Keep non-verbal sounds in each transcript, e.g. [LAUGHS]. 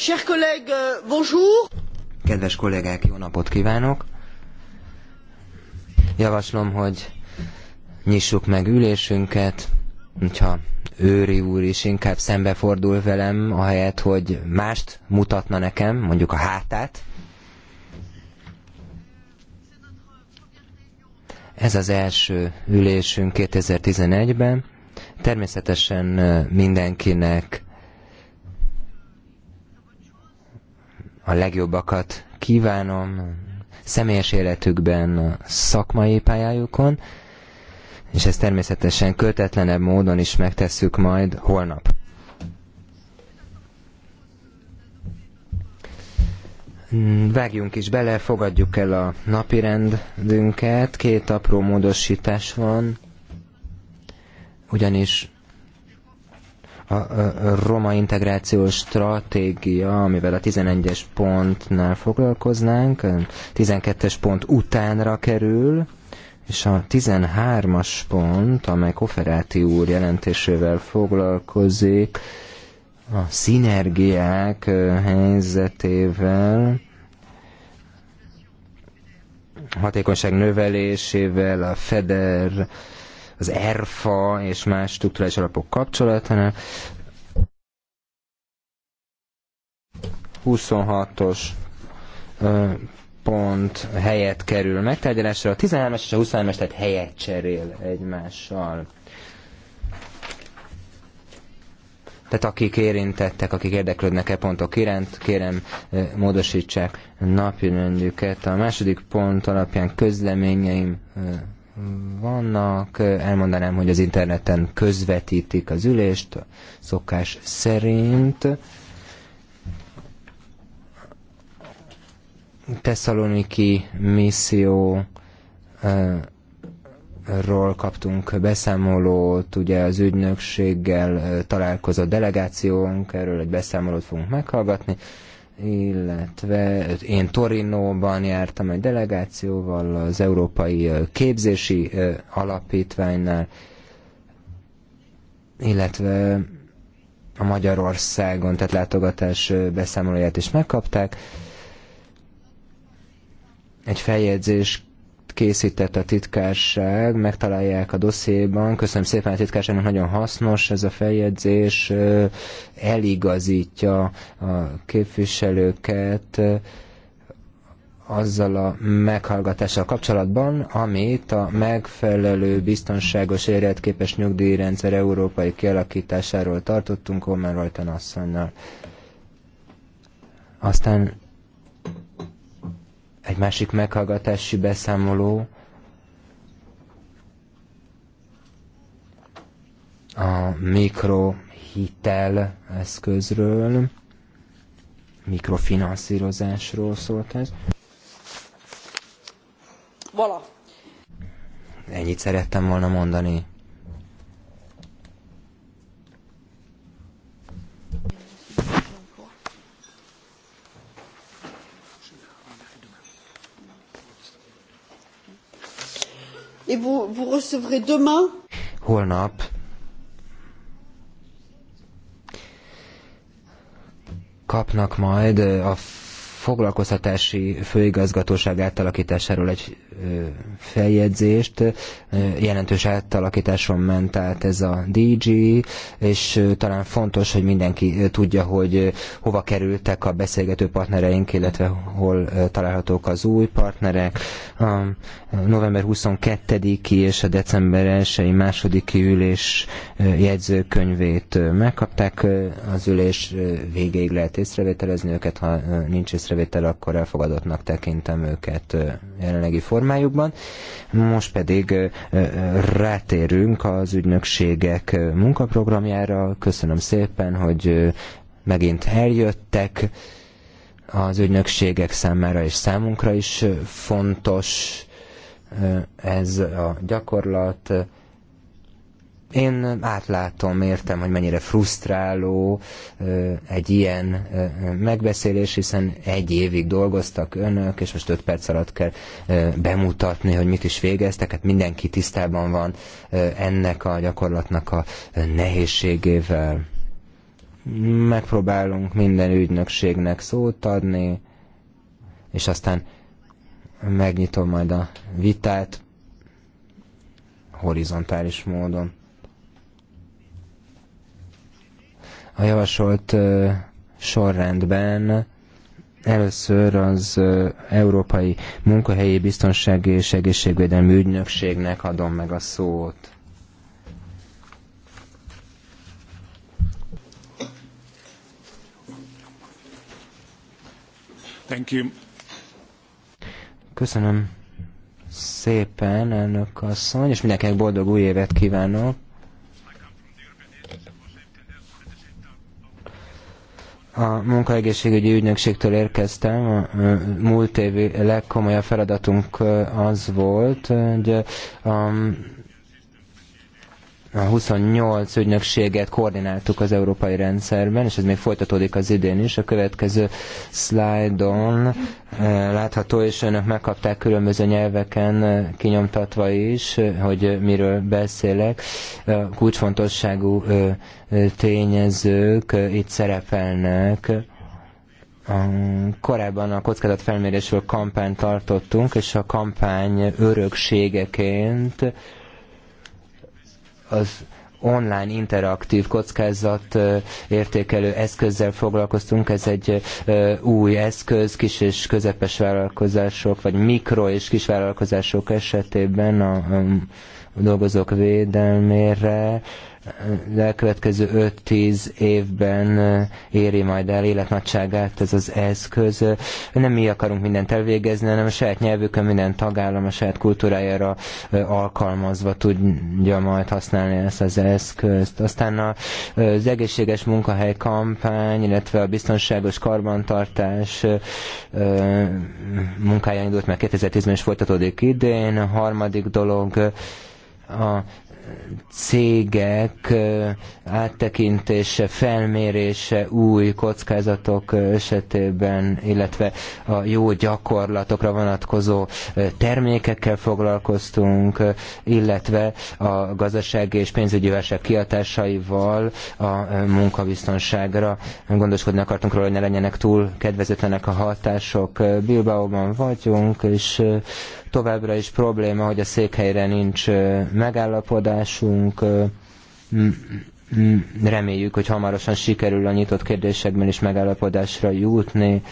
Euh, bonjour. Kedves kollégák, jó napot kívánok. Javaslom, hogy nyissuk meg ülésünket, hogyha őri úr is inkább szembefordul velem, ahelyett, hogy mást mutatna nekem, mondjuk a hátát. Ez az első ülésünk 2011-ben. Természetesen mindenkinek a legjobbakat kívánom személyes életükben, a szakmai pályájukon, és ezt természetesen kötetlenebb módon is megtesszük majd holnap. Vágjunk is bele, fogadjuk el a rendünket. két apró módosítás van, ugyanis a roma integrációs stratégia, amivel a 11-es pontnál foglalkoznánk, 12-es pont utánra kerül, és a 13-as pont, amely Koferáti úr jelentésével foglalkozik, a szinergiák helyzetével, hatékonyság növelésével, a FEDER az ERFA és más struktúrális alapok kapcsolatánál. 26-os pont helyet kerül megtárgyalásra, a 13-es és a 23-es tehát helyet cserél egymással. Tehát akik érintettek, akik érdeklődnek e pontok iránt, kérem módosítsák napi rendüket. A második pont alapján közleményeim vannak. Elmondanám, hogy az interneten közvetítik az ülést szokás szerint. Tesszaloniki misszió ról kaptunk beszámolót, ugye az ügynökséggel találkozott delegációnk, erről egy beszámolót fogunk meghallgatni illetve én Torinóban jártam egy delegációval az Európai Képzési Alapítványnál, illetve a Magyarországon, tehát látogatás beszámolóját is megkapták. Egy feljegyzés készített a titkárság, megtalálják a dossziéban. Köszönöm szépen a titkárságnak, nagyon hasznos ez a feljegyzés, eligazítja a képviselőket azzal a meghallgatással kapcsolatban, amit a megfelelő biztonságos életképes nyugdíjrendszer európai kialakításáról tartottunk Omer Rajtan asszonynal. Aztán egy másik meghallgatási beszámoló a mikrohitel eszközről, mikrofinanszírozásról szólt ez. Vala. Ennyit szerettem volna mondani. et vous, vous recevrez demain. Holnap kapnak majd eh, a foglalkoztatási főigazgatóság átalakításáról egy feljegyzést. Jelentős átalakításon ment át ez a DG, és talán fontos, hogy mindenki tudja, hogy hova kerültek a beszélgető partnereink, illetve hol találhatók az új partnerek. A november 22-i és a december 1-i második ülés jegyzőkönyvét megkapták. Az ülés végéig lehet észrevételezni őket, ha nincs észrevétel, akkor elfogadottnak tekintem őket jelenlegi formában formájukban. Most pedig rátérünk az ügynökségek munkaprogramjára. Köszönöm szépen, hogy megint eljöttek az ügynökségek számára és számunkra is fontos ez a gyakorlat. Én átlátom, értem, hogy mennyire frusztráló egy ilyen megbeszélés, hiszen egy évig dolgoztak önök, és most öt perc alatt kell bemutatni, hogy mit is végeztek. Hát mindenki tisztában van ennek a gyakorlatnak a nehézségével. Megpróbálunk minden ügynökségnek szót adni, és aztán megnyitom majd a vitát horizontális módon. a javasolt sorrendben először az Európai Munkahelyi Biztonsági és Egészségvédelmi Ügynökségnek adom meg a szót. Thank you. Köszönöm szépen, elnök asszony, és mindenkinek boldog új évet kívánok. A munkaegészségügyi ügynökségtől érkeztem, a múlt évi legkomolyabb feladatunk az volt, hogy a a 28 ügynökséget koordináltuk az európai rendszerben, és ez még folytatódik az idén is. A következő szlájdon eh, látható, és önök megkapták különböző nyelveken eh, kinyomtatva is, eh, hogy miről beszélek. A kulcsfontosságú tényezők itt szerepelnek korábban a kockázatfelmérésről kampányt tartottunk, és a kampány örökségeként az online interaktív kockázat értékelő eszközzel foglalkoztunk. Ez egy új eszköz kis és közepes vállalkozások, vagy mikro és kis vállalkozások esetében a dolgozók védelmére következő 5-10 évben éri majd el életnagyságát ez az eszköz. Nem mi akarunk mindent elvégezni, hanem a saját nyelvükön minden tagállam a saját kultúrájára alkalmazva tudja majd használni ezt az eszközt. Aztán az egészséges munkahely kampány, illetve a biztonságos karbantartás munkája indult meg 2010-ben és folytatódik idén. A harmadik dolog a cégek áttekintése, felmérése új kockázatok esetében, illetve a jó gyakorlatokra vonatkozó termékekkel foglalkoztunk, illetve a gazdasági és pénzügyi válság kiatásaival a munkabiztonságra gondoskodni akartunk róla, hogy ne legyenek túl kedvezetlenek a hatások. Bilbaóban vagyunk, és Továbbra is probléma, hogy a székhelyre nincs megállapodásunk. Reméljük, hogy hamarosan sikerül a nyitott kérdésekben is megállapodásra jutni.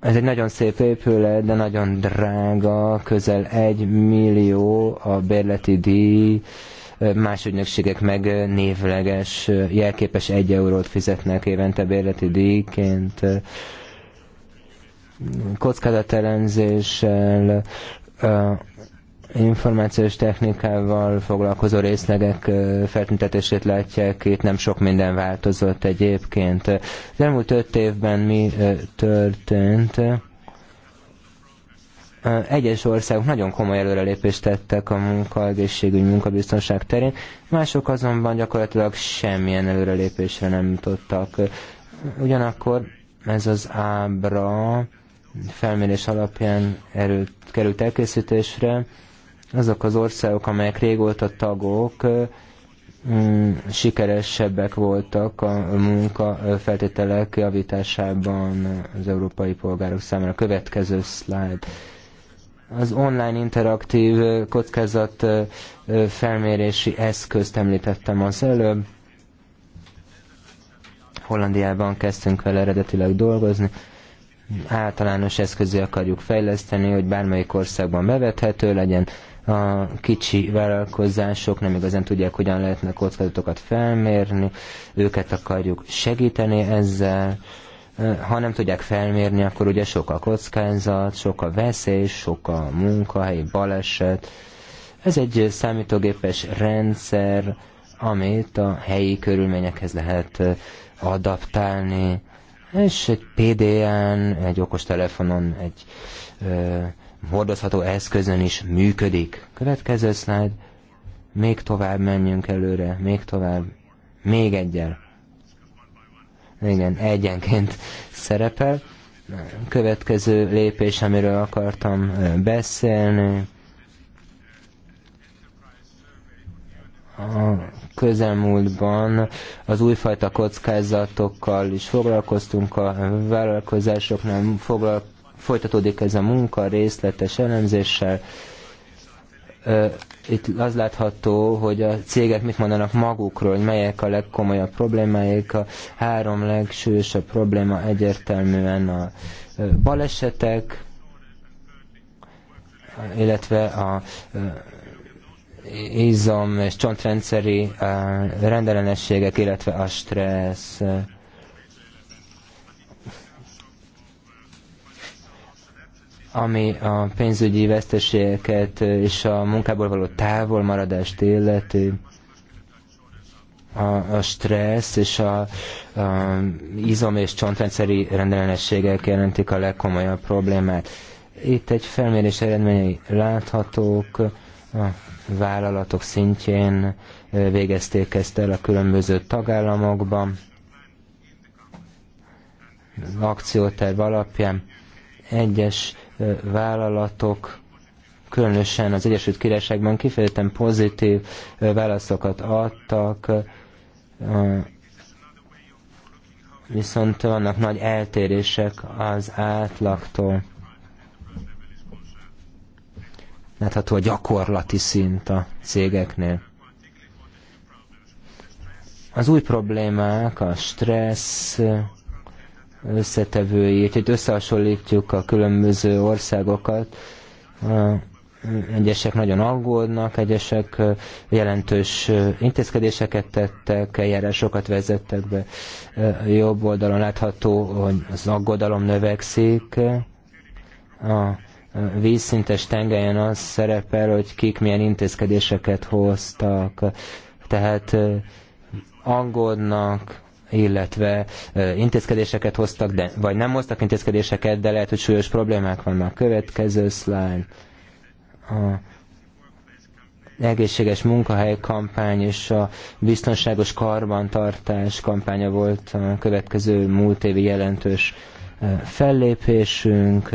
Ez egy nagyon szép épület, de nagyon drága, közel egy millió a bérleti díj, más ügynökségek meg névleges, jelképes egy eurót fizetnek évente bérleti díjként kockázatelenzéssel, információs technikával foglalkozó részlegek feltüntetését látják, itt nem sok minden változott egyébként. Az elmúlt öt évben mi történt? Egyes országok nagyon komoly előrelépést tettek a munkaegészségügy, munkabiztonság terén, mások azonban gyakorlatilag semmilyen előrelépésre nem jutottak. Ugyanakkor ez az ábra felmérés alapján erőt, került elkészítésre. Azok az országok, amelyek régóta tagok, mm, sikeresebbek voltak a munka feltételek javításában az európai polgárok számára. Következő szlájd. Az online interaktív kockázat felmérési eszközt említettem az előbb. Hollandiában kezdtünk vele eredetileg dolgozni általános eszközé akarjuk fejleszteni, hogy bármelyik országban bevethető legyen, a kicsi vállalkozások nem igazán tudják, hogyan lehetne kockázatokat felmérni, őket akarjuk segíteni ezzel, ha nem tudják felmérni, akkor ugye sok a kockázat, sok a veszély, sok a munkahelyi baleset. Ez egy számítógépes rendszer, amit a helyi körülményekhez lehet adaptálni és egy PDN, egy okostelefonon, egy ö, hordozható eszközön is működik. Következő szlájd. még tovább menjünk előre, még tovább, még egyel. Igen, egyenként [LAUGHS] szerepel. Következő lépés, amiről akartam beszélni, közelmúltban az újfajta kockázatokkal is foglalkoztunk, a vállalkozásoknál foglal, folytatódik ez a munka részletes elemzéssel. Itt az látható, hogy a cégek mit mondanak magukról, hogy melyek a legkomolyabb problémáik, a három legsúlyosabb probléma egyértelműen a balesetek, illetve a izom és csontrendszeri eh, rendellenességek, illetve a stressz. ami a pénzügyi veszteségeket és a munkából való távolmaradást illeti, a, a stressz és a, a izom- és csontrendszeri rendellenességek jelentik a legkomolyabb problémát. Itt egy felmérés eredményei láthatók, a vállalatok szintjén végezték ezt el a különböző tagállamokban, akcióterv alapján. Egyes vállalatok különösen az Egyesült Királyságban kifejezetten pozitív válaszokat adtak, viszont vannak nagy eltérések az átlagtól látható a gyakorlati szint a cégeknél. Az új problémák, a stressz összetevői, hogy összehasonlítjuk a különböző országokat, egyesek nagyon aggódnak, egyesek jelentős intézkedéseket tettek, eljárásokat vezettek be. Jobb oldalon látható, hogy az aggodalom növekszik, a vízszintes tengelyen az szerepel, hogy kik milyen intézkedéseket hoztak, tehát aggódnak, illetve intézkedéseket hoztak, de, vagy nem hoztak intézkedéseket, de lehet, hogy súlyos problémák vannak. Következő szlájd. A egészséges munkahely kampány és a biztonságos karbantartás kampánya volt a következő múlt évi jelentős fellépésünk.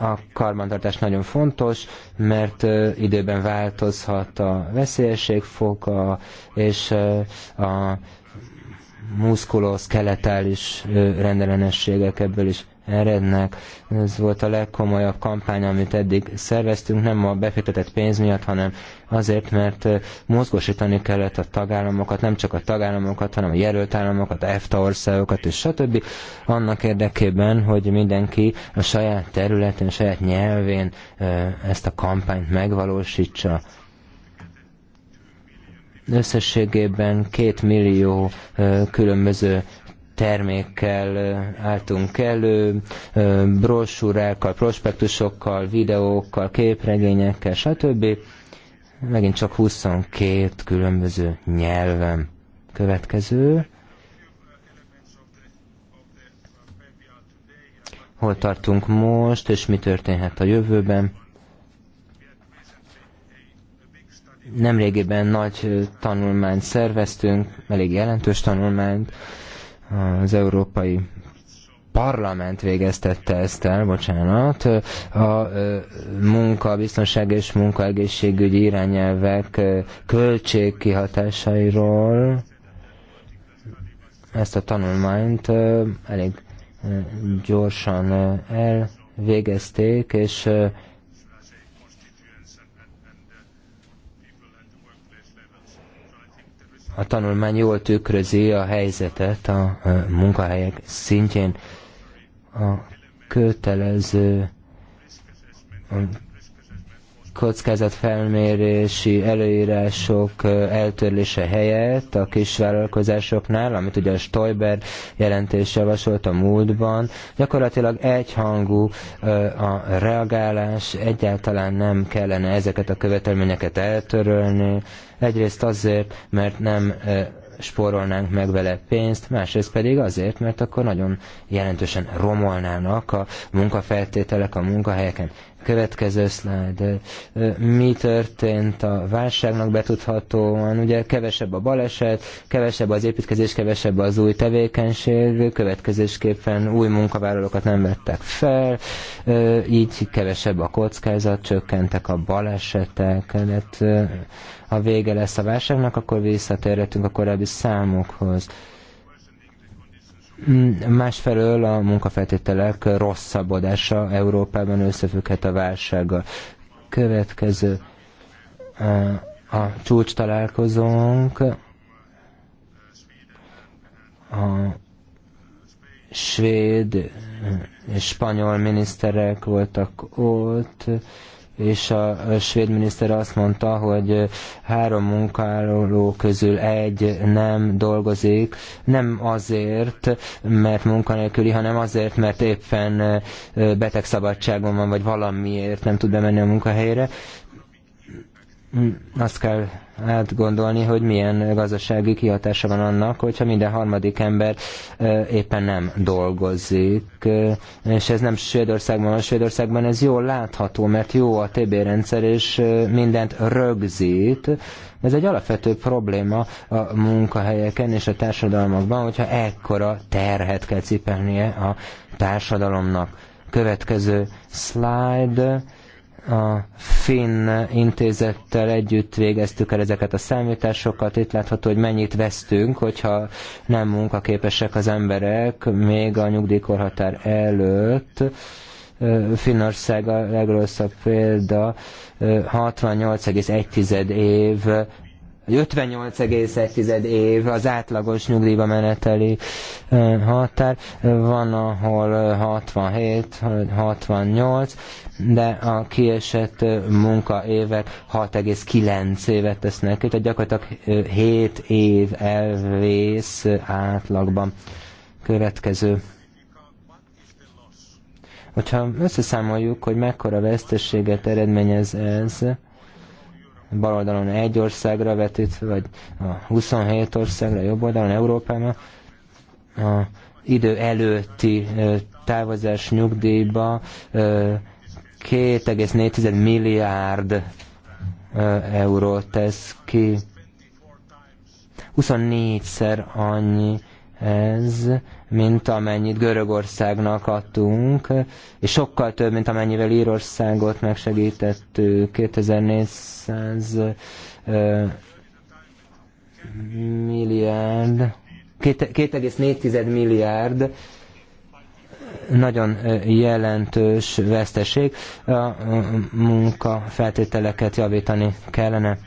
A karbantartás nagyon fontos, mert időben változhat a veszélyességfoka, és a muszkuloszkeletális rendellenességek ebből is erednek. Ez volt a legkomolyabb kampány, amit eddig szerveztünk, nem a befektetett pénz miatt, hanem azért, mert mozgósítani kellett a tagállamokat, nem csak a tagállamokat, hanem a jelölt államokat, EFTA országokat és stb. Annak érdekében, hogy mindenki a saját területén, a saját nyelvén ezt a kampányt megvalósítsa összességében két millió különböző termékkel álltunk elő, brosúrákkal, prospektusokkal, videókkal, képregényekkel, stb. Megint csak 22 különböző nyelven. Következő. Hol tartunk most, és mi történhet a jövőben? Nemrégiben nagy tanulmányt szerveztünk, elég jelentős tanulmányt, az Európai Parlament végeztette ezt el, bocsánat, a munka, biztonság és munkaegészségügyi irányelvek költségkihatásairól ezt a tanulmányt elég gyorsan elvégezték, és a tanulmány jól tükrözi a helyzetet a munkahelyek szintjén. A kötelező kockázatfelmérési előírások eltörlése helyett a kisvállalkozásoknál, amit ugye a Stoiber jelentés javasolt a múltban, gyakorlatilag egyhangú a reagálás, egyáltalán nem kellene ezeket a követelményeket eltörölni, Egyrészt azért, mert nem spórolnánk meg vele pénzt, másrészt pedig azért, mert akkor nagyon jelentősen romolnának a munkafeltételek a munkahelyeken. Következő szlájd. Mi történt a válságnak betudhatóan? Ugye kevesebb a baleset, kevesebb az építkezés, kevesebb az új tevékenység, következésképpen új munkavállalókat nem vettek fel, így kevesebb a kockázat, csökkentek a balesetek, de hát, ha vége lesz a válságnak, akkor visszatérhetünk a korábbi számokhoz. Mm, másfelől a munkafeltételek rosszabbodása Európában összefügghet a válsággal. Következő eh, a csúcs találkozónk a svéd és spanyol miniszterek voltak ott, és a svéd miniszter azt mondta, hogy három munkáló közül egy nem dolgozik, nem azért, mert munkanélküli, hanem azért, mert éppen betegszabadságon van, vagy valamiért nem tud bemenni a munkahelyre. Hm, azt kell átgondolni, hogy milyen gazdasági kihatása van annak, hogyha minden harmadik ember éppen nem dolgozik. És ez nem Svédországban van, Svédországban ez jól látható, mert jó a TB rendszer, és mindent rögzít. Ez egy alapvető probléma a munkahelyeken és a társadalmakban, hogyha ekkora terhet kell cipelnie a társadalomnak. Következő slide a Finn intézettel együtt végeztük el ezeket a számításokat. Itt látható, hogy mennyit vesztünk, hogyha nem munkaképesek az emberek még a nyugdíjkorhatár előtt. Finnország a legrosszabb példa, 68,1 év hogy 58,1 év az átlagos nyugdíjba meneteli határ, van ahol 67, 68, de a kiesett munkaévek 6,9 évet tesznek ki, tehát gyakorlatilag 7 év elvész átlagban. Következő hogyha összeszámoljuk, hogy mekkora veszteséget eredményez ez, bal oldalon egy országra vetítve, vagy a 27 országra, jobb oldalon Európában, a idő előtti távozás nyugdíjba 2,4 milliárd eurót tesz ki. 24-szer annyi, ez, mint amennyit Görögországnak adtunk, és sokkal több, mint amennyivel Írországot megsegítettük. 2400 milliárd, 2,4 milliárd nagyon jelentős veszteség. A munkafeltételeket javítani kellene.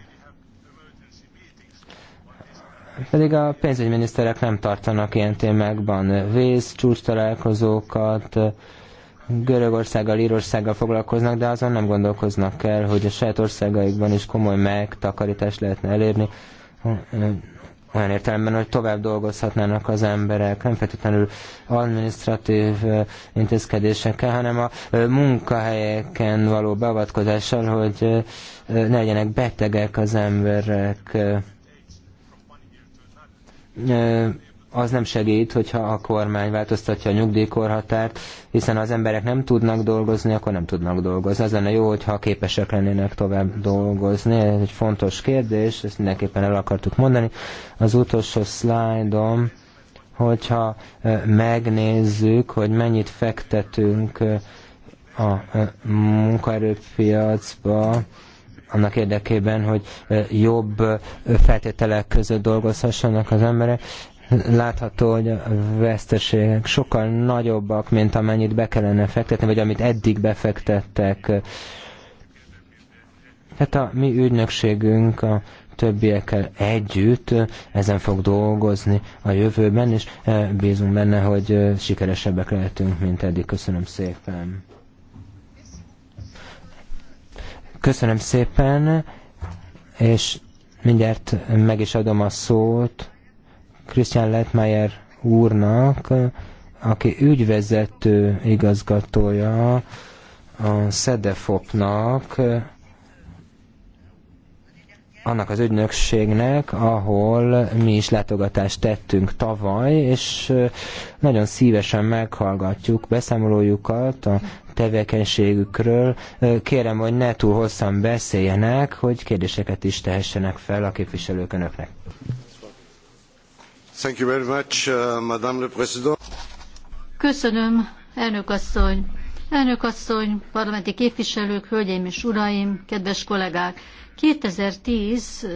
Pedig a pénzügyminiszterek nem tartanak ilyen témákban vész, csúcs találkozókat, Görögországgal, Írországgal foglalkoznak, de azon nem gondolkoznak el, hogy a saját országaikban is komoly megtakarítást lehetne elérni. Olyan értelemben, hogy tovább dolgozhatnának az emberek, nem feltétlenül administratív intézkedésekkel, hanem a munkahelyeken való beavatkozással, hogy ne legyenek betegek az emberek az nem segít, hogyha a kormány változtatja a nyugdíjkorhatárt, hiszen ha az emberek nem tudnak dolgozni, akkor nem tudnak dolgozni. Az lenne jó, hogyha képesek lennének tovább dolgozni. Ez egy fontos kérdés, ezt mindenképpen el akartuk mondani. Az utolsó szlájdom, hogyha megnézzük, hogy mennyit fektetünk a munkaerőpiacba, annak érdekében, hogy jobb feltételek között dolgozhassanak az emberek, látható, hogy a veszteségek sokkal nagyobbak, mint amennyit be kellene fektetni, vagy amit eddig befektettek. Tehát a mi ügynökségünk a többiekkel együtt ezen fog dolgozni a jövőben, és bízunk benne, hogy sikeresebbek lehetünk, mint eddig. Köszönöm szépen! Köszönöm szépen, és mindjárt meg is adom a szót Christian Lettmeyer úrnak, aki ügyvezető igazgatója a SZEDEFOP-nak, annak az ügynökségnek, ahol mi is látogatást tettünk tavaly, és nagyon szívesen meghallgatjuk beszámolójukat a tevékenységükről. Kérem, hogy ne túl hosszan beszéljenek, hogy kérdéseket is tehessenek fel a képviselők önöknek. Thank you very much, uh, Madame le Köszönöm, elnök asszony. Elnök asszony, parlamenti képviselők, hölgyeim és uraim, kedves kollégák! 2010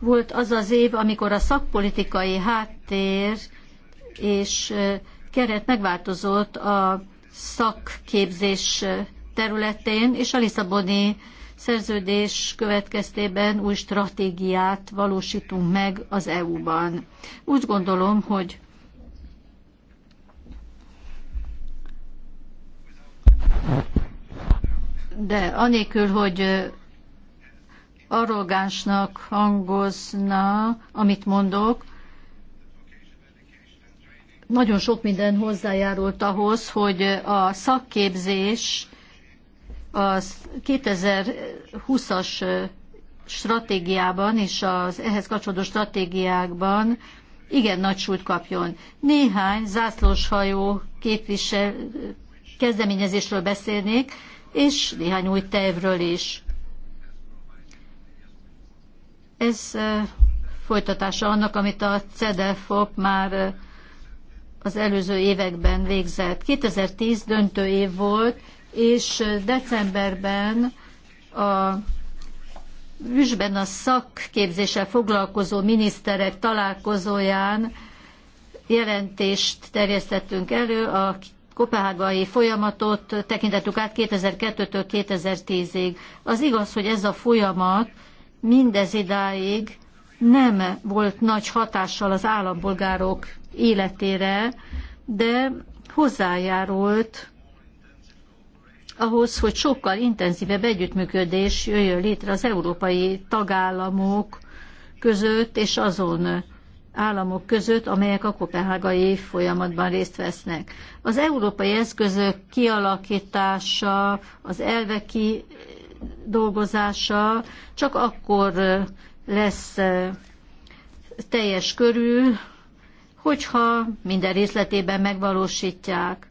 volt az az év, amikor a szakpolitikai háttér és keret megváltozott a szakképzés területén, és a Lisszaboni szerződés következtében új stratégiát valósítunk meg az EU-ban. Úgy gondolom, hogy de anélkül, hogy arrogánsnak hangozna, amit mondok, nagyon sok minden hozzájárult ahhoz, hogy a szakképzés a 2020-as stratégiában és az ehhez kapcsolódó stratégiákban igen nagy súlyt kapjon. Néhány zászlóshajó képvisel kezdeményezésről beszélnék, és néhány új tervről is. Ez folytatása annak, amit a CEDEFOP már az előző években végzett. 2010 döntő év volt, és decemberben a Üsben a szakképzéssel foglalkozó miniszterek találkozóján jelentést terjesztettünk elő, a kopehágai folyamatot tekintettük át 2002-től 2010-ig. Az igaz, hogy ez a folyamat mindez idáig nem volt nagy hatással az állampolgárok életére, de hozzájárult ahhoz, hogy sokkal intenzívebb együttműködés jöjjön létre az európai tagállamok között és azon államok között, amelyek a kopenhágai folyamatban részt vesznek. Az európai eszközök kialakítása, az elveki dolgozása csak akkor lesz teljes körű, hogyha minden részletében megvalósítják.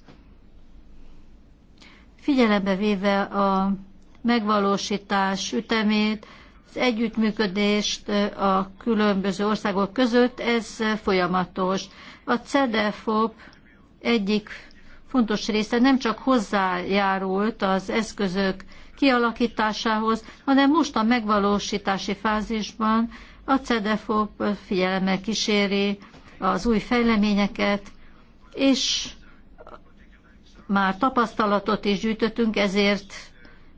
Figyelembe véve a megvalósítás ütemét, az együttműködést a különböző országok között, ez folyamatos. A CEDEFOP egyik fontos része nem csak hozzájárult az eszközök kialakításához, hanem most a megvalósítási fázisban a CEDEFOP figyelemmel kíséri az új fejleményeket, és már tapasztalatot is gyűjtöttünk, ezért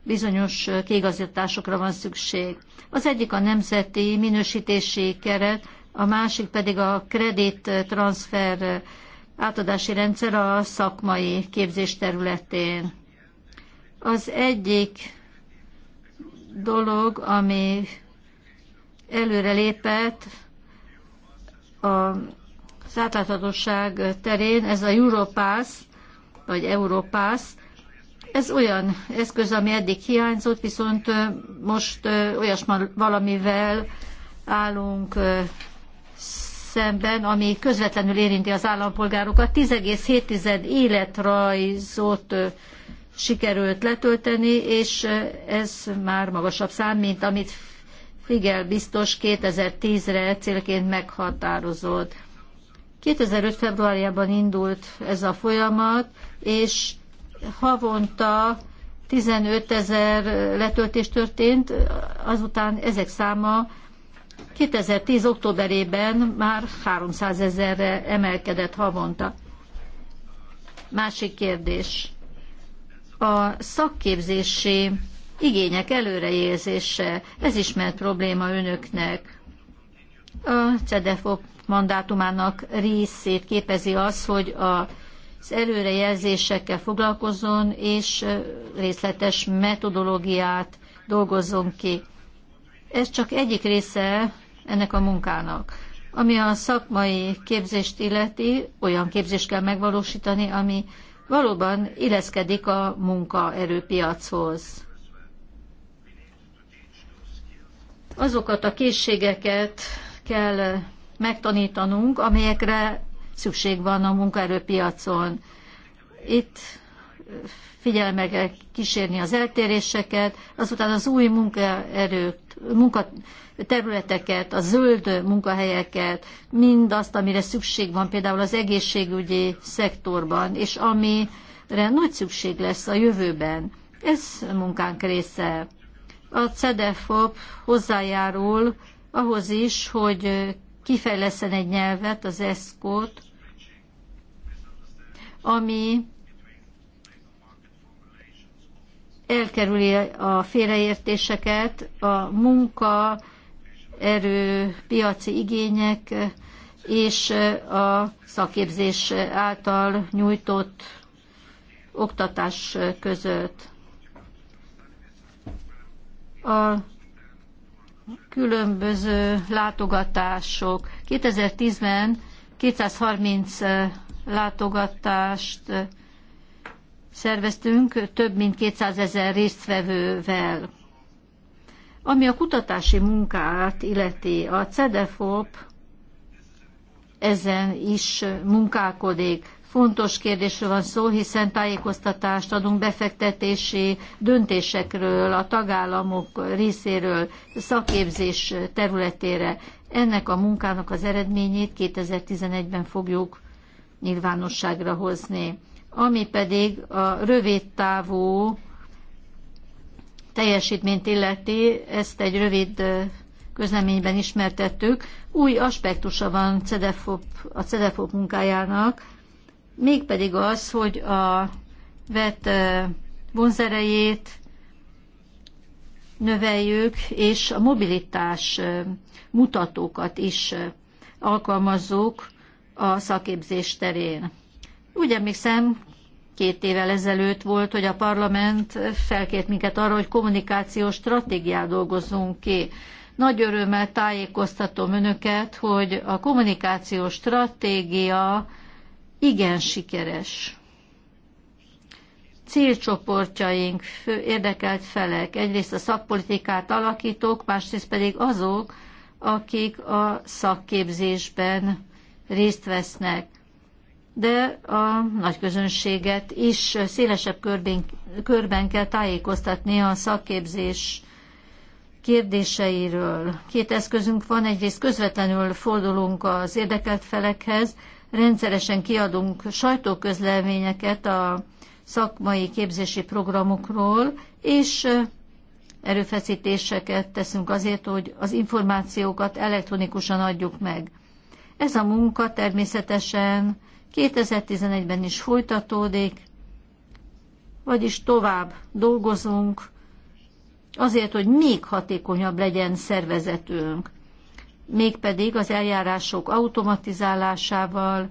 bizonyos kiigazításokra van szükség. Az egyik a nemzeti minősítési keret, a másik pedig a kredit transfer átadási rendszer a szakmai képzés területén. Az egyik dolog, ami előre lépett a az átláthatóság terén, ez a Europass, vagy Europass, ez olyan eszköz, ami eddig hiányzott, viszont most olyas valamivel állunk szemben, ami közvetlenül érinti az állampolgárokat. 10,7 életrajzot sikerült letölteni, és ez már magasabb szám, mint amit Figel biztos 2010-re célként meghatározott. 2005. februárjában indult ez a folyamat, és havonta 15 ezer letöltés történt, azután ezek száma 2010. októberében már 300 ezerre emelkedett havonta. Másik kérdés a szakképzési igények előrejelzése, ez ismert probléma önöknek. A CEDEFOP mandátumának részét képezi az, hogy a az előrejelzésekkel foglalkozzon, és részletes metodológiát dolgozzon ki. Ez csak egyik része ennek a munkának. Ami a szakmai képzést illeti, olyan képzést kell megvalósítani, ami valóban illeszkedik a munkaerőpiachoz. Azokat a készségeket kell megtanítanunk, amelyekre szükség van a munkaerőpiacon. Itt figyelemmel kell kísérni az eltéréseket, azután az új munkaerőt, munkaterületeket, a zöld munkahelyeket, mindazt, amire szükség van például az egészségügyi szektorban, és amire nagy szükség lesz a jövőben. Ez munkánk része. A CEDEFOP hozzájárul ahhoz is, hogy kifejleszen egy nyelvet, az ESZKót, ami elkerüli a félreértéseket, a munka, erő, piaci igények és a szakképzés által nyújtott oktatás között. A különböző látogatások. 2010-ben 230 látogatást szerveztünk több mint 200 ezer résztvevővel. Ami a kutatási munkát illeti, a CEDEFOP ezen is munkálkodik. Fontos kérdésről van szó, hiszen tájékoztatást adunk befektetési döntésekről, a tagállamok részéről, szakképzés területére. Ennek a munkának az eredményét 2011-ben fogjuk nyilvánosságra hozni. Ami pedig a rövid távú teljesítményt illeti, ezt egy rövid közleményben ismertettük, új aspektusa van CEDEFOP, a CEDEFOP munkájának, mégpedig az, hogy a vett vonzerejét növeljük, és a mobilitás mutatókat is alkalmazzuk a szaképzés terén. Úgy emlékszem, két évvel ezelőtt volt, hogy a parlament felkért minket arra, hogy kommunikációs stratégiát dolgozzunk ki. Nagy örömmel tájékoztatom önöket, hogy a kommunikációs stratégia igen sikeres. Célcsoportjaink, fő érdekelt felek, egyrészt a szakpolitikát alakítók, másrészt pedig azok, akik a szakképzésben részt vesznek de a nagy közönséget is szélesebb körben, körben kell tájékoztatni a szakképzés kérdéseiről. Két eszközünk van, egyrészt közvetlenül fordulunk az érdekelt felekhez, rendszeresen kiadunk sajtóközleményeket a szakmai képzési programokról, és erőfeszítéseket teszünk azért, hogy az információkat elektronikusan adjuk meg. Ez a munka természetesen 2011-ben is folytatódik, vagyis tovább dolgozunk azért, hogy még hatékonyabb legyen szervezetünk, mégpedig az eljárások automatizálásával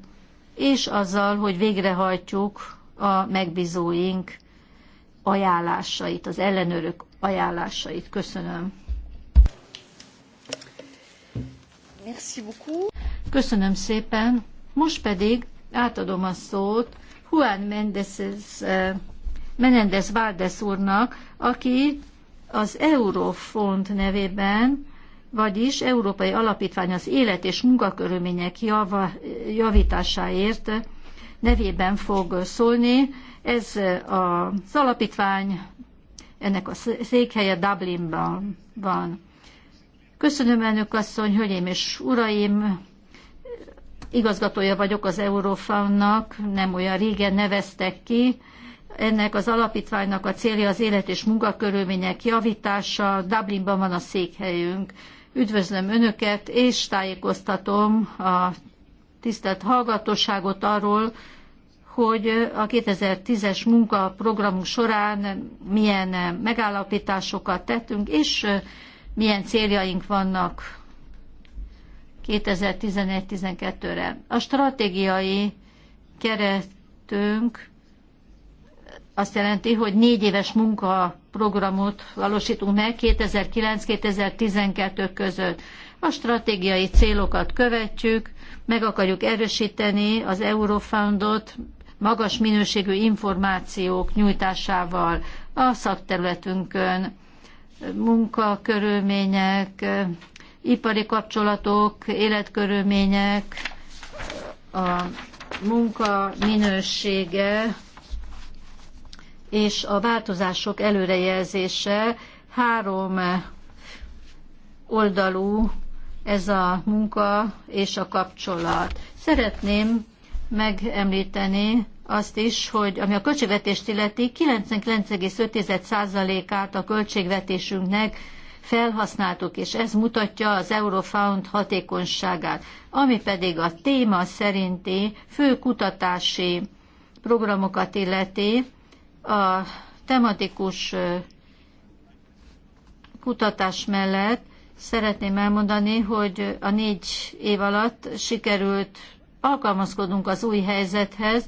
és azzal, hogy végrehajtjuk a megbízóink ajánlásait, az ellenőrök ajánlásait. Köszönöm. Köszönöm szépen. Most pedig átadom a szót Juan Mendezes, Menendez eh, Valdez úrnak, aki az Eurofond nevében, vagyis Európai Alapítvány az élet és munkakörülmények java, javításáért nevében fog szólni. Ez az alapítvány, ennek a székhelye Dublinban van. Köszönöm, elnök asszony, hölgyeim és uraim, igazgatója vagyok az Eurofaunnak, nem olyan régen neveztek ki. Ennek az alapítványnak a célja az élet és munkakörülmények javítása. Dublinban van a székhelyünk. Üdvözlöm Önöket, és tájékoztatom a tisztelt hallgatóságot arról, hogy a 2010-es munkaprogramunk során milyen megállapításokat tettünk, és milyen céljaink vannak 2011-12-re. A stratégiai keretünk azt jelenti, hogy négy éves munkaprogramot valósítunk meg 2009-2012 között. A stratégiai célokat követjük, meg akarjuk erősíteni az Eurofoundot magas minőségű információk nyújtásával a szakterületünkön, munkakörülmények, ipari kapcsolatok, életkörülmények, a munka minősége és a változások előrejelzése három oldalú ez a munka és a kapcsolat. Szeretném megemlíteni azt is, hogy ami a költségvetést illeti, 99,5%-át a költségvetésünknek felhasználtuk, és ez mutatja az Eurofound hatékonyságát, ami pedig a téma szerinti fő kutatási programokat illeti, a tematikus kutatás mellett szeretném elmondani, hogy a négy év alatt sikerült alkalmazkodnunk az új helyzethez,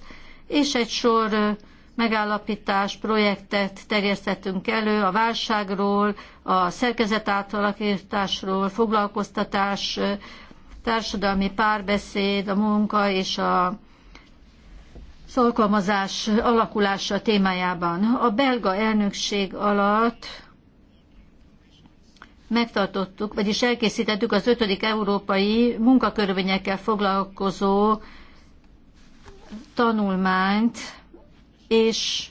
és egy sor megállapítás projektet terjesztettünk elő a válságról, a szerkezet átalakításról, foglalkoztatás, társadalmi párbeszéd, a munka és a szalkalmazás alakulása témájában. A belga elnökség alatt megtartottuk, vagyis elkészítettük az ötödik európai munkakörülményekkel foglalkozó tanulmányt, és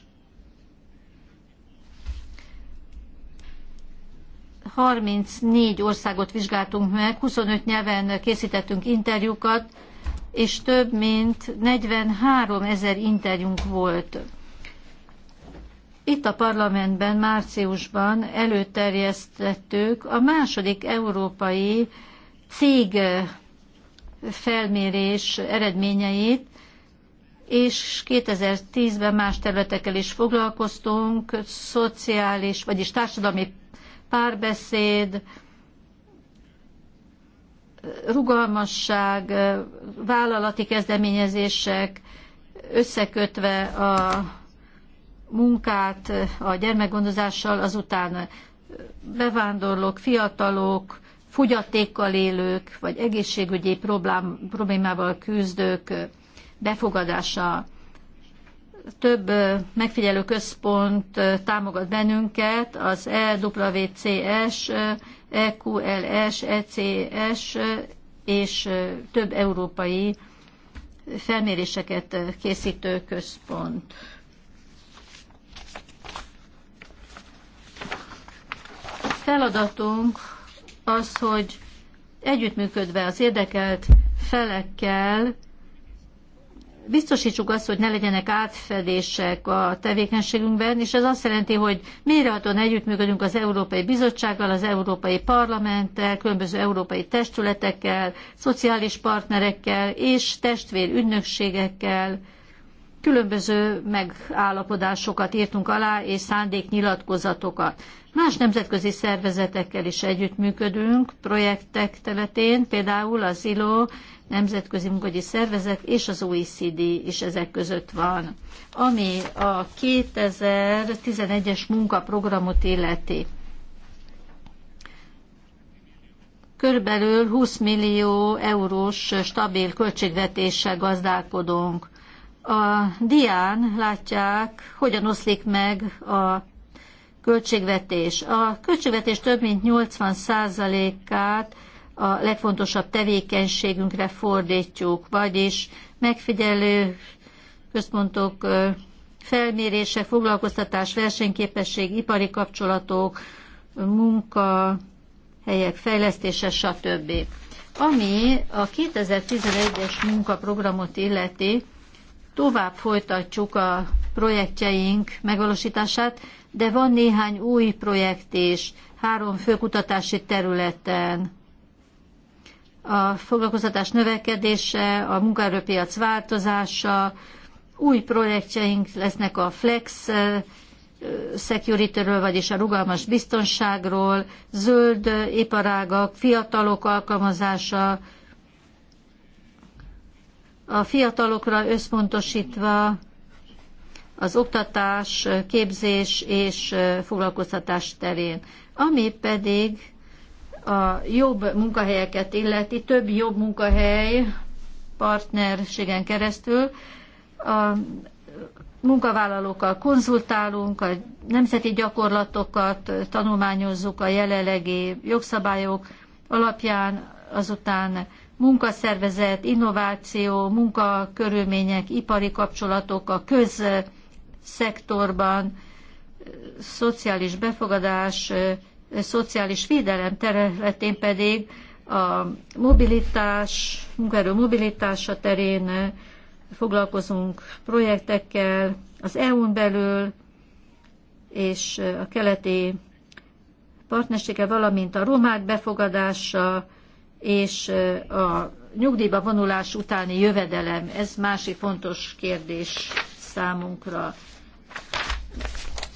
34 országot vizsgáltunk meg, 25 nyelven készítettünk interjúkat, és több mint 43 ezer interjúnk volt. Itt a parlamentben márciusban előterjesztettük a második európai cég felmérés eredményeit, és 2010-ben más területekkel is foglalkoztunk, szociális, vagyis társadalmi párbeszéd, rugalmasság, vállalati kezdeményezések, összekötve a munkát a gyermekgondozással, azután bevándorlók, fiatalok, fogyatékkal élők, vagy egészségügyi problémával küzdők befogadása. Több megfigyelő központ támogat bennünket, az EWCS, e EQLS, ECS és több európai felméréseket készítő központ. Feladatunk az, hogy együttműködve az érdekelt felekkel biztosítsuk azt, hogy ne legyenek átfedések a tevékenységünkben, és ez azt jelenti, hogy mérhetően együttműködünk az Európai Bizottsággal, az Európai Parlamenttel, különböző európai testületekkel, szociális partnerekkel és testvér ügynökségekkel, különböző megállapodásokat írtunk alá, és szándéknyilatkozatokat. Más nemzetközi szervezetekkel is együttműködünk projektek területén, például az ILO Nemzetközi Munkagyi Szervezet és az OECD is ezek között van. Ami a 2011-es munkaprogramot illeti. Körülbelül 20 millió eurós stabil költségvetéssel gazdálkodunk. A dián látják, hogyan oszlik meg a költségvetés. A költségvetés több mint 80%-át a legfontosabb tevékenységünkre fordítjuk, vagyis megfigyelő központok felmérése, foglalkoztatás, versenyképesség, ipari kapcsolatok, munka, helyek fejlesztése, stb. Ami a 2011-es munkaprogramot illeti, tovább folytatjuk a projektjeink megvalósítását, de van néhány új projekt is, három fő kutatási területen, a foglalkoztatás növekedése, a munkaerőpiac változása, új projektjeink lesznek a Flex security-ről, vagyis a rugalmas biztonságról, zöld iparágak, fiatalok alkalmazása, a fiatalokra összpontosítva az oktatás, képzés és foglalkoztatás terén, ami pedig a jobb munkahelyeket illeti, több jobb munkahely partnerségen keresztül a munkavállalókkal konzultálunk, a nemzeti gyakorlatokat tanulmányozzuk a jelenlegi jogszabályok alapján, azután munkaszervezet, innováció, munkakörülmények, ipari kapcsolatok a közszektorban, szociális befogadás, szociális védelem területén pedig a mobilitás, munkaerő mobilitása terén foglalkozunk projektekkel az EU-n belül, és a keleti partnersége, valamint a romák befogadása és a nyugdíjba vonulás utáni jövedelem. Ez másik fontos kérdés számunkra.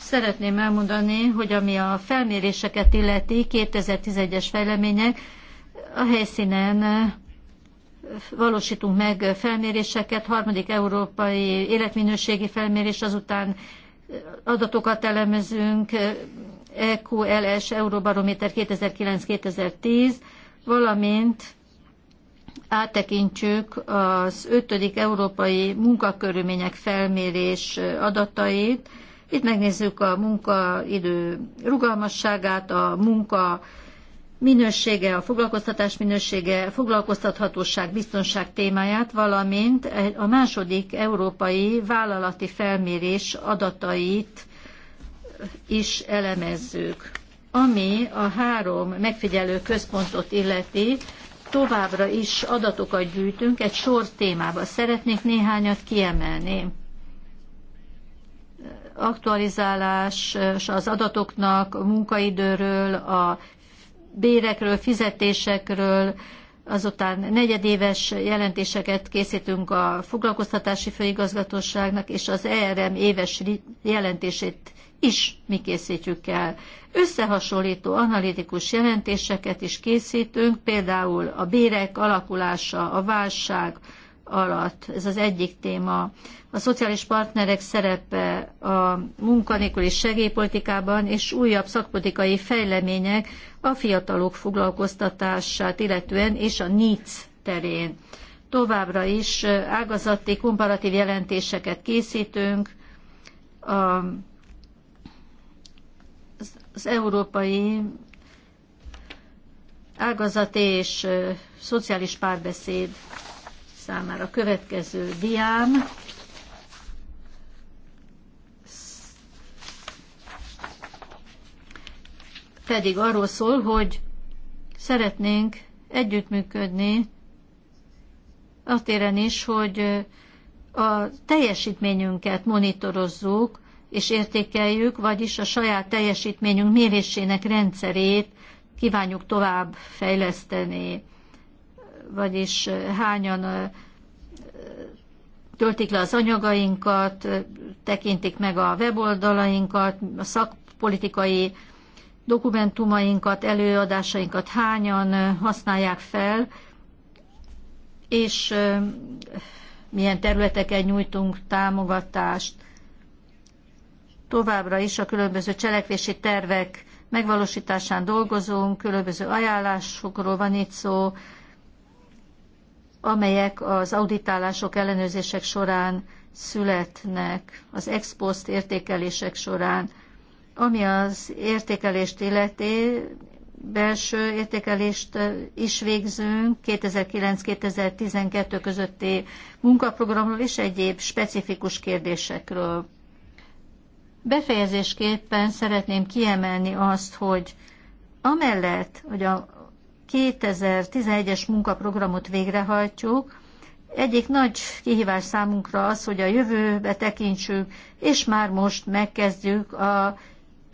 Szeretném elmondani, hogy ami a felméréseket illeti, 2011-es fejlemények, a helyszínen eh, valósítunk meg felméréseket, harmadik európai életminőségi felmérés, azután eh, adatokat elemezünk, EQLS Euróbarométer 2009-2010, valamint áttekintjük az ötödik európai munkakörülmények felmérés eh, adatait, itt megnézzük a munkaidő rugalmasságát, a munka minősége, a foglalkoztatás minősége, foglalkoztathatóság, biztonság témáját, valamint a második európai vállalati felmérés adatait is elemezzük. Ami a három megfigyelő központot illeti, továbbra is adatokat gyűjtünk egy sor témába. Szeretnék néhányat kiemelni aktualizálás az adatoknak, a munkaidőről, a bérekről, fizetésekről, azután negyedéves jelentéseket készítünk a foglalkoztatási főigazgatóságnak, és az ERM éves jelentését is mi készítjük el. Összehasonlító analitikus jelentéseket is készítünk, például a bérek alakulása, a válság, alatt. Ez az egyik téma. A szociális partnerek szerepe a munkanélküli segélypolitikában és újabb szakpolitikai fejlemények a fiatalok foglalkoztatását illetően és a NIC terén. Továbbra is ágazati komparatív jelentéseket készítünk. A az európai ágazati és szociális párbeszéd számára. A következő diám. pedig arról szól, hogy szeretnénk együttműködni a téren is, hogy a teljesítményünket monitorozzuk és értékeljük, vagyis a saját teljesítményünk mérésének rendszerét kívánjuk tovább fejleszteni vagyis hányan töltik le az anyagainkat, tekintik meg a weboldalainkat, a szakpolitikai dokumentumainkat, előadásainkat hányan használják fel, és milyen területeken nyújtunk támogatást. Továbbra is a különböző cselekvési tervek megvalósításán dolgozunk, különböző ajánlásokról van itt szó, amelyek az auditálások, ellenőrzések során születnek, az ex post értékelések során. Ami az értékelést illeti, belső értékelést is végzünk 2009-2012 közötti munkaprogramról és egyéb specifikus kérdésekről. Befejezésképpen szeretném kiemelni azt, hogy amellett, hogy a 2011-es munkaprogramot végrehajtjuk. Egyik nagy kihívás számunkra az, hogy a jövőbe tekintsünk, és már most megkezdjük a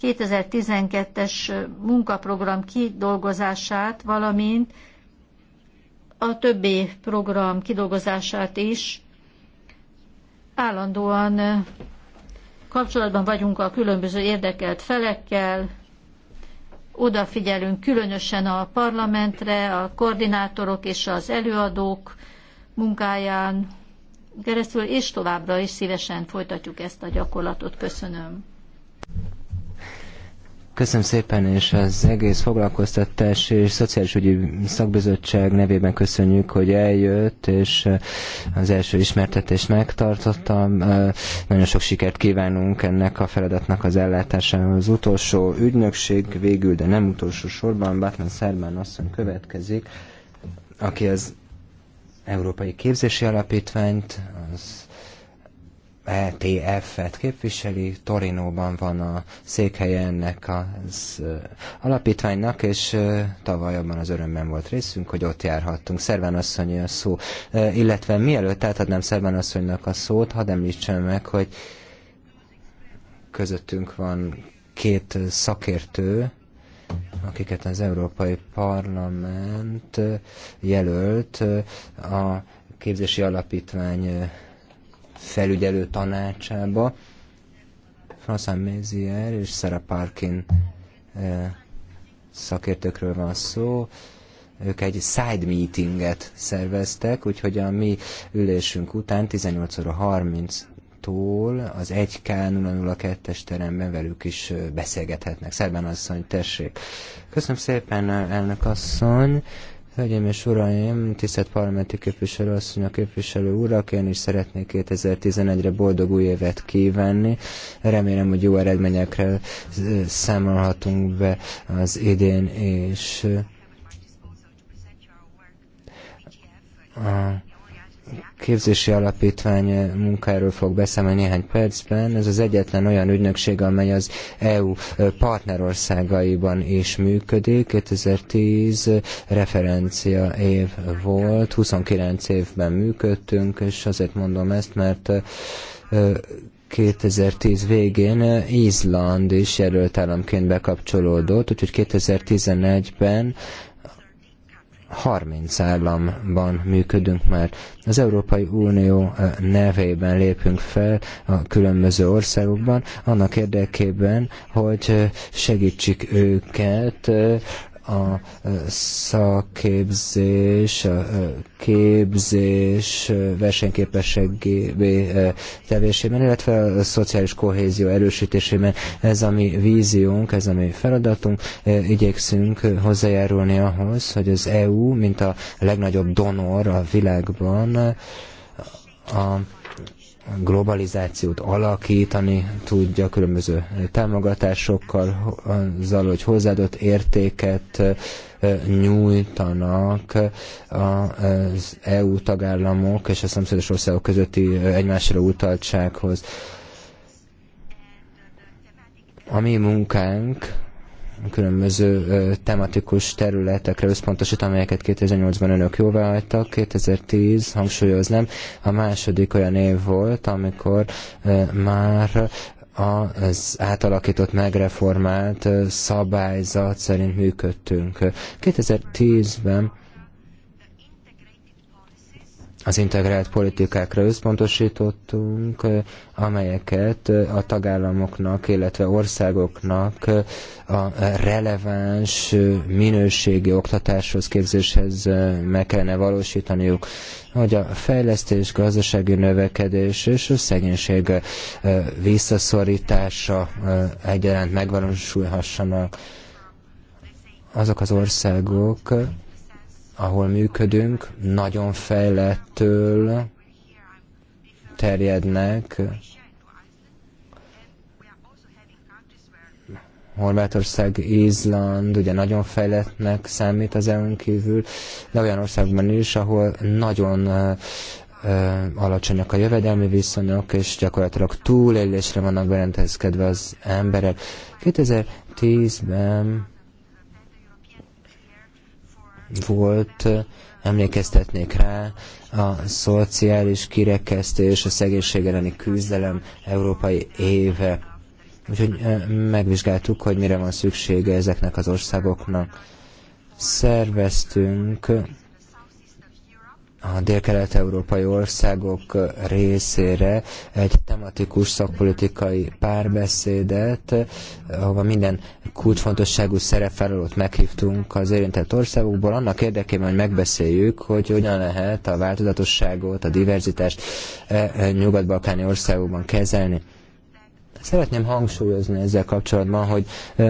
2012-es munkaprogram kidolgozását, valamint a többi program kidolgozását is. Állandóan kapcsolatban vagyunk a különböző érdekelt felekkel, odafigyelünk különösen a parlamentre, a koordinátorok és az előadók munkáján keresztül, és továbbra is szívesen folytatjuk ezt a gyakorlatot. Köszönöm. Köszönöm szépen, és az egész foglalkoztatás és szociális ügyi szakbizottság nevében köszönjük, hogy eljött, és az első ismertetést megtartottam. Nagyon sok sikert kívánunk ennek a feladatnak az ellátásához. Az utolsó ügynökség végül, de nem utolsó sorban, Batman Szerbán asszony következik, aki az Európai Képzési Alapítványt, az ETF-et képviseli, Torinóban van a székhelye ennek az alapítványnak, és tavaly abban az örömben volt részünk, hogy ott járhattunk. Szerván asszony a szó. Illetve mielőtt átadnám Szerván asszonynak a szót, hadd említsem meg, hogy közöttünk van két szakértő, akiket az Európai Parlament jelölt a képzési alapítvány felügyelő tanácsába. François Mézier és Sarah Parkin eh, szakértőkről van szó. Ők egy side meetinget szerveztek, úgyhogy a mi ülésünk után 18 óra 30 tól az 1K002-es teremben velük is eh, beszélgethetnek. Szerben asszony, tessék. Köszönöm szépen, elnök asszony. Hölgyeim és Uraim, tisztelt parlamenti képviselő asszony, a képviselő urak, én is szeretnék 2011-re boldog új évet kívánni. Remélem, hogy jó eredményekre számolhatunk be az idén, és a képzési alapítvány munkáról fog beszámolni néhány percben. Ez az egyetlen olyan ügynökség, amely az EU partnerországaiban is működik. 2010 referencia év volt, 29 évben működtünk, és azért mondom ezt, mert 2010 végén Izland is jelölt államként bekapcsolódott, úgyhogy 2011-ben 30 államban működünk már. Az Európai Unió eh, nevében lépünk fel a különböző országokban, annak érdekében, hogy eh, segítsük őket eh, a e, szakképzés, a e, képzés e, versenyképességé tevésében, illetve a szociális kohézió erősítésében. Ez a mi víziónk, ez a mi feladatunk. Igyekszünk hozzájárulni ahhoz, hogy az EU, mint a legnagyobb donor a világban, a globalizációt alakítani tudja különböző támogatásokkal, azzal, hogy hozzáadott értéket nyújtanak az EU tagállamok és a szomszédos országok közötti egymásra utaltsághoz. A mi munkánk különböző tematikus területekre összpontosít, amelyeket 2008-ban önök hagytak, 2010, hangsúlyoznám, a második olyan év volt, amikor már az átalakított, megreformált szabályzat szerint működtünk. 2010-ben az integrált politikákra összpontosítottunk, amelyeket a tagállamoknak, illetve országoknak a releváns minőségi oktatáshoz, képzéshez meg kellene valósítaniuk, hogy a fejlesztés, gazdasági növekedés és a szegénység visszaszorítása egyaránt megvalósulhassanak azok az országok, ahol működünk, nagyon fejlettől terjednek. Horvátország, Izland, ugye nagyon fejlettnek számít az EU-n kívül, de olyan országban is, ahol nagyon alacsonyak a jövedelmi viszonyok, és gyakorlatilag túlélésre vannak berendezkedve az emberek. 2010-ben volt, emlékeztetnék rá, a szociális kirekesztés, a szegénység elleni küzdelem európai éve. Úgyhogy megvizsgáltuk, hogy mire van szüksége ezeknek az országoknak. Szerveztünk a dél-kelet-európai országok részére egy tematikus szakpolitikai párbeszédet, ahova minden kulcsfontosságú szerepvállalót meghívtunk az érintett országokból, annak érdekében, hogy megbeszéljük, hogy hogyan lehet a változatosságot, a diverzitást e, e, nyugat-balkáni országokban kezelni. Szeretném hangsúlyozni ezzel kapcsolatban, hogy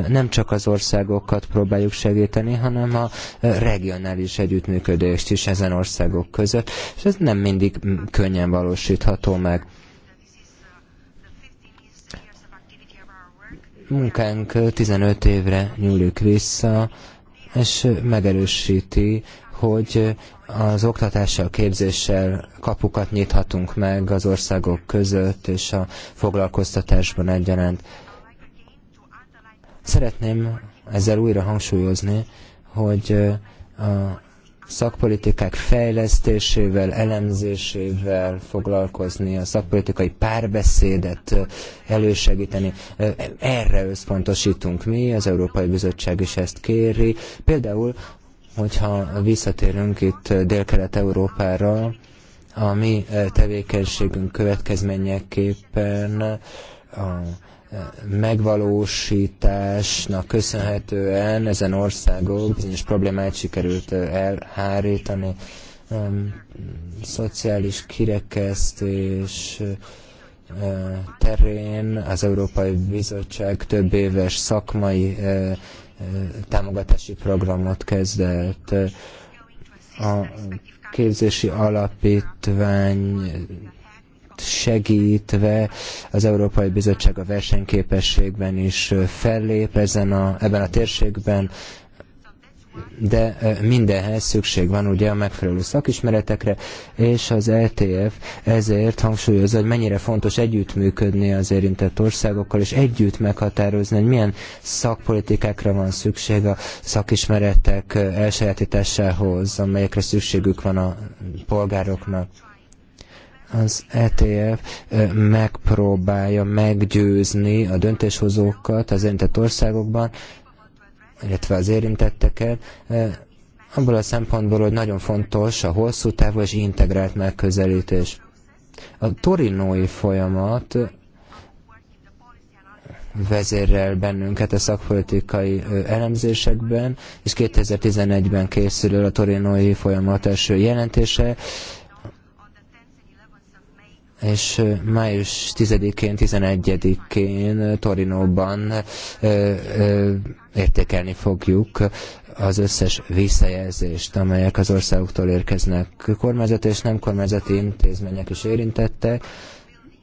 nem csak az országokat próbáljuk segíteni, hanem a regionális együttműködést is ezen országok között, és ez nem mindig könnyen valósítható meg. Munkánk 15 évre nyúlik vissza, és megerősíti, hogy az oktatással, képzéssel kapukat nyithatunk meg az országok között és a foglalkoztatásban egyaránt. Szeretném ezzel újra hangsúlyozni, hogy a szakpolitikák fejlesztésével, elemzésével foglalkozni, a szakpolitikai párbeszédet elősegíteni. Erre összpontosítunk mi, az Európai Bizottság is ezt kéri. Például Hogyha visszatérünk itt eh, Dél-Kelet-Európára, a mi eh, tevékenységünk következményeképpen eh, a megvalósításnak köszönhetően ezen országok bizonyos problémát sikerült elhárítani, szociális kirekesztés terén az Európai Bizottság több éves szakmai támogatási programot kezdett. A képzési alapítvány segítve az Európai Bizottság a versenyképességben is fellép ezen a, ebben a térségben, de mindenhez szükség van ugye a megfelelő szakismeretekre, és az LTF e ezért hangsúlyozza, hogy mennyire fontos együttműködni az érintett országokkal, és együtt meghatározni, hogy milyen szakpolitikákra van szükség a szakismeretek elsajátításához, amelyekre szükségük van a polgároknak az ETF megpróbálja meggyőzni a döntéshozókat az érintett országokban, illetve az érintetteket, abból a szempontból, hogy nagyon fontos a hosszú távú és integrált megközelítés. A torinói folyamat vezérel bennünket a szakpolitikai elemzésekben, és 2011-ben készül a torinói folyamat első jelentése, és május 10-én, 11-én Torinóban értékelni fogjuk az összes visszajelzést, amelyek az országoktól érkeznek. Kormányzati és nem kormányzati intézmények is érintettek,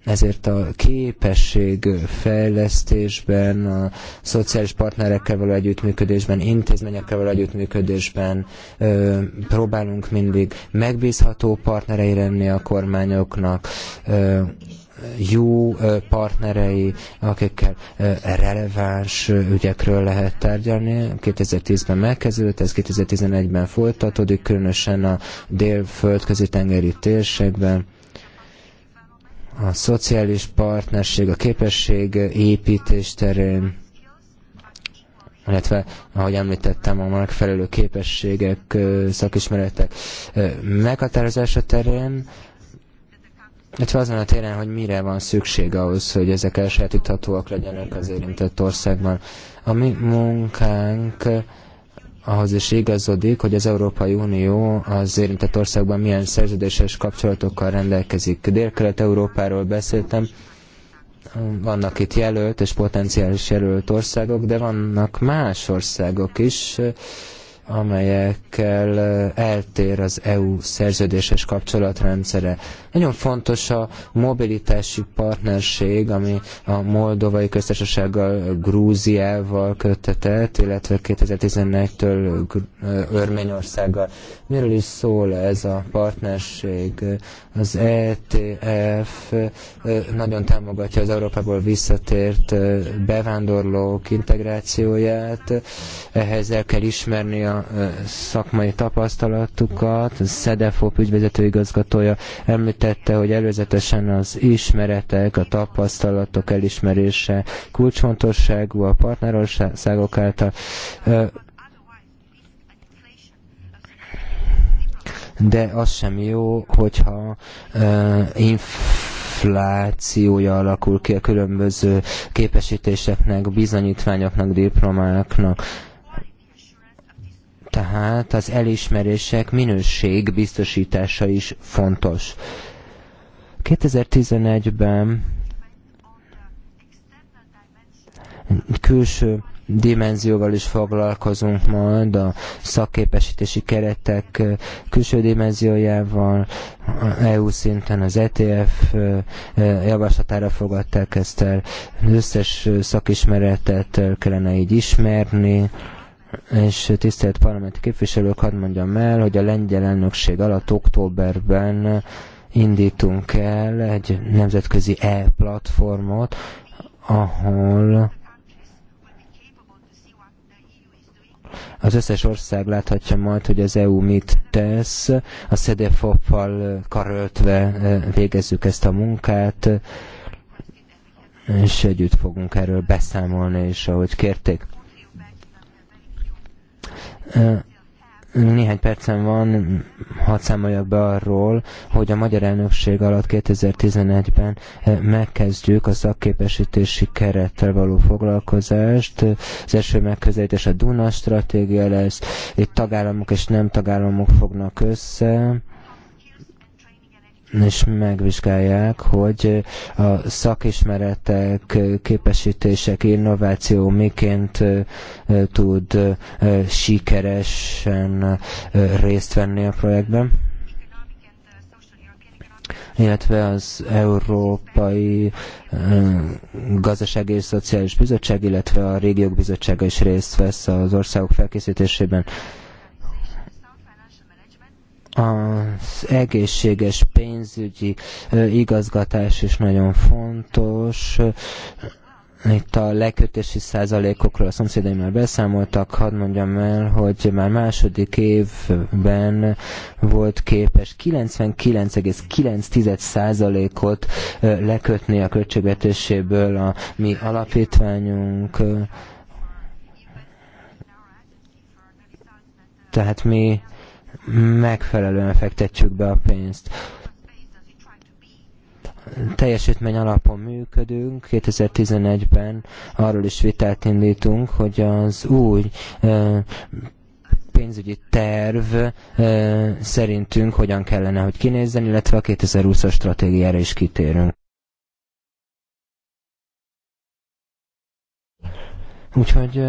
ezért a képesség fejlesztésben, a szociális partnerekkel való együttműködésben, intézményekkel való együttműködésben ö, próbálunk mindig megbízható partnerei lenni a kormányoknak, ö, jó partnerei, akikkel releváns ügyekről lehet tárgyalni. 2010-ben megkezdődött, ez 2011-ben folytatódik, különösen a dél-földközi tengeri térségben a szociális partnerség, a képesség építés terén, illetve, ahogy említettem, a megfelelő képességek, szakismeretek meghatározása terén, illetve azon a téren, hogy mire van szükség ahhoz, hogy ezek elsajátíthatóak legyenek az érintett országban. A mi munkánk ahhoz is igazodik, hogy az Európai Unió az érintett országban milyen szerződéses kapcsolatokkal rendelkezik. Dél-Kelet-Európáról beszéltem, vannak itt jelölt és potenciális jelölt országok, de vannak más országok is, amelyekkel eltér az EU szerződéses kapcsolatrendszere. Nagyon fontos a mobilitási partnerség, ami a Moldovai Köztársasággal, Grúziával kötetett, illetve 2011-től Örményországgal. Miről is szól ez a partnerség? Az ETF nagyon támogatja az Európából visszatért bevándorlók integrációját, ehhez el kell ismerni a szakmai tapasztalatukat. Szedefop ügyvezető igazgatója említette, hogy előzetesen az ismeretek, a tapasztalatok elismerése kulcsfontosságú a partnerországok által. De az sem jó, hogyha uh, inflációja alakul ki a különböző képesítéseknek, bizonyítványoknak, diplomáknak tehát az elismerések minőség biztosítása is fontos. 2011-ben külső dimenzióval is foglalkozunk majd, a szakképesítési keretek külső dimenziójával, EU szinten az ETF javaslatára fogadták ezt el, összes szakismeretet kellene így ismerni, és tisztelt parlamenti képviselők, hadd mondjam el, hogy a lengyel elnökség alatt októberben indítunk el egy nemzetközi e-platformot, ahol az összes ország láthatja majd, hogy az EU mit tesz. A CDFOP-val karöltve eh, végezzük ezt a munkát, és együtt fogunk erről beszámolni, és ahogy kérték néhány percen van, hadd számoljak be arról, hogy a magyar elnökség alatt 2011-ben megkezdjük a szakképesítési kerettel való foglalkozást. Az első megközelítés a Duna stratégia lesz, itt tagállamok és nem tagállamok fognak össze, és megvizsgálják, hogy a szakismeretek, képesítések, innováció miként tud sikeresen részt venni a projektben illetve az Európai Gazdasági és Szociális Bizottság, illetve a Régiók Bizottsága is részt vesz az országok felkészítésében az egészséges pénzügyi igazgatás is nagyon fontos. Itt a lekötési százalékokról a szomszédaim már beszámoltak, hadd mondjam el, hogy már második évben volt képes 99,9 százalékot lekötni a költségvetéséből a mi alapítványunk. Tehát mi megfelelően fektetjük be a pénzt teljesítmény alapon működünk. 2011-ben arról is vitát indítunk, hogy az új pénzügyi terv szerintünk hogyan kellene, hogy kinézzen, illetve a 2020-as stratégiára is kitérünk. Úgyhogy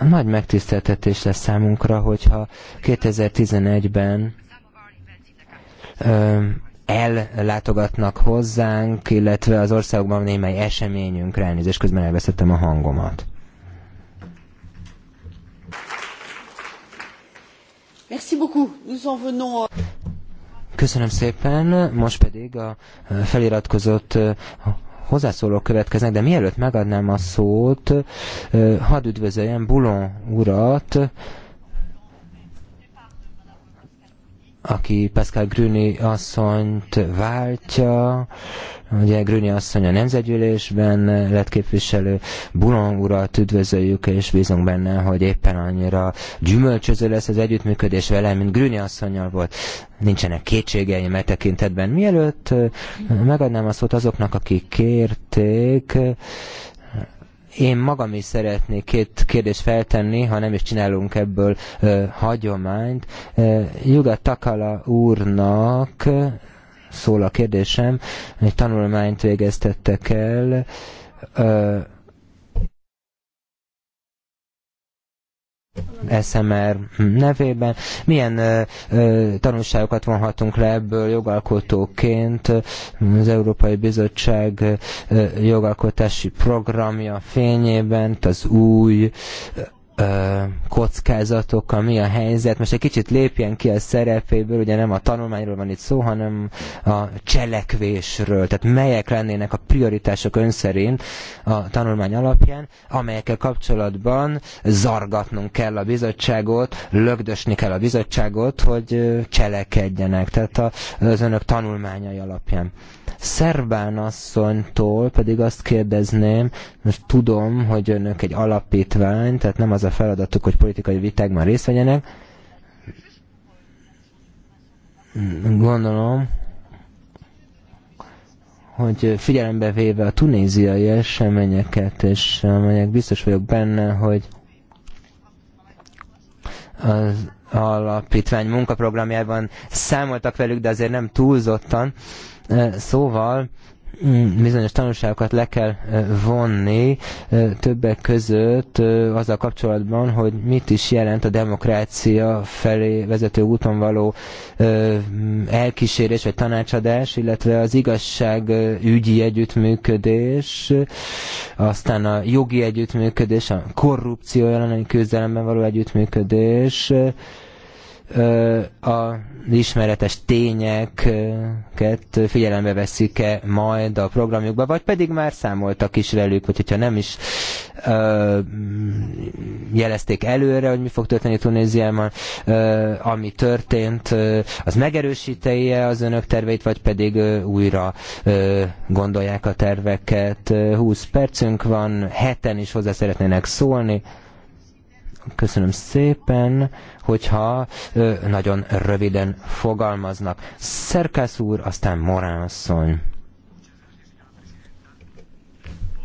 nagy megtiszteltetés lesz számunkra, hogyha 2011-ben ellátogatnak hozzánk, illetve az országokban némely eseményünkre elnézést, közben elveszettem a hangomat. Köszönöm szépen, most pedig a feliratkozott hozzászólók következnek, de mielőtt megadnám a szót, hadd üdvözöljem Bulon urat, aki Pascal Grüni asszonyt váltja, ugye Grüni asszony a nemzetgyűlésben lett képviselő, Bulon urat üdvözöljük, és bízunk benne, hogy éppen annyira gyümölcsöző lesz az együttműködés vele, mint Grüni asszonyal volt. Nincsenek kétségeim e tekintetben. Mielőtt megadnám a szót azoknak, akik kérték, én magam is szeretnék két kérdést feltenni, ha nem is csinálunk ebből ö, hagyományt. Juga Takala úrnak szól a kérdésem, egy tanulmányt végeztettek el, ö, SMR nevében. Milyen ö, ö, tanulságokat vonhatunk le ebből jogalkotóként? Az Európai Bizottság ö, jogalkotási programja fényében, az új ö, kockázatokkal mi a helyzet. Most egy kicsit lépjen ki a szerepéből, ugye nem a tanulmányról van itt szó, hanem a cselekvésről. Tehát melyek lennének a prioritások ön szerint a tanulmány alapján, amelyekkel kapcsolatban zargatnunk kell a bizottságot, lögdösni kell a bizottságot, hogy cselekedjenek. Tehát az önök tanulmányai alapján. Szerbán asszonytól pedig azt kérdezném, most tudom, hogy önök egy alapítvány, tehát nem az a feladatuk, hogy politikai vitákban részt vegyenek. Gondolom, hogy figyelembe véve a tunéziai eseményeket, és amelyek biztos vagyok benne, hogy az alapítvány munkaprogramjában számoltak velük, de azért nem túlzottan. Szóval mm, bizonyos tanulságokat le kell vonni többek között azzal kapcsolatban, hogy mit is jelent a demokrácia felé vezető úton való mm, elkísérés vagy tanácsadás, illetve az igazság ügyi együttműködés, aztán a jogi együttműködés, a korrupció jelenlegi küzdelemben való együttműködés, a ismeretes tényeket figyelembe veszik-e majd a programjukba, vagy pedig már számoltak is velük, vagy hogyha nem is ö, jelezték előre, hogy mi fog történni Tunéziában, ö, ami történt, ö, az -e az önök terveit, vagy pedig ö, újra ö, gondolják a terveket. 20 percünk van, heten is hozzá szeretnének szólni. Köszönöm szépen, hogyha nagyon röviden fogalmaznak. Szerkesz úr, aztán Morán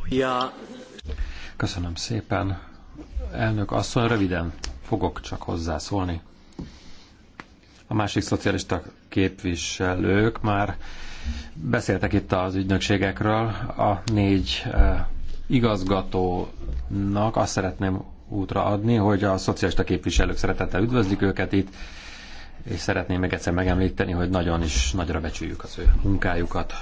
Ja. Köszönöm szépen. Elnök asszony, röviden fogok csak hozzászólni. A másik szocialista képviselők már beszéltek itt az ügynökségekről. A négy igazgatónak azt szeretném útra adni, hogy a szocialista képviselők szeretettel üdvözlik őket itt, és szeretném még egyszer megemlíteni, hogy nagyon is nagyra becsüljük az ő munkájukat.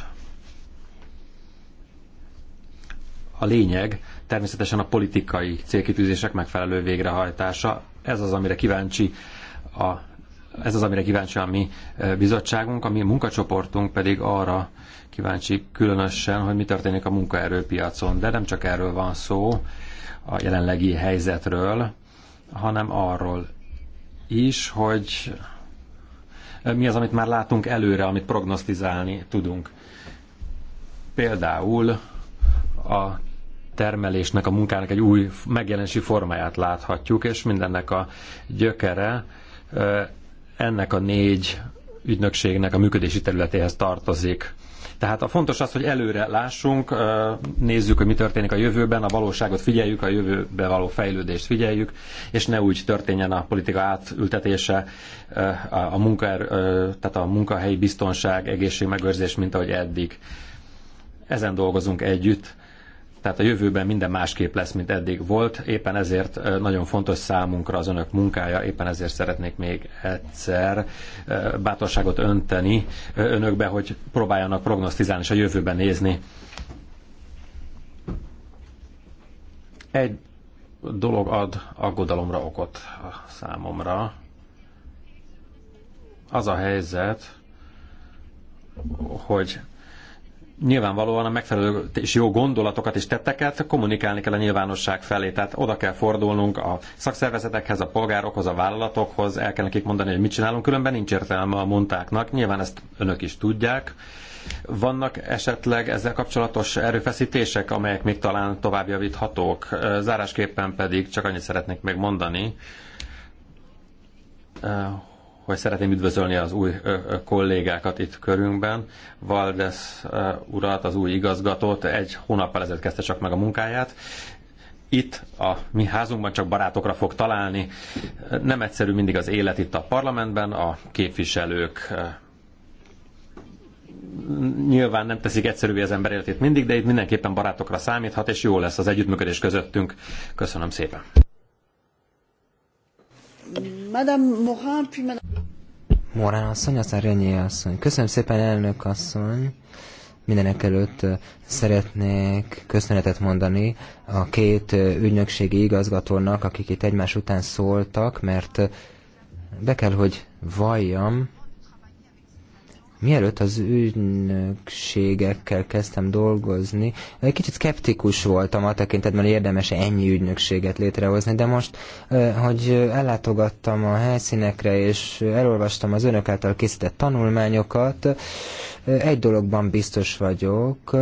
A lényeg természetesen a politikai célkitűzések megfelelő végrehajtása. Ez az, amire kíváncsi a ez az, amire kíváncsi a mi e, bizottságunk, a mi munkacsoportunk pedig arra kíváncsi különösen, hogy mi történik a munkaerőpiacon. De nem csak erről van szó, a jelenlegi helyzetről, hanem arról is, hogy mi az, amit már látunk előre, amit prognosztizálni tudunk. Például a termelésnek, a munkának egy új megjelenési formáját láthatjuk, és mindennek a gyökere ennek a négy ügynökségnek a működési területéhez tartozik. Tehát a fontos az, hogy előre lássunk, nézzük, hogy mi történik a jövőben, a valóságot figyeljük, a jövőbe való fejlődést figyeljük, és ne úgy történjen a politika átültetése, a, munka, tehát a munkahelyi biztonság, egészségmegőrzés, mint ahogy eddig. Ezen dolgozunk együtt tehát a jövőben minden másképp lesz, mint eddig volt. Éppen ezért nagyon fontos számunkra az önök munkája, éppen ezért szeretnék még egyszer bátorságot önteni önökbe, hogy próbáljanak prognosztizálni és a jövőben nézni. Egy dolog ad aggodalomra okot a számomra. Az a helyzet, hogy nyilvánvalóan a megfelelő és jó gondolatokat és tetteket kommunikálni kell a nyilvánosság felé. Tehát oda kell fordulnunk a szakszervezetekhez, a polgárokhoz, a vállalatokhoz, el kell nekik mondani, hogy mit csinálunk, különben nincs értelme a montáknak. Nyilván ezt önök is tudják. Vannak esetleg ezzel kapcsolatos erőfeszítések, amelyek még talán tovább javíthatók. Zárásképpen pedig csak annyit szeretnék megmondani. Eh, hogy szeretném üdvözölni az új kollégákat itt körünkben. Valdes urat, az új igazgatót, egy hónappal ezelőtt kezdte csak meg a munkáját. Itt a mi házunkban csak barátokra fog találni. Nem egyszerű mindig az élet itt a parlamentben, a képviselők nyilván nem teszik egyszerűvé az ember életét mindig, de itt mindenképpen barátokra számíthat, és jó lesz az együttműködés közöttünk. Köszönöm szépen! Madame Morin, puis Madame... asszony, aztán Renyi asszony. Köszönöm szépen, elnök asszony. Mindenek előtt szeretnék köszönetet mondani a két ügynökségi igazgatónak, akik itt egymás után szóltak, mert be kell, hogy valljam, Mielőtt az ügynökségekkel kezdtem dolgozni, egy kicsit szkeptikus voltam a tekintetben, hogy érdemes ennyi ügynökséget létrehozni, de most, hogy ellátogattam a helyszínekre, és elolvastam az önök által készített tanulmányokat, egy dologban biztos vagyok,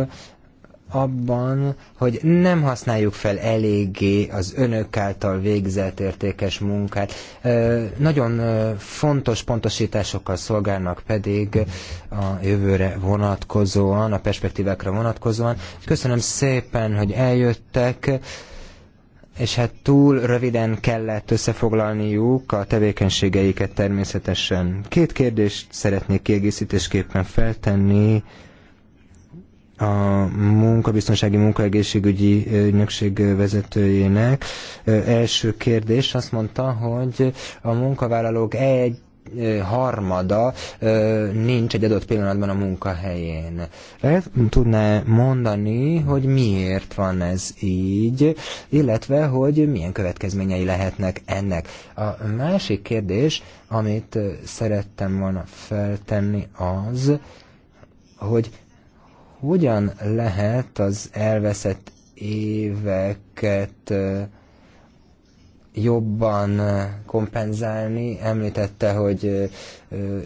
abban, hogy nem használjuk fel eléggé az önök által végzett értékes munkát. Nagyon fontos pontosításokkal szolgálnak pedig a jövőre vonatkozóan, a perspektívákra vonatkozóan. Köszönöm szépen, hogy eljöttek és hát túl röviden kellett összefoglalniuk a tevékenységeiket természetesen. Két kérdést szeretnék kiegészítésképpen feltenni a munkabiztonsági munkaegészségügyi ügynökség vezetőjének. Első kérdés azt mondta, hogy a munkavállalók egy harmada nincs egy adott pillanatban a munkahelyén. Lehet tudná mondani, hogy miért van ez így, illetve hogy milyen következményei lehetnek ennek. A másik kérdés, amit szerettem volna feltenni az, hogy hogyan lehet az elveszett éveket jobban kompenzálni. Említette, hogy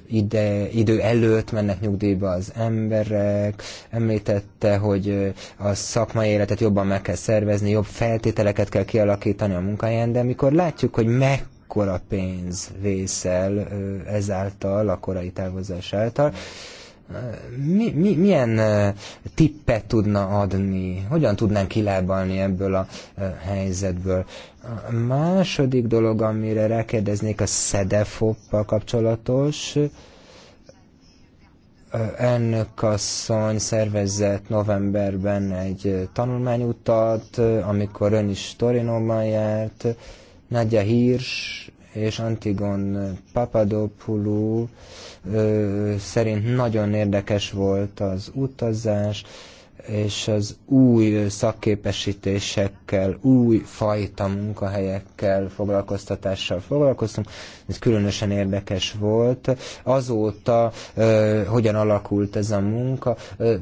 ide, idő előtt mennek nyugdíjba az emberek, említette, hogy a szakmai életet jobban meg kell szervezni, jobb feltételeket kell kialakítani a munkáján, de mikor látjuk, hogy meg mekkora pénz vészel ezáltal, a korai távozás által, mi, mi, milyen tippet tudna adni, hogyan tudnánk kilábalni ebből a helyzetből. A második dolog, amire rákérdeznék, a szedefop kapcsolatos. Ennek asszony szervezett novemberben egy tanulmányutat, amikor ön is Torinóban járt, Nagyja Hírs és Antigon Papadopoulou szerint nagyon érdekes volt az utazás, és az új szakképesítésekkel, új fajta munkahelyekkel, foglalkoztatással foglalkoztunk. Ez különösen érdekes volt. Azóta hogyan alakult ez a munka,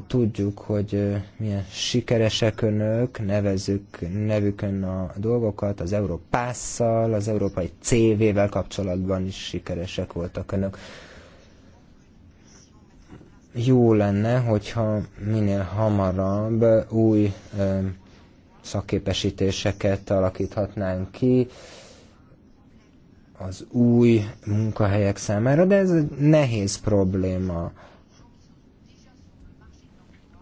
tudjuk, hogy milyen sikeresek önök, nevezük nevükön a dolgokat, az Európásszal, az európai CV-vel kapcsolatban is sikeresek voltak önök jó lenne, hogyha minél hamarabb új szakképesítéseket alakíthatnánk ki az új munkahelyek számára, de ez egy nehéz probléma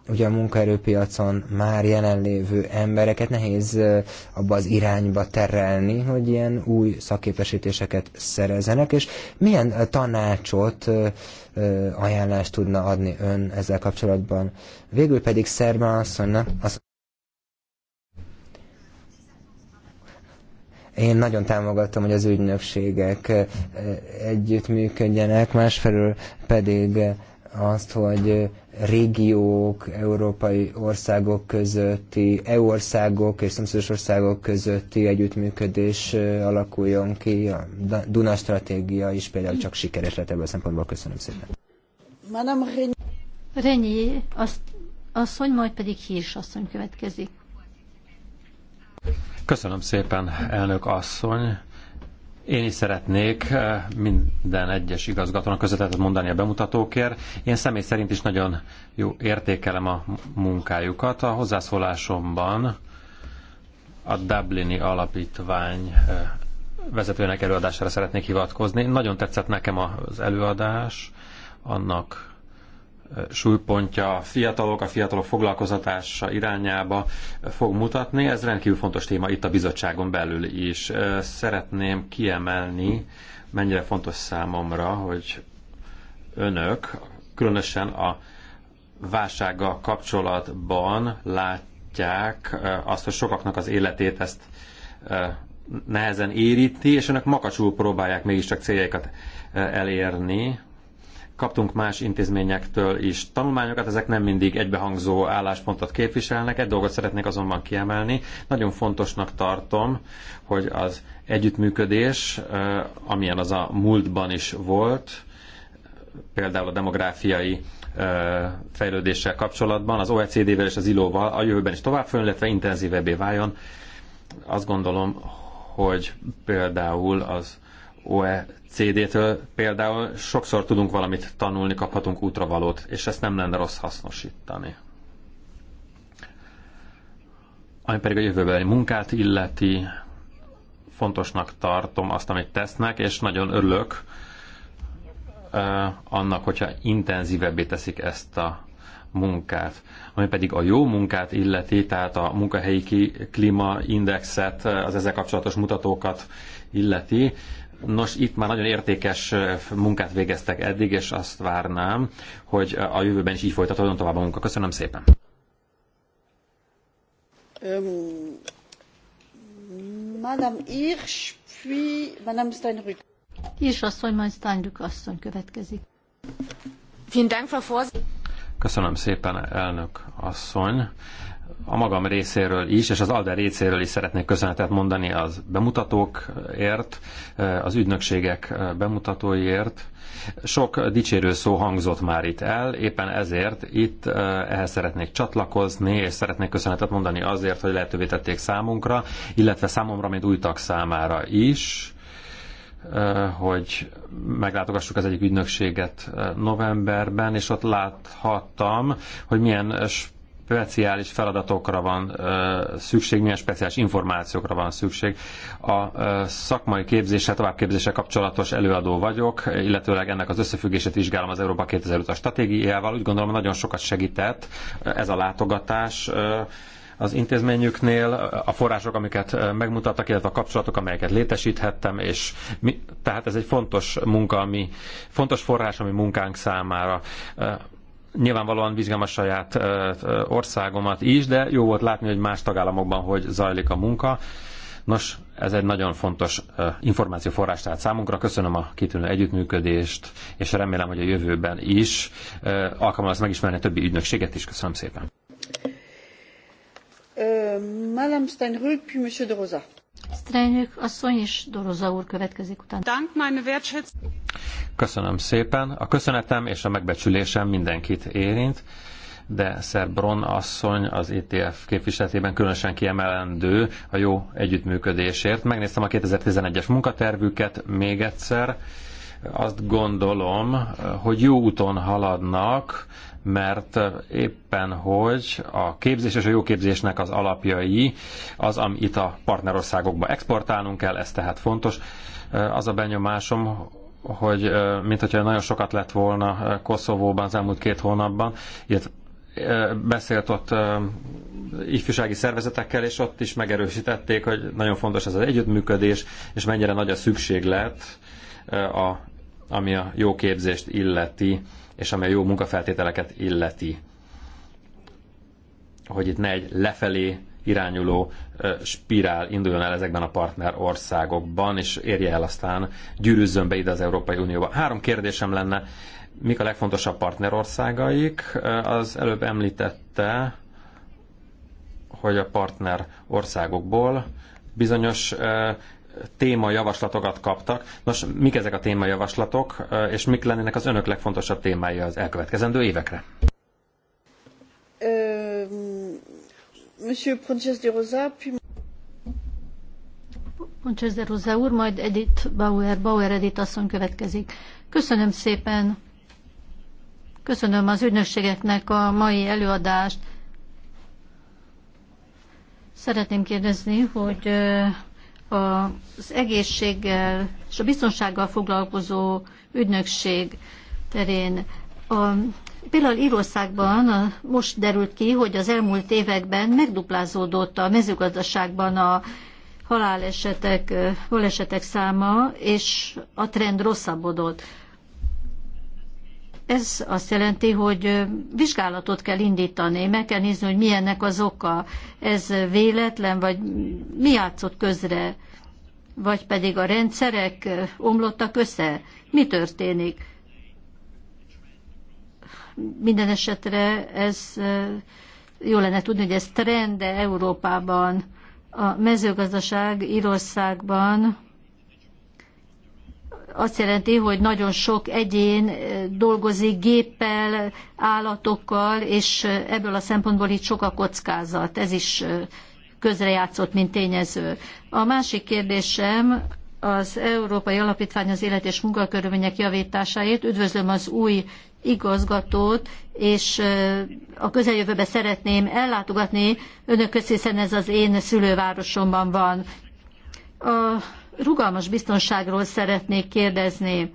ugye a munkaerőpiacon már jelenlévő embereket nehéz abba az irányba terelni, hogy ilyen új szakképesítéseket szerezenek, és milyen tanácsot, ajánlást tudna adni ön ezzel kapcsolatban. Végül pedig Szerben asszonynak, az én nagyon támogattam, hogy az ügynökségek együttműködjenek, másfelől pedig azt, hogy régiók, európai országok közötti, EU országok és szomszédos országok közötti együttműködés alakuljon ki. A Duna stratégia is például csak sikeres lett ebből a szempontból. Köszönöm szépen. Renyi azt, asszony, majd pedig Hírs asszony következik. Köszönöm szépen, elnök asszony. Én is szeretnék eh, minden egyes igazgatónak közvetetet mondani a bemutatókért. Én személy szerint is nagyon jó értékelem a munkájukat. A hozzászólásomban a Dublini Alapítvány eh, vezetőnek előadására szeretnék hivatkozni. Nagyon tetszett nekem az előadás, annak súlypontja a fiatalok, a fiatalok foglalkozatása irányába fog mutatni. Ez rendkívül fontos téma itt a bizottságon belül is. Szeretném kiemelni, mennyire fontos számomra, hogy önök, különösen a válsággal kapcsolatban látják azt, hogy sokaknak az életét ezt nehezen éríti, és önök makacsul próbálják mégiscsak céljaikat elérni, kaptunk más intézményektől is tanulmányokat, ezek nem mindig egybehangzó álláspontot képviselnek, egy dolgot szeretnék azonban kiemelni. Nagyon fontosnak tartom, hogy az együttműködés, eh, amilyen az a múltban is volt, például a demográfiai eh, fejlődéssel kapcsolatban, az OECD-vel és az ILO-val a jövőben is tovább fönn, illetve intenzívebbé váljon. Azt gondolom, hogy például az OECD-től például sokszor tudunk valamit tanulni, kaphatunk útravalót, és ezt nem lenne rossz hasznosítani. Ami pedig a jövőbeli munkát illeti, fontosnak tartom azt, amit tesznek, és nagyon örülök annak, hogyha intenzívebbé teszik ezt a munkát. Ami pedig a jó munkát illeti, tehát a munkahelyi klímaindexet, az ezzel kapcsolatos mutatókat illeti, Nos, itt már nagyon értékes munkát végeztek eddig, és azt várnám, hogy a jövőben is így folytatódjon tovább a munka. Köszönöm szépen. Um, Madame Hirsch, puis Madame Steinrück. Hirsch asszony, majd Steinrück asszony következik. Vielen Dank, Frau Köszönöm szépen, elnök asszony. A magam részéről is, és az ALDE részéről is szeretnék köszönetet mondani az bemutatókért, az ügynökségek bemutatóiért. Sok dicsérő szó hangzott már itt el, éppen ezért itt eh, ehhez szeretnék csatlakozni, és szeretnék köszönetet mondani azért, hogy lehetővé tették számunkra, illetve számomra, mint új tag számára is, eh, hogy meglátogassuk az egyik ügynökséget eh, novemberben, és ott láthattam, hogy milyen speciális feladatokra van szükség, milyen speciális információkra van szükség. A szakmai képzéssel, továbbképzéssel kapcsolatos előadó vagyok, illetőleg ennek az összefüggését vizsgálom az Európa 2005-a stratégiájával. Úgy gondolom, nagyon sokat segített ez a látogatás az intézményüknél, a források, amiket megmutattak, illetve a kapcsolatok, amelyeket létesíthettem, és mi, tehát ez egy fontos munka, ami, fontos forrás, ami munkánk számára nyilvánvalóan vizsgálom a saját országomat is, de jó volt látni, hogy más tagállamokban hogy zajlik a munka. Nos, ez egy nagyon fontos információforrás tehát számunkra. Köszönöm a kitűnő együttműködést, és remélem, hogy a jövőben is alkalom lesz megismerni a többi ügynökséget is. Köszönöm szépen. Euh, Madame Steinrück, Monsieur de Rosa asszony és Doroza úr következik után. Köszönöm szépen. A köszönetem és a megbecsülésem mindenkit érint, de Szerbron asszony az ETF képviseletében különösen kiemelendő a jó együttműködésért. Megnéztem a 2011-es munkatervüket még egyszer azt gondolom, hogy jó úton haladnak, mert éppen hogy a képzés és a jó képzésnek az alapjai az, amit itt a partnerországokba exportálnunk kell, ez tehát fontos. Az a benyomásom, hogy mint hogyha nagyon sokat lett volna Koszovóban az elmúlt két hónapban, illetve beszélt ott ifjúsági szervezetekkel, és ott is megerősítették, hogy nagyon fontos ez az együttműködés, és mennyire nagy a szükséglet, a, ami a jó képzést illeti és amely jó munkafeltételeket illeti. Hogy itt ne egy lefelé irányuló spirál induljon el ezekben a partner országokban, és érje el aztán, gyűrűzzön be ide az Európai Unióba. Három kérdésem lenne, mik a legfontosabb partnerországaik? Az előbb említette, hogy a partner országokból bizonyos témajavaslatokat kaptak. Nos, mik ezek a témajavaslatok, eh, és mik lennének az önök legfontosabb témája az elkövetkezendő évekre? Monsieur Ponces de Rosa, Ponces de Rosa úr, majd Edith Bauer, Bauer Edith asszony következik. Köszönöm szépen, köszönöm az ügynökségeknek a mai előadást. Szeretném kérdezni, hogy az egészséggel és a biztonsággal foglalkozó ügynökség terén. A, például Írországban most derült ki, hogy az elmúlt években megduplázódott a mezőgazdaságban a halálesetek, balesetek száma, és a trend rosszabbodott. Ez azt jelenti, hogy vizsgálatot kell indítani, meg kell nézni, hogy milyennek az oka. Ez véletlen, vagy mi játszott közre, vagy pedig a rendszerek omlottak össze. Mi történik? Minden esetre ez jó lenne tudni, hogy ez trend Európában. A mezőgazdaság Írországban azt jelenti, hogy nagyon sok egyén eh, dolgozik géppel, állatokkal, és eh, ebből a szempontból itt sok a kockázat. Ez is eh, közrejátszott, mint tényező. A másik kérdésem az Európai Alapítvány az élet és munkakörülmények javításáért. Üdvözlöm az új igazgatót, és a közeljövőbe szeretném ellátogatni önökhöz, hiszen ez az én szülővárosomban van. A rugalmas biztonságról szeretnék kérdezni.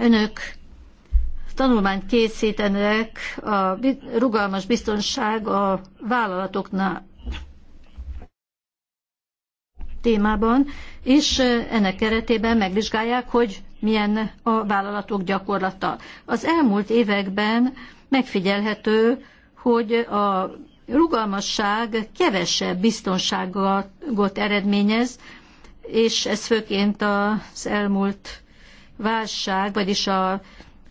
Önök tanulmányt készítenek a rugalmas biztonság a vállalatoknál témában, és ennek keretében megvizsgálják, hogy milyen a vállalatok gyakorlata. Az elmúlt években megfigyelhető, hogy a rugalmasság kevesebb biztonságot eredményez, és ez főként az elmúlt válság, vagyis a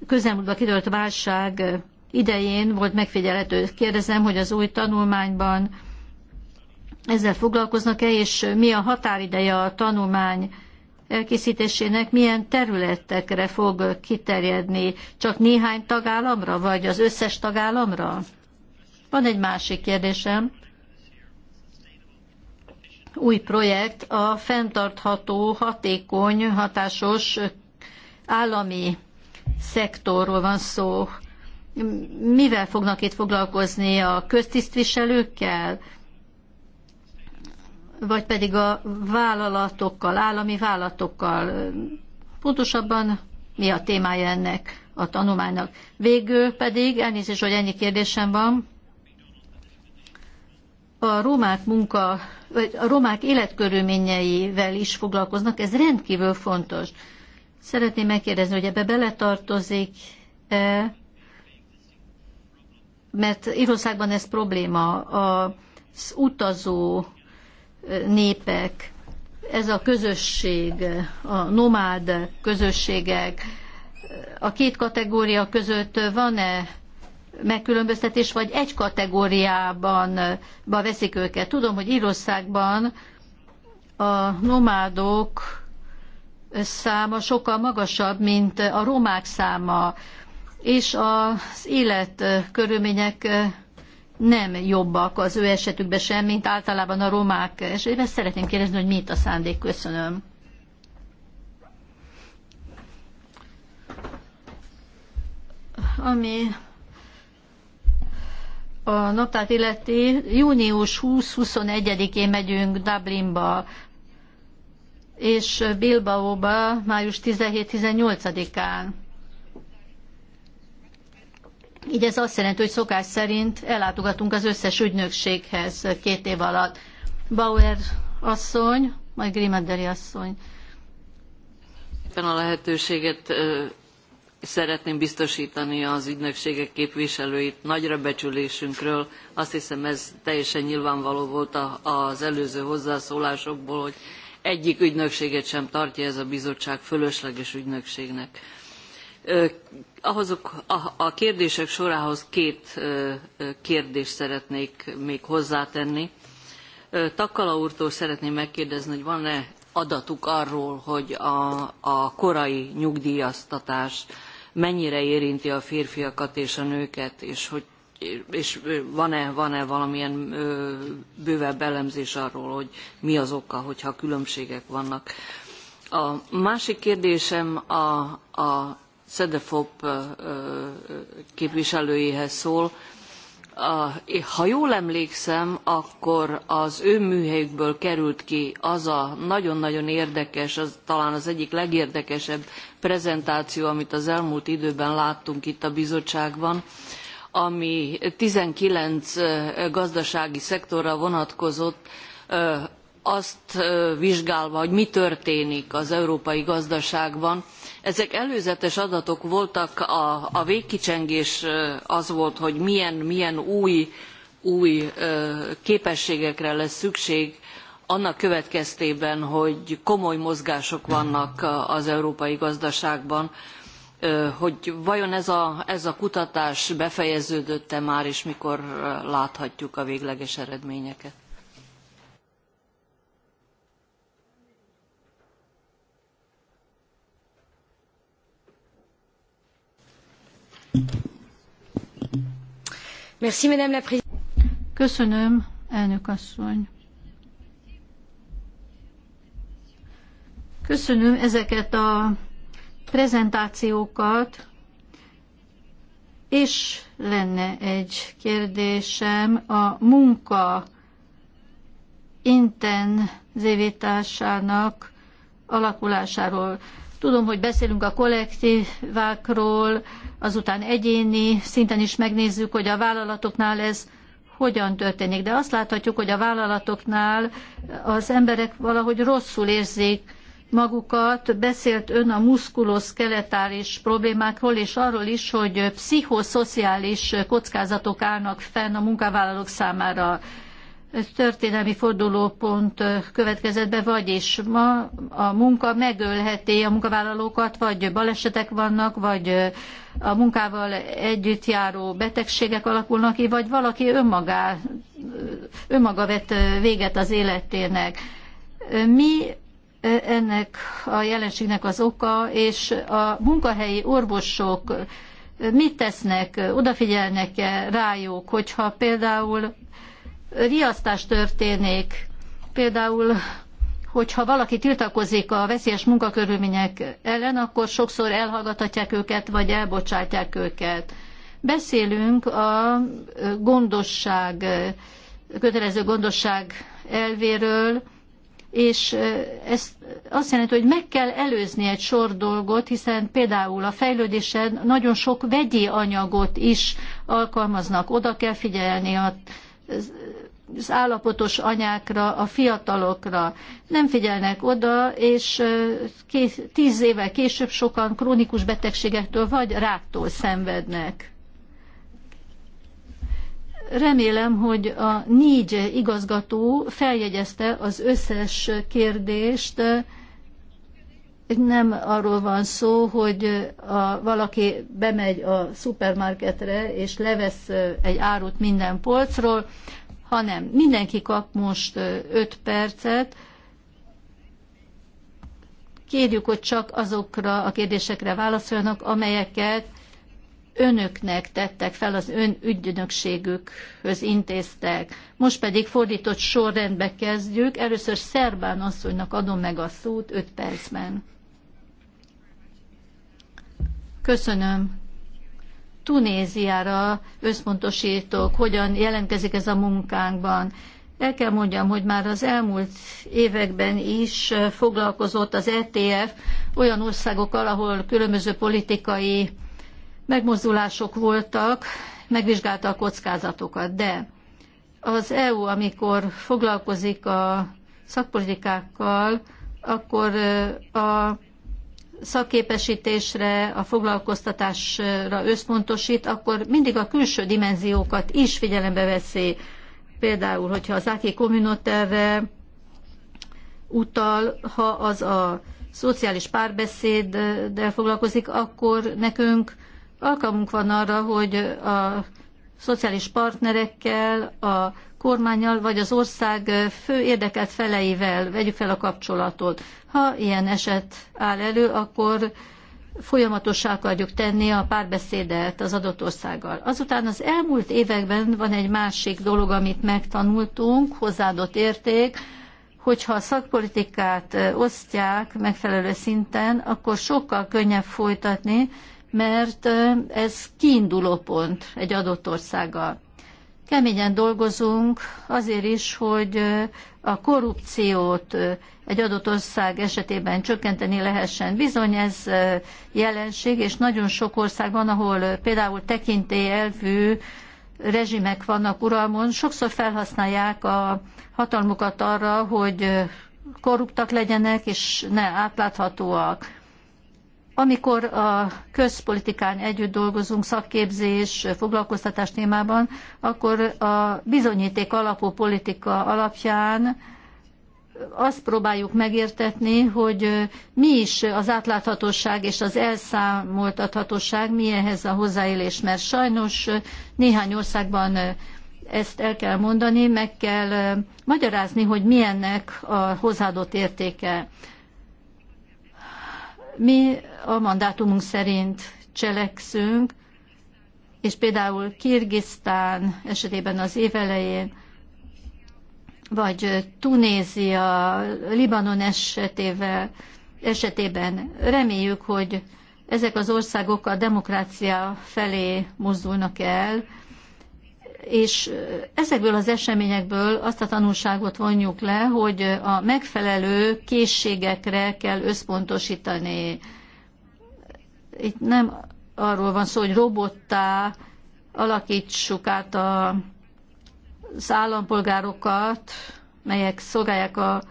közelmúltban kidőlt válság idején volt megfigyelhető. Kérdezem, hogy az új tanulmányban ezzel foglalkoznak-e, és mi a határideje a tanulmány elkészítésének, milyen területekre fog kiterjedni? Csak néhány tagállamra, vagy az összes tagállamra? Van egy másik kérdésem új projekt a fenntartható, hatékony, hatásos állami szektorról van szó. Mivel fognak itt foglalkozni a köztisztviselőkkel, vagy pedig a vállalatokkal, állami vállalatokkal? Pontosabban mi a témája ennek a tanulmánynak? Végül pedig, elnézést, hogy ennyi kérdésem van, a romák munka, vagy a romák életkörülményeivel is foglalkoznak, ez rendkívül fontos. Szeretném megkérdezni, hogy ebbe beletartozik -e, mert Írországban ez probléma, az utazó népek, ez a közösség, a nomád közösségek, a két kategória között van-e megkülönböztetés, vagy egy kategóriában veszik őket. Tudom, hogy Írországban a nomádok száma sokkal magasabb, mint a romák száma, és az életkörülmények nem jobbak az ő esetükben sem, mint általában a romák esetében. Szeretném kérdezni, hogy mit a szándék. Köszönöm. Ami a naptárt illeti, június 20-21-én megyünk Dublinba, és Bilbaóba május 17-18-án. Így ez azt jelenti, hogy szokás szerint ellátogatunk az összes ügynökséghez két év alatt. Bauer asszony, majd Grimaderi asszony. Éppen a lehetőséget szeretném biztosítani az ügynökségek képviselőit nagyra becsülésünkről. Azt hiszem ez teljesen nyilvánvaló volt az előző hozzászólásokból, hogy egyik ügynökséget sem tartja ez a bizottság fölösleges ügynökségnek. a kérdések sorához két kérdést szeretnék még hozzátenni. Takkala úrtól szeretném megkérdezni, hogy van-e adatuk arról, hogy a, a korai nyugdíjaztatás mennyire érinti a férfiakat és a nőket, és hogy és van-e, van-e valamilyen ö, bővebb elemzés arról, hogy mi az oka, hogyha különbségek vannak. A másik kérdésem a, a CEDEFOP képviselőjéhez szól ha jól emlékszem, akkor az ő műhelyükből került ki az a nagyon-nagyon érdekes, az talán az egyik legérdekesebb prezentáció, amit az elmúlt időben láttunk itt a bizottságban, ami 19 gazdasági szektorra vonatkozott, azt vizsgálva, hogy mi történik az európai gazdaságban, ezek előzetes adatok voltak, a, a végkicsengés az volt, hogy milyen, milyen új, új képességekre lesz szükség, annak következtében, hogy komoly mozgások vannak az európai gazdaságban, hogy vajon ez a, ez a kutatás befejeződött-e már, és mikor láthatjuk a végleges eredményeket? Köszönöm, elnök asszony. Köszönöm ezeket a prezentációkat, és lenne egy kérdésem a munka intenzivitásának alakulásáról. Tudom, hogy beszélünk a kollektívákról, azután egyéni szinten is megnézzük, hogy a vállalatoknál ez hogyan történik. De azt láthatjuk, hogy a vállalatoknál az emberek valahogy rosszul érzik magukat. Beszélt ön a muszkuloszkeletáris problémákról, és arról is, hogy pszichoszociális kockázatok állnak fenn a munkavállalók számára történelmi fordulópont következett be, vagyis ma a munka megölheti a munkavállalókat, vagy balesetek vannak, vagy a munkával együtt járó betegségek alakulnak ki, vagy valaki önmagá, önmaga vett véget az életének. Mi ennek a jelenségnek az oka, és a munkahelyi orvosok mit tesznek, odafigyelnek-e rájuk, hogyha például riasztás történik. Például, hogyha valaki tiltakozik a veszélyes munkakörülmények ellen, akkor sokszor elhallgatják őket, vagy elbocsátják őket. Beszélünk a gondosság, kötelező gondosság elvéről, és ez azt jelenti, hogy meg kell előzni egy sor dolgot, hiszen például a fejlődésen nagyon sok vegyi anyagot is alkalmaznak. Oda kell figyelni a az állapotos anyákra, a fiatalokra. Nem figyelnek oda, és tíz évvel később sokan krónikus betegségektől vagy ráktól szenvednek. Remélem, hogy a négy igazgató feljegyezte az összes kérdést, nem arról van szó, hogy a, valaki bemegy a szupermarketre és levesz egy árut minden polcról, hanem mindenki kap most 5 percet. Kérjük, hogy csak azokra a kérdésekre válaszoljanak, amelyeket önöknek tettek fel, az ön ügynökségükhöz intéztek. Most pedig fordított sorrendbe kezdjük. Először Szerbán asszonynak adom meg a szót 5 percben. Köszönöm, Tunéziára összpontosítok, hogyan jelentkezik ez a munkánkban. El kell mondjam, hogy már az elmúlt években is foglalkozott az ETF olyan országokkal, ahol különböző politikai megmozdulások voltak, megvizsgálta a kockázatokat, de az EU, amikor foglalkozik a szakpolitikákkal, akkor a szakképesítésre, a foglalkoztatásra összpontosít, akkor mindig a külső dimenziókat is figyelembe veszi. Például, hogyha az Aki Communautaire utal, ha az a szociális párbeszéddel foglalkozik, akkor nekünk alkalmunk van arra, hogy a szociális partnerekkel, a kormányjal, vagy az ország fő érdekelt feleivel vegyük fel a kapcsolatot. Ha ilyen eset áll elő, akkor folyamatossá akarjuk tenni a párbeszédet az adott országgal. Azután az elmúlt években van egy másik dolog, amit megtanultunk, hozzáadott érték, hogyha a szakpolitikát osztják megfelelő szinten, akkor sokkal könnyebb folytatni, mert ez kiinduló pont egy adott országgal. Keményen dolgozunk azért is, hogy a korrupciót egy adott ország esetében csökkenteni lehessen. Bizony ez jelenség, és nagyon sok ország van, ahol például tekintélyelvű rezsimek vannak uralmon. Sokszor felhasználják a hatalmukat arra, hogy korruptak legyenek, és ne átláthatóak. Amikor a közpolitikán együtt dolgozunk szakképzés, foglalkoztatás témában, akkor a bizonyíték alapú politika alapján azt próbáljuk megértetni, hogy mi is az átláthatóság és az elszámoltathatóság, mi ehhez a hozzáélés, mert sajnos néhány országban ezt el kell mondani, meg kell magyarázni, hogy milyennek a hozzáadott értéke. Mi a mandátumunk szerint cselekszünk, és például Kirgisztán esetében az évelején, vagy Tunézia, Libanon esetével, esetében reméljük, hogy ezek az országok a demokrácia felé mozdulnak el, és ezekből az eseményekből azt a tanulságot vonjuk le, hogy a megfelelő készségekre kell összpontosítani. Itt nem arról van szó, hogy robottá alakítsuk át a, az állampolgárokat, melyek szolgálják a,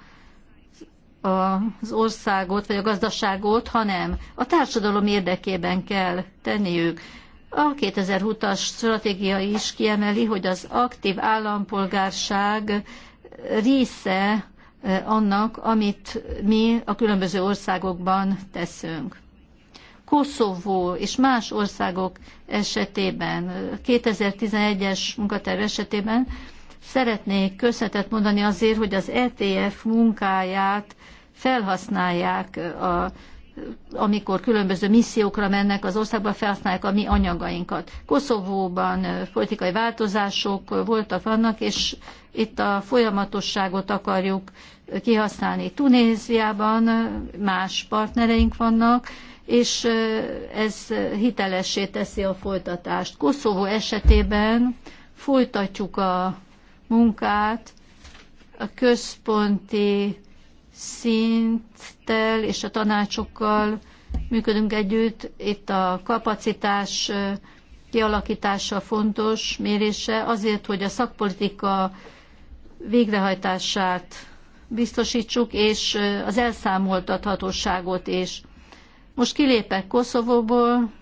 a, az országot vagy a gazdaságot, hanem a társadalom érdekében kell tenniük. A 2020-as stratégia is kiemeli, hogy az aktív állampolgárság része annak, amit mi a különböző országokban teszünk. Koszovó és más országok esetében, 2011-es munkaterv esetében szeretnék köszönetet mondani azért, hogy az ETF munkáját felhasználják a amikor különböző missziókra mennek az országba, felhasználják a mi anyagainkat. Koszovóban politikai változások voltak vannak, és itt a folyamatosságot akarjuk kihasználni. Tunéziában más partnereink vannak, és ez hitelessé teszi a folytatást. Koszovó esetében folytatjuk a munkát, a központi szinttel és a tanácsokkal működünk együtt. Itt a kapacitás kialakítása fontos mérése azért, hogy a szakpolitika végrehajtását biztosítsuk, és az elszámoltathatóságot is. Most kilépek Koszovóból,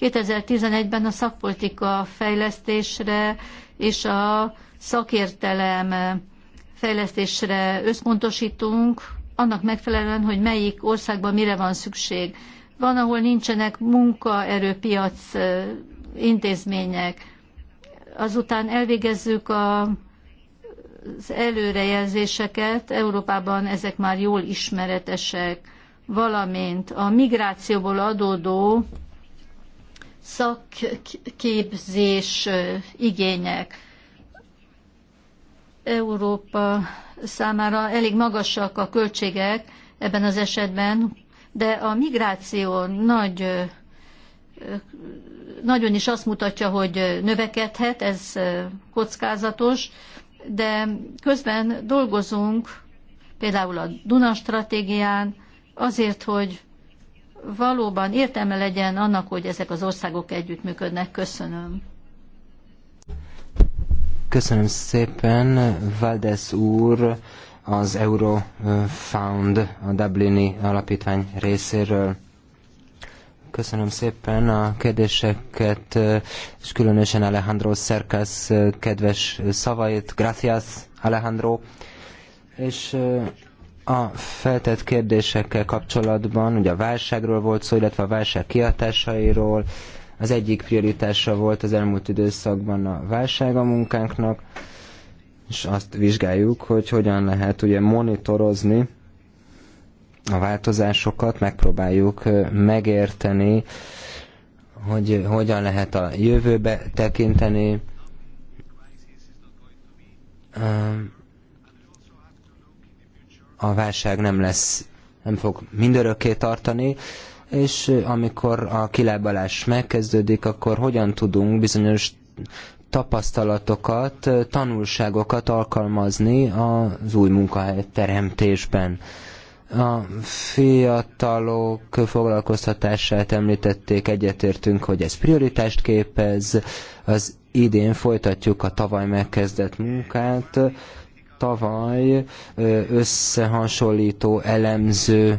2011-ben a szakpolitika fejlesztésre és a szakértelem fejlesztésre összpontosítunk, annak megfelelően, hogy melyik országban mire van szükség. Van, ahol nincsenek munkaerőpiac intézmények. Azután elvégezzük a, az előrejelzéseket, Európában ezek már jól ismeretesek, valamint a migrációból adódó szakképzés igények Európa számára elég magasak a költségek ebben az esetben, de a migráció nagy, nagyon is azt mutatja, hogy növekedhet, ez kockázatos, de közben dolgozunk például a Duna stratégián azért, hogy valóban értelme legyen annak, hogy ezek az országok együttműködnek. Köszönöm. Köszönöm szépen, Valdez úr, az Eurofound, a Dublini Alapítvány részéről. Köszönöm szépen a kérdéseket, és különösen Alejandro Szerkász kedves szavait. Gracias, Alejandro. És a feltett kérdésekkel kapcsolatban, ugye a válságról volt szó, illetve a válság kiadásairól, az egyik prioritása volt az elmúlt időszakban a válság a munkánknak, és azt vizsgáljuk, hogy hogyan lehet ugye monitorozni a változásokat, megpróbáljuk megérteni, hogy hogyan lehet a jövőbe tekinteni, a válság nem lesz, nem fog mindörökké tartani, és amikor a kilábalás megkezdődik, akkor hogyan tudunk bizonyos tapasztalatokat, tanulságokat alkalmazni az új munkahely teremtésben. A fiatalok foglalkoztatását említették, egyetértünk, hogy ez prioritást képez, az idén folytatjuk a tavaly megkezdett munkát, tavaly összehasonlító elemző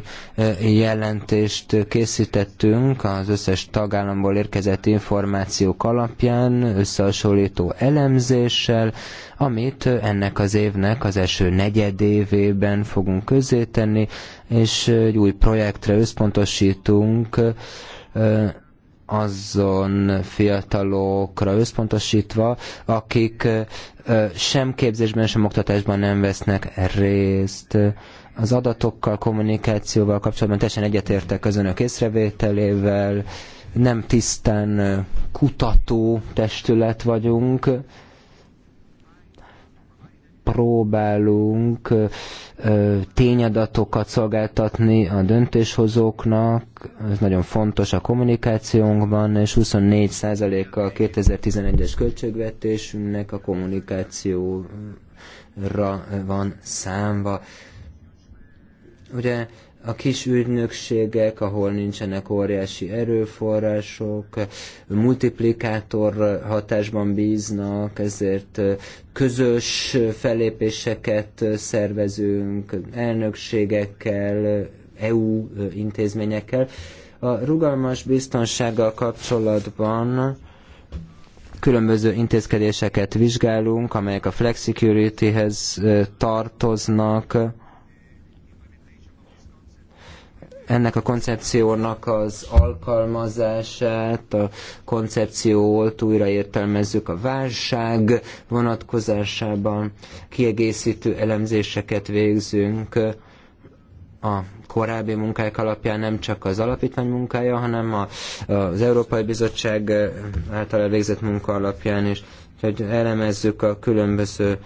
jelentést készítettünk az összes tagállamból érkezett információk alapján, összehasonlító elemzéssel, amit ennek az évnek az első negyedévében fogunk közzétenni, és egy új projektre összpontosítunk, azon fiatalokra összpontosítva, akik sem képzésben, sem oktatásban nem vesznek részt. Az adatokkal, kommunikációval kapcsolatban teljesen egyetértek az önök észrevételével, nem tisztán kutató testület vagyunk, próbálunk tényadatokat szolgáltatni a döntéshozóknak, ez nagyon fontos a kommunikációnkban, és 24%-a a 2011-es költségvetésünknek a kommunikációra van számva. Ugye a kis ügynökségek, ahol nincsenek óriási erőforrások, multiplikátor hatásban bíznak, ezért közös fellépéseket szervezünk elnökségekkel, EU intézményekkel. A rugalmas biztonsággal kapcsolatban különböző intézkedéseket vizsgálunk, amelyek a flexicurity-hez tartoznak, ennek a koncepciónak az alkalmazását, a koncepciót újraértelmezzük a válság vonatkozásában, kiegészítő elemzéseket végzünk a korábbi munkák alapján nem csak az alapítvány munkája, hanem a, az Európai Bizottság által elvégzett munka alapján is. hogy elemezzük a különböző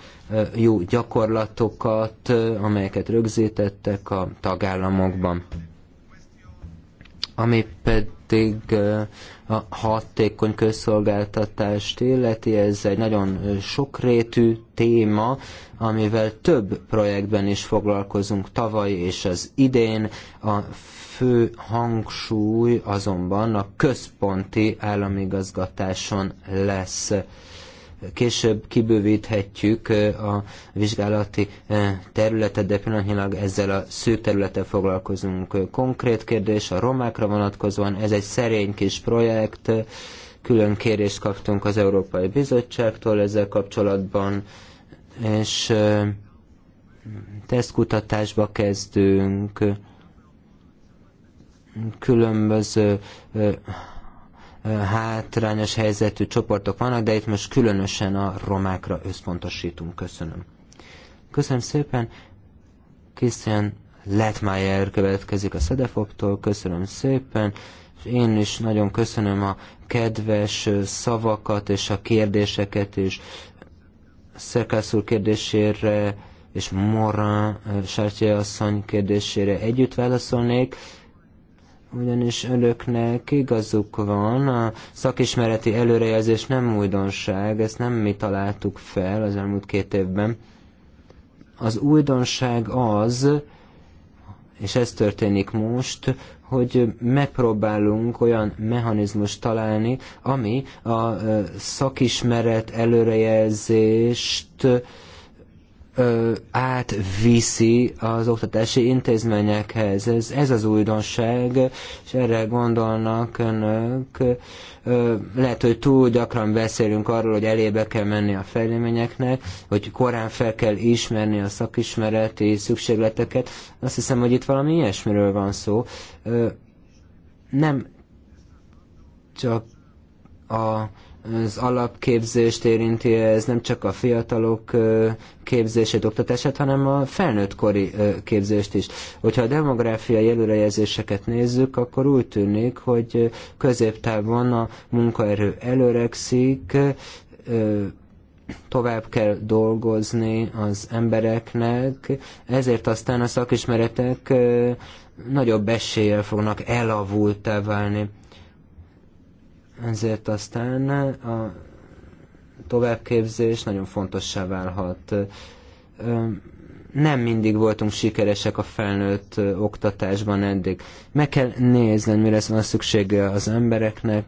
jó gyakorlatokat, amelyeket rögzítettek a tagállamokban. Ami pedig a hatékony közszolgáltatást illeti, ez egy nagyon sokrétű téma, amivel több projektben is foglalkozunk tavaly és az idén. A fő hangsúly azonban a központi államigazgatáson lesz. Később kibővíthetjük a vizsgálati területet, de pillanatnyilag ezzel a szűk területtel foglalkozunk. Konkrét kérdés a romákra vonatkozóan, ez egy szerény kis projekt, külön kérést kaptunk az Európai Bizottságtól ezzel kapcsolatban, és tesztkutatásba kezdünk, különböző hátrányos helyzetű csoportok vannak, de itt most különösen a romákra összpontosítunk. Köszönöm. Köszönöm szépen. Christian Letmeyer következik a Szedefoktól. Köszönöm szépen. Én is nagyon köszönöm a kedves szavakat és a kérdéseket, és Szerkász úr kérdésére és Morin Sártyai asszony kérdésére együtt válaszolnék ugyanis önöknek igazuk van, a szakismereti előrejelzés nem újdonság, ezt nem mi találtuk fel az elmúlt két évben. Az újdonság az, és ez történik most, hogy megpróbálunk olyan mechanizmust találni, ami a szakismeret előrejelzést átviszi az oktatási intézményekhez. Ez, ez az újdonság, és erre gondolnak önök. Lehet, hogy túl gyakran beszélünk arról, hogy elébe kell menni a fejleményeknek, hogy korán fel kell ismerni a szakismereti szükségleteket. Azt hiszem, hogy itt valami ilyesmiről van szó. Nem csak a az alapképzést érinti, ez nem csak a fiatalok képzését, oktatását, hanem a felnőttkori képzést is. Hogyha a demográfiai előrejelzéseket nézzük, akkor úgy tűnik, hogy középtávon a munkaerő előrekszik, tovább kell dolgozni az embereknek, ezért aztán a szakismeretek nagyobb eséllyel fognak elavultá válni ezért aztán a továbbképzés nagyon fontossá válhat. Nem mindig voltunk sikeresek a felnőtt oktatásban eddig. Meg kell nézni, mire van szüksége az embereknek,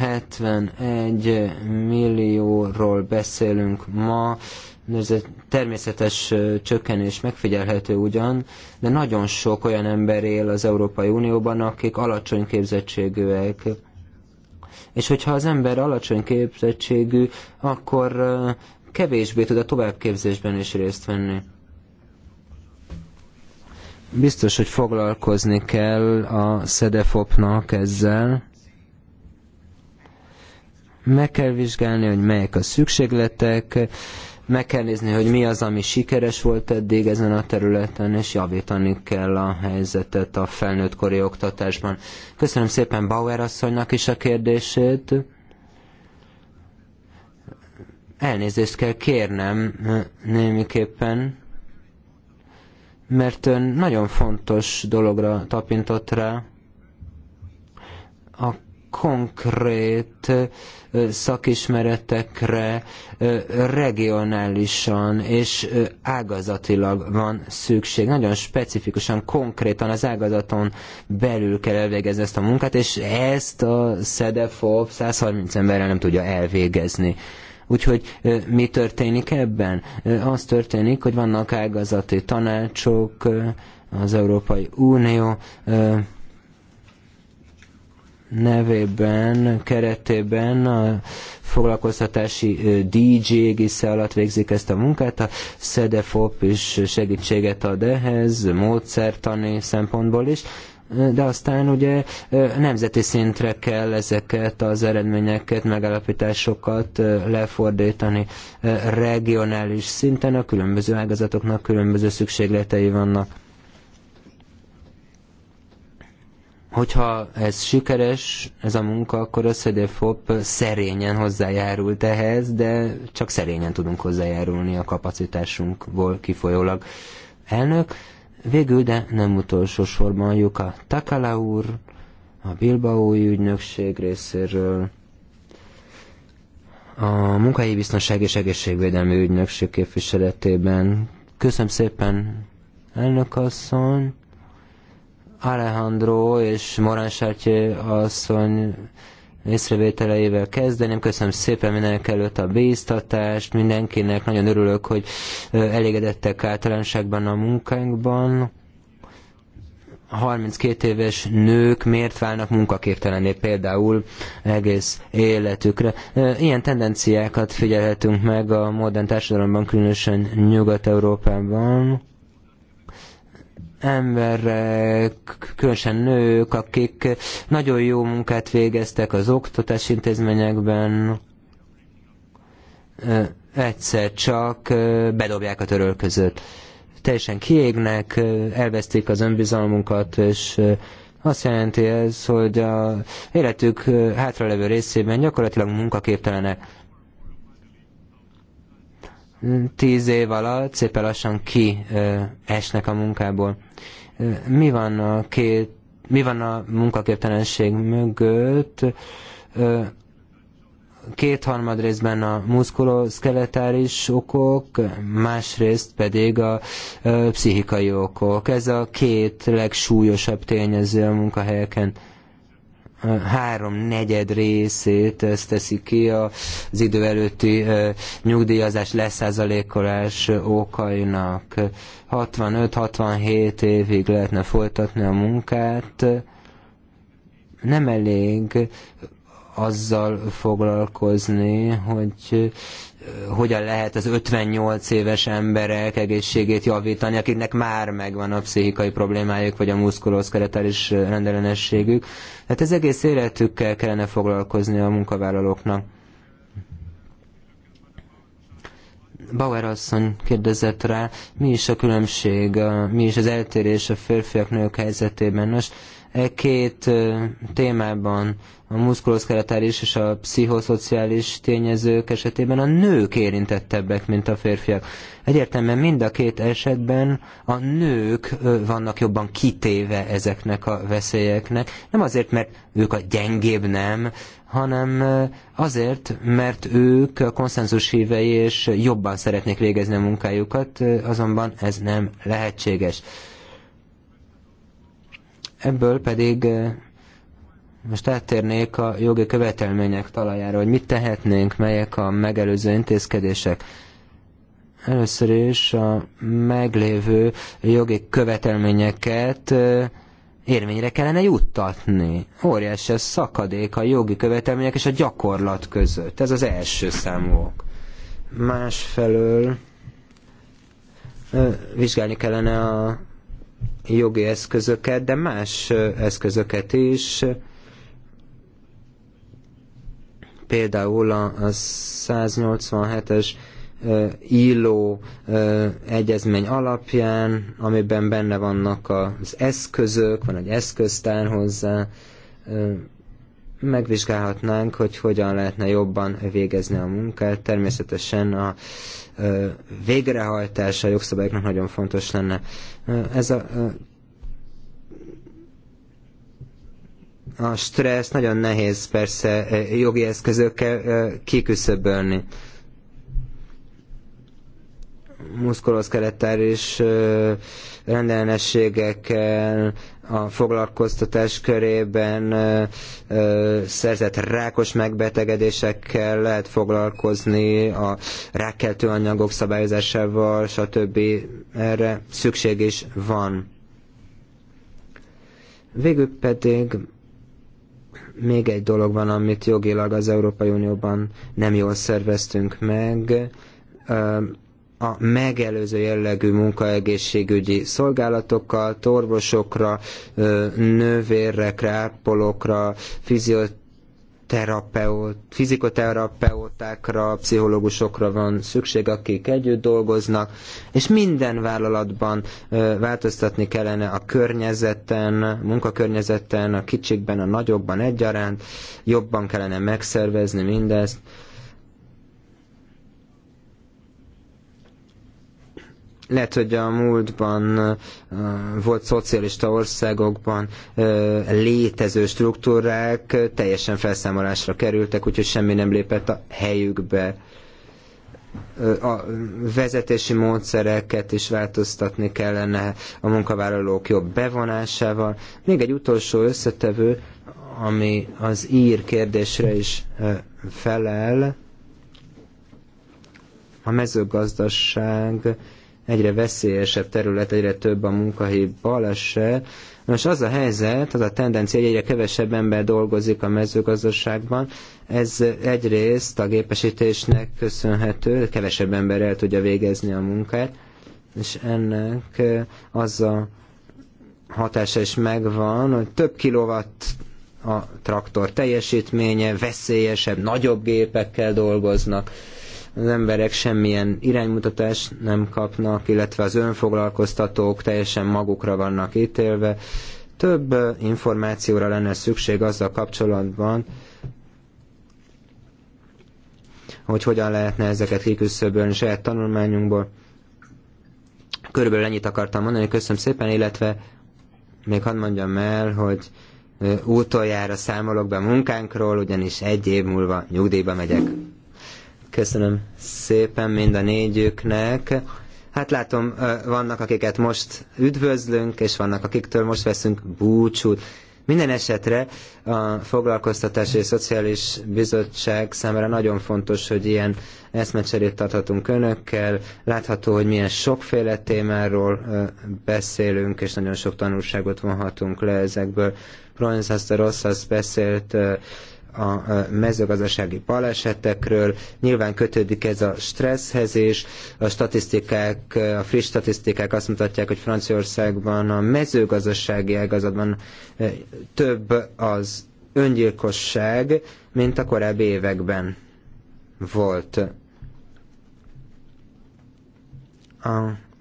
Hetvenegy millióról beszélünk ma, természetes csökkenés megfigyelhető ugyan, de nagyon sok olyan ember él az Európai Unióban, akik alacsony képzettségűek. És hogyha az ember alacsony képzettségű, akkor kevésbé tud a továbbképzésben is részt venni biztos, hogy foglalkozni kell a SZEDEFOP-nak ezzel. Meg kell vizsgálni, hogy melyek a szükségletek, meg kell nézni, hogy mi az, ami sikeres volt eddig ezen a területen, és javítani kell a helyzetet a felnőttkori oktatásban. Köszönöm szépen Bauer asszonynak is a kérdését. Elnézést kell kérnem némiképpen, mert ön nagyon fontos dologra tapintott rá a konkrét szakismeretekre regionálisan és ágazatilag van szükség. Nagyon specifikusan, konkrétan az ágazaton belül kell elvégezni ezt a munkát, és ezt a SZEDEFOP 130 emberrel nem tudja elvégezni. Úgyhogy mi történik ebben? Az történik, hogy vannak ágazati tanácsok, az Európai Unió nevében, keretében a foglalkoztatási DJ égisze alatt végzik ezt a munkát, a SEDEFOP is segítséget ad ehhez, módszertani szempontból is, de aztán ugye nemzeti szintre kell ezeket az eredményeket, megállapításokat lefordítani regionális szinten, a különböző ágazatoknak különböző szükségletei vannak. Hogyha ez sikeres, ez a munka, akkor a SZDFOP szerényen hozzájárult ehhez, de csak szerényen tudunk hozzájárulni a kapacitásunkból kifolyólag. Elnök, végül, de nem utolsó sorban a Takala úr, a Bilbaói ügynökség részéről, a Munkahelyi Biztonság és Egészségvédelmi Ügynökség képviseletében. Köszönöm szépen, elnök asszony! Alejandro és Morán Sártyé asszony észrevételeivel kezdeném. Köszönöm szépen mindenek előtt a bíztatást, mindenkinek nagyon örülök, hogy elégedettek általánoságban a munkánkban. 32 éves nők miért válnak munkaképtelené például egész életükre. Ilyen tendenciákat figyelhetünk meg a modern társadalomban, különösen Nyugat-Európában emberek, különösen nők, akik nagyon jó munkát végeztek az oktatási intézményekben, egyszer csak bedobják a törölközőt. Teljesen kiégnek, elvesztik az önbizalmunkat, és azt jelenti ez, hogy a életük levő részében gyakorlatilag munkaképtelenek. Tíz év alatt szépen lassan kiesnek a munkából. Mi van a két mi van a munkaképtelenség mögött? Kétharmad részben a muszkuloszkeletáris okok, másrészt pedig a pszichikai okok. Ez a két legsúlyosabb tényező a munkahelyeken három negyed részét ezt teszi ki az idő előtti nyugdíjazás leszázalékolás okainak. 65-67 évig lehetne folytatni a munkát. Nem elég azzal foglalkozni, hogy hogyan lehet az 58 éves emberek egészségét javítani, akiknek már megvan a pszichikai problémájuk, vagy a muszkuloszkeletális rendellenességük. Tehát ez egész életükkel kellene foglalkozni a munkavállalóknak. Bauer asszony kérdezett rá, mi is a különbség, mi is az eltérés a férfiak-nők helyzetében. Nos, E két témában, a muszkuloszkeletális és a pszichoszociális tényezők esetében a nők érintettebbek, mint a férfiak. Egyértelműen mind a két esetben a nők vannak jobban kitéve ezeknek a veszélyeknek, nem azért, mert ők a gyengébb nem, hanem azért, mert ők a konszenzus hívei és jobban szeretnék végezni a munkájukat, azonban ez nem lehetséges Ebből pedig most áttérnék a jogi követelmények talajára, hogy mit tehetnénk, melyek a megelőző intézkedések. Először is a meglévő jogi követelményeket érvényre kellene juttatni. Óriási a szakadék a jogi követelmények és a gyakorlat között. Ez az első számúok. Másfelől vizsgálni kellene a jogi eszközöket, de más eszközöket is, például a 187-es illó egyezmény alapján, amiben benne vannak az eszközök, van egy eszköztár hozzá, megvizsgálhatnánk, hogy hogyan lehetne jobban végezni a munkát. Természetesen a végrehajtása a jogszabályoknak nagyon fontos lenne. Ez a a stressz nagyon nehéz persze jogi eszközökkel kiküszöbölni. és rendellenességekkel, a foglalkoztatás körében szerzett rákos megbetegedésekkel lehet foglalkozni, a rákkeltő anyagok szabályozásával, stb. Erre szükség is van. Végül pedig még egy dolog van, amit jogilag az Európai Unióban nem jól szerveztünk meg a megelőző jellegű munkaegészségügyi szolgálatokkal, orvosokra, nővérekre, ápolókra, fiziot fizikoterapeutákra, pszichológusokra van szükség, akik együtt dolgoznak, és minden vállalatban változtatni kellene a környezeten, a munkakörnyezeten, a kicsikben, a nagyobban egyaránt, jobban kellene megszervezni mindezt. Lehet, hogy a múltban volt szocialista országokban létező struktúrák teljesen felszámolásra kerültek, úgyhogy semmi nem lépett a helyükbe a vezetési módszereket is változtatni kellene a munkavállalók jobb bevonásával. Még egy utolsó összetevő, ami az ír kérdésre is felel, a mezőgazdaság egyre veszélyesebb terület, egyre több a munkahelyi baleset. Most az a helyzet, az a tendencia, hogy egyre kevesebb ember dolgozik a mezőgazdaságban. Ez egyrészt a gépesítésnek köszönhető, kevesebb ember el tudja végezni a munkát, és ennek az a hatása is megvan, hogy több kilowatt a traktor teljesítménye, veszélyesebb, nagyobb gépekkel dolgoznak, az emberek semmilyen iránymutatást nem kapnak, illetve az önfoglalkoztatók teljesen magukra vannak ítélve. Több információra lenne szükség azzal kapcsolatban, hogy hogyan lehetne ezeket kiküszöbölni saját tanulmányunkból. Körülbelül ennyit akartam mondani, köszönöm szépen, illetve még hadd mondjam el, hogy utoljára számolok be munkánkról, ugyanis egy év múlva nyugdíjba megyek. Köszönöm szépen mind a négyüknek. Hát látom, vannak akiket most üdvözlünk, és vannak akiktől most veszünk búcsút. Minden esetre a Foglalkoztatási és Szociális Bizottság számára nagyon fontos, hogy ilyen eszmecserét tarthatunk önökkel. Látható, hogy milyen sokféle témáról beszélünk, és nagyon sok tanulságot vonhatunk le ezekből. Bronzaster Rosszasz beszélt a mezőgazdasági balesetekről. Nyilván kötődik ez a stresszhez, és a statisztikák, a friss statisztikák azt mutatják, hogy Franciaországban a mezőgazdasági ágazatban e, több az öngyilkosság, mint a korábbi években volt. A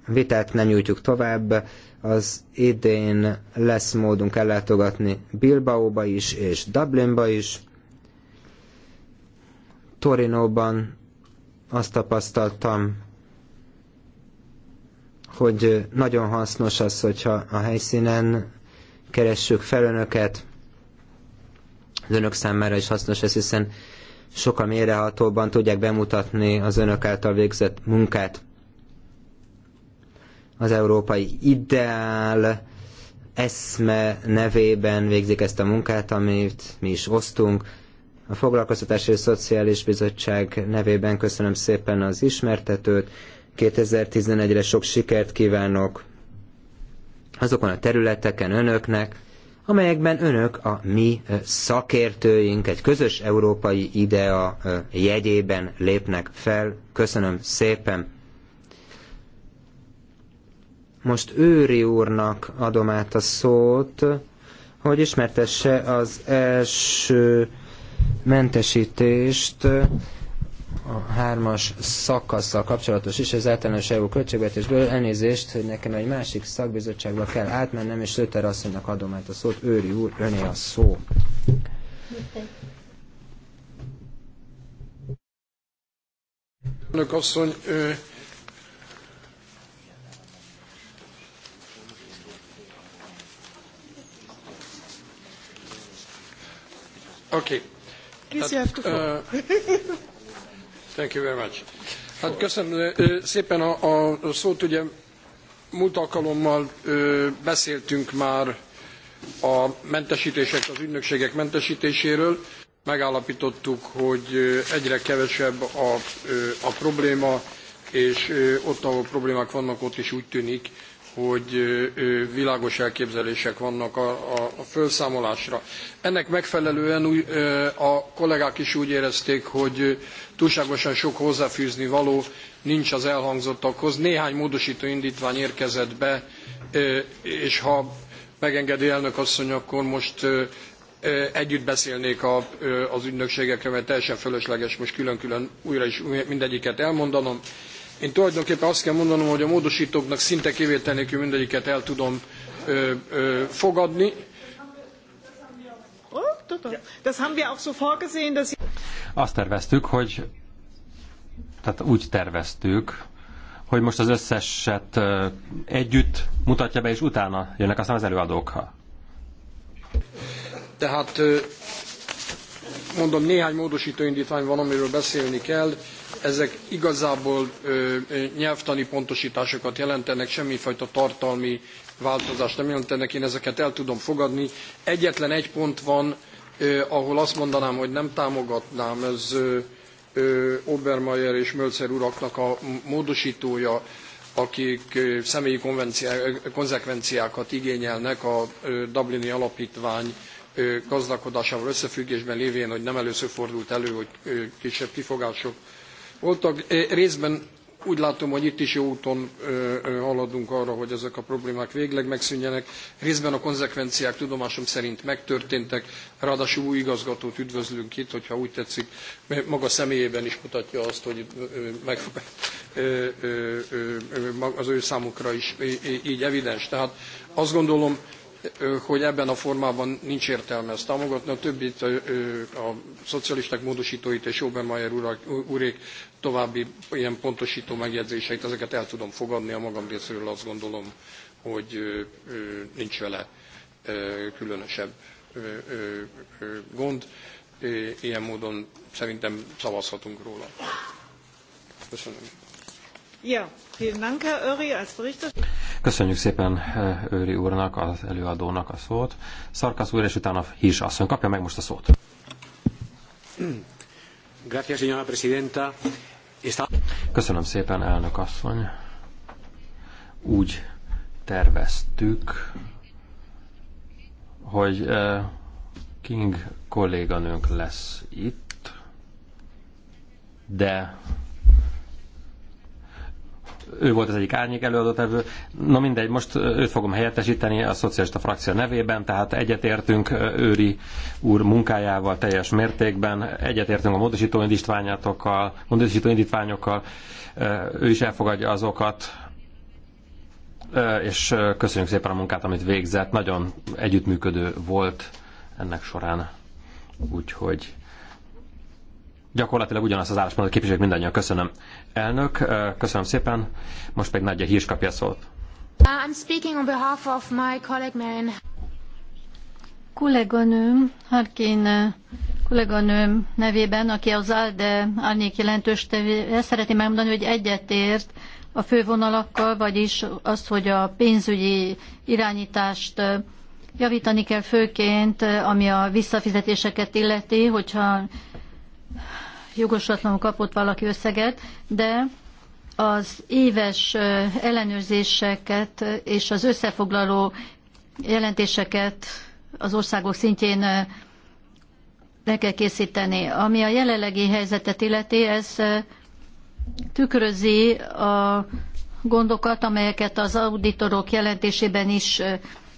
vitát nem nyújtjuk tovább, az idén lesz módunk ellátogatni Bilbaóba is és Dublinba is. Torinóban azt tapasztaltam, hogy nagyon hasznos az, hogyha a helyszínen keressük fel önöket, az önök számára is hasznos ez, hiszen sokkal mérehatóban tudják bemutatni az önök által végzett munkát. Az európai ideál eszme nevében végzik ezt a munkát, amit mi is osztunk, a Foglalkoztatási és Szociális Bizottság nevében köszönöm szépen az ismertetőt. 2011-re sok sikert kívánok azokon a területeken önöknek, amelyekben önök a mi szakértőink egy közös európai idea jegyében lépnek fel. Köszönöm szépen! Most Őri úrnak adom át a szót, hogy ismertesse az első mentesítést a hármas szakaszsal kapcsolatos is, az általános EU költségvetésből elnézést, hogy nekem egy másik szakbizottságba kell átmennem, és Lőter asszonynak adom át a szót. Őri úr, öné a szó. Önök asszony, ő... Oké. Okay. Hát köszönöm szépen a, a szót. Ugye múlt alkalommal ö, beszéltünk már a mentesítések, az ügynökségek mentesítéséről. Megállapítottuk, hogy egyre kevesebb a, a probléma, és ott, ahol problémák vannak, ott is úgy tűnik, hogy világos elképzelések vannak a, a, a felszámolásra. Ennek megfelelően új, a kollégák is úgy érezték, hogy túlságosan sok hozzáfűzni való nincs az elhangzottakhoz. Néhány módosító indítvány érkezett be, és ha megengedi elnök asszony, akkor most együtt beszélnék a, az ügynökségekre, mert teljesen fölösleges most külön-külön újra is mindegyiket elmondanom. Én tulajdonképpen azt kell mondanom, hogy a módosítóknak szinte kivétel nélkül mindegyiket el tudom ö, ö, fogadni. Oh, azt terveztük, hogy tehát úgy terveztük, hogy most az összeset együtt mutatja be, és utána jönnek aztán az előadók. Tehát mondom, néhány módosító indítvány van, amiről beszélni kell. Ezek igazából ö, nyelvtani pontosításokat jelentenek, semmifajta tartalmi változást nem jelentenek, én ezeket el tudom fogadni. Egyetlen egy pont van, ö, ahol azt mondanám, hogy nem támogatnám, ez ö, ö, és Mölzer uraknak a módosítója, akik személyi konzekvenciákat igényelnek a Dublini Alapítvány gazdálkodásával összefüggésben lévén, hogy nem először fordult elő, hogy kisebb kifogások voltak. Részben úgy látom, hogy itt is jó úton haladunk arra, hogy ezek a problémák végleg megszűnjenek. Részben a konzekvenciák tudomásom szerint megtörténtek, ráadásul új igazgatót üdvözlünk itt, hogyha úgy tetszik, maga személyében is mutatja azt, hogy meg, az ő számukra is így evidens. Tehát azt gondolom, hogy ebben a formában nincs értelme ezt támogatni. A többit a szocialisták módosítóit és Obermeyer úrék további ilyen pontosító megjegyzéseit, ezeket el tudom fogadni. A magam részéről azt gondolom, hogy nincs vele különösebb gond. Ilyen módon szerintem szavazhatunk róla. Köszönöm. Ja, vielen Dank, Herr Öri, als Berichterstatter. Köszönjük szépen eh, Őri úrnak, az előadónak a szót. Szarkasz úr, és utána Hírs asszony. Kapja meg most a szót. Köszönöm szépen, elnök asszony. Úgy terveztük, hogy eh, King kolléganőnk lesz itt, de ő volt az egyik árnyék evő. Na mindegy, most őt fogom helyettesíteni a szocialista frakció nevében, tehát egyetértünk Őri úr munkájával teljes mértékben, egyetértünk a módosító indítványokkal, módosító indítványokkal, ő is elfogadja azokat, és köszönjük szépen a munkát, amit végzett. Nagyon együttműködő volt ennek során, úgyhogy gyakorlatilag ugyanazt az álláspontot képviselők mindannyian. Köszönöm. Elnök, köszönöm szépen. Most pedig Nagyja Hírs kapja szót. Uh, I'm speaking on behalf of my colleague Kolléganőm, Harkin kolléganőm nevében, aki az ALDE árnyék jelentős tevője, szeretném elmondani, hogy egyetért a fővonalakkal, vagyis az, hogy a pénzügyi irányítást javítani kell főként, ami a visszafizetéseket illeti, hogyha jogosatlanul kapott valaki összeget, de az éves ellenőrzéseket és az összefoglaló jelentéseket az országok szintjén le kell készíteni. Ami a jelenlegi helyzetet illeti, ez tükrözi a gondokat, amelyeket az auditorok jelentésében is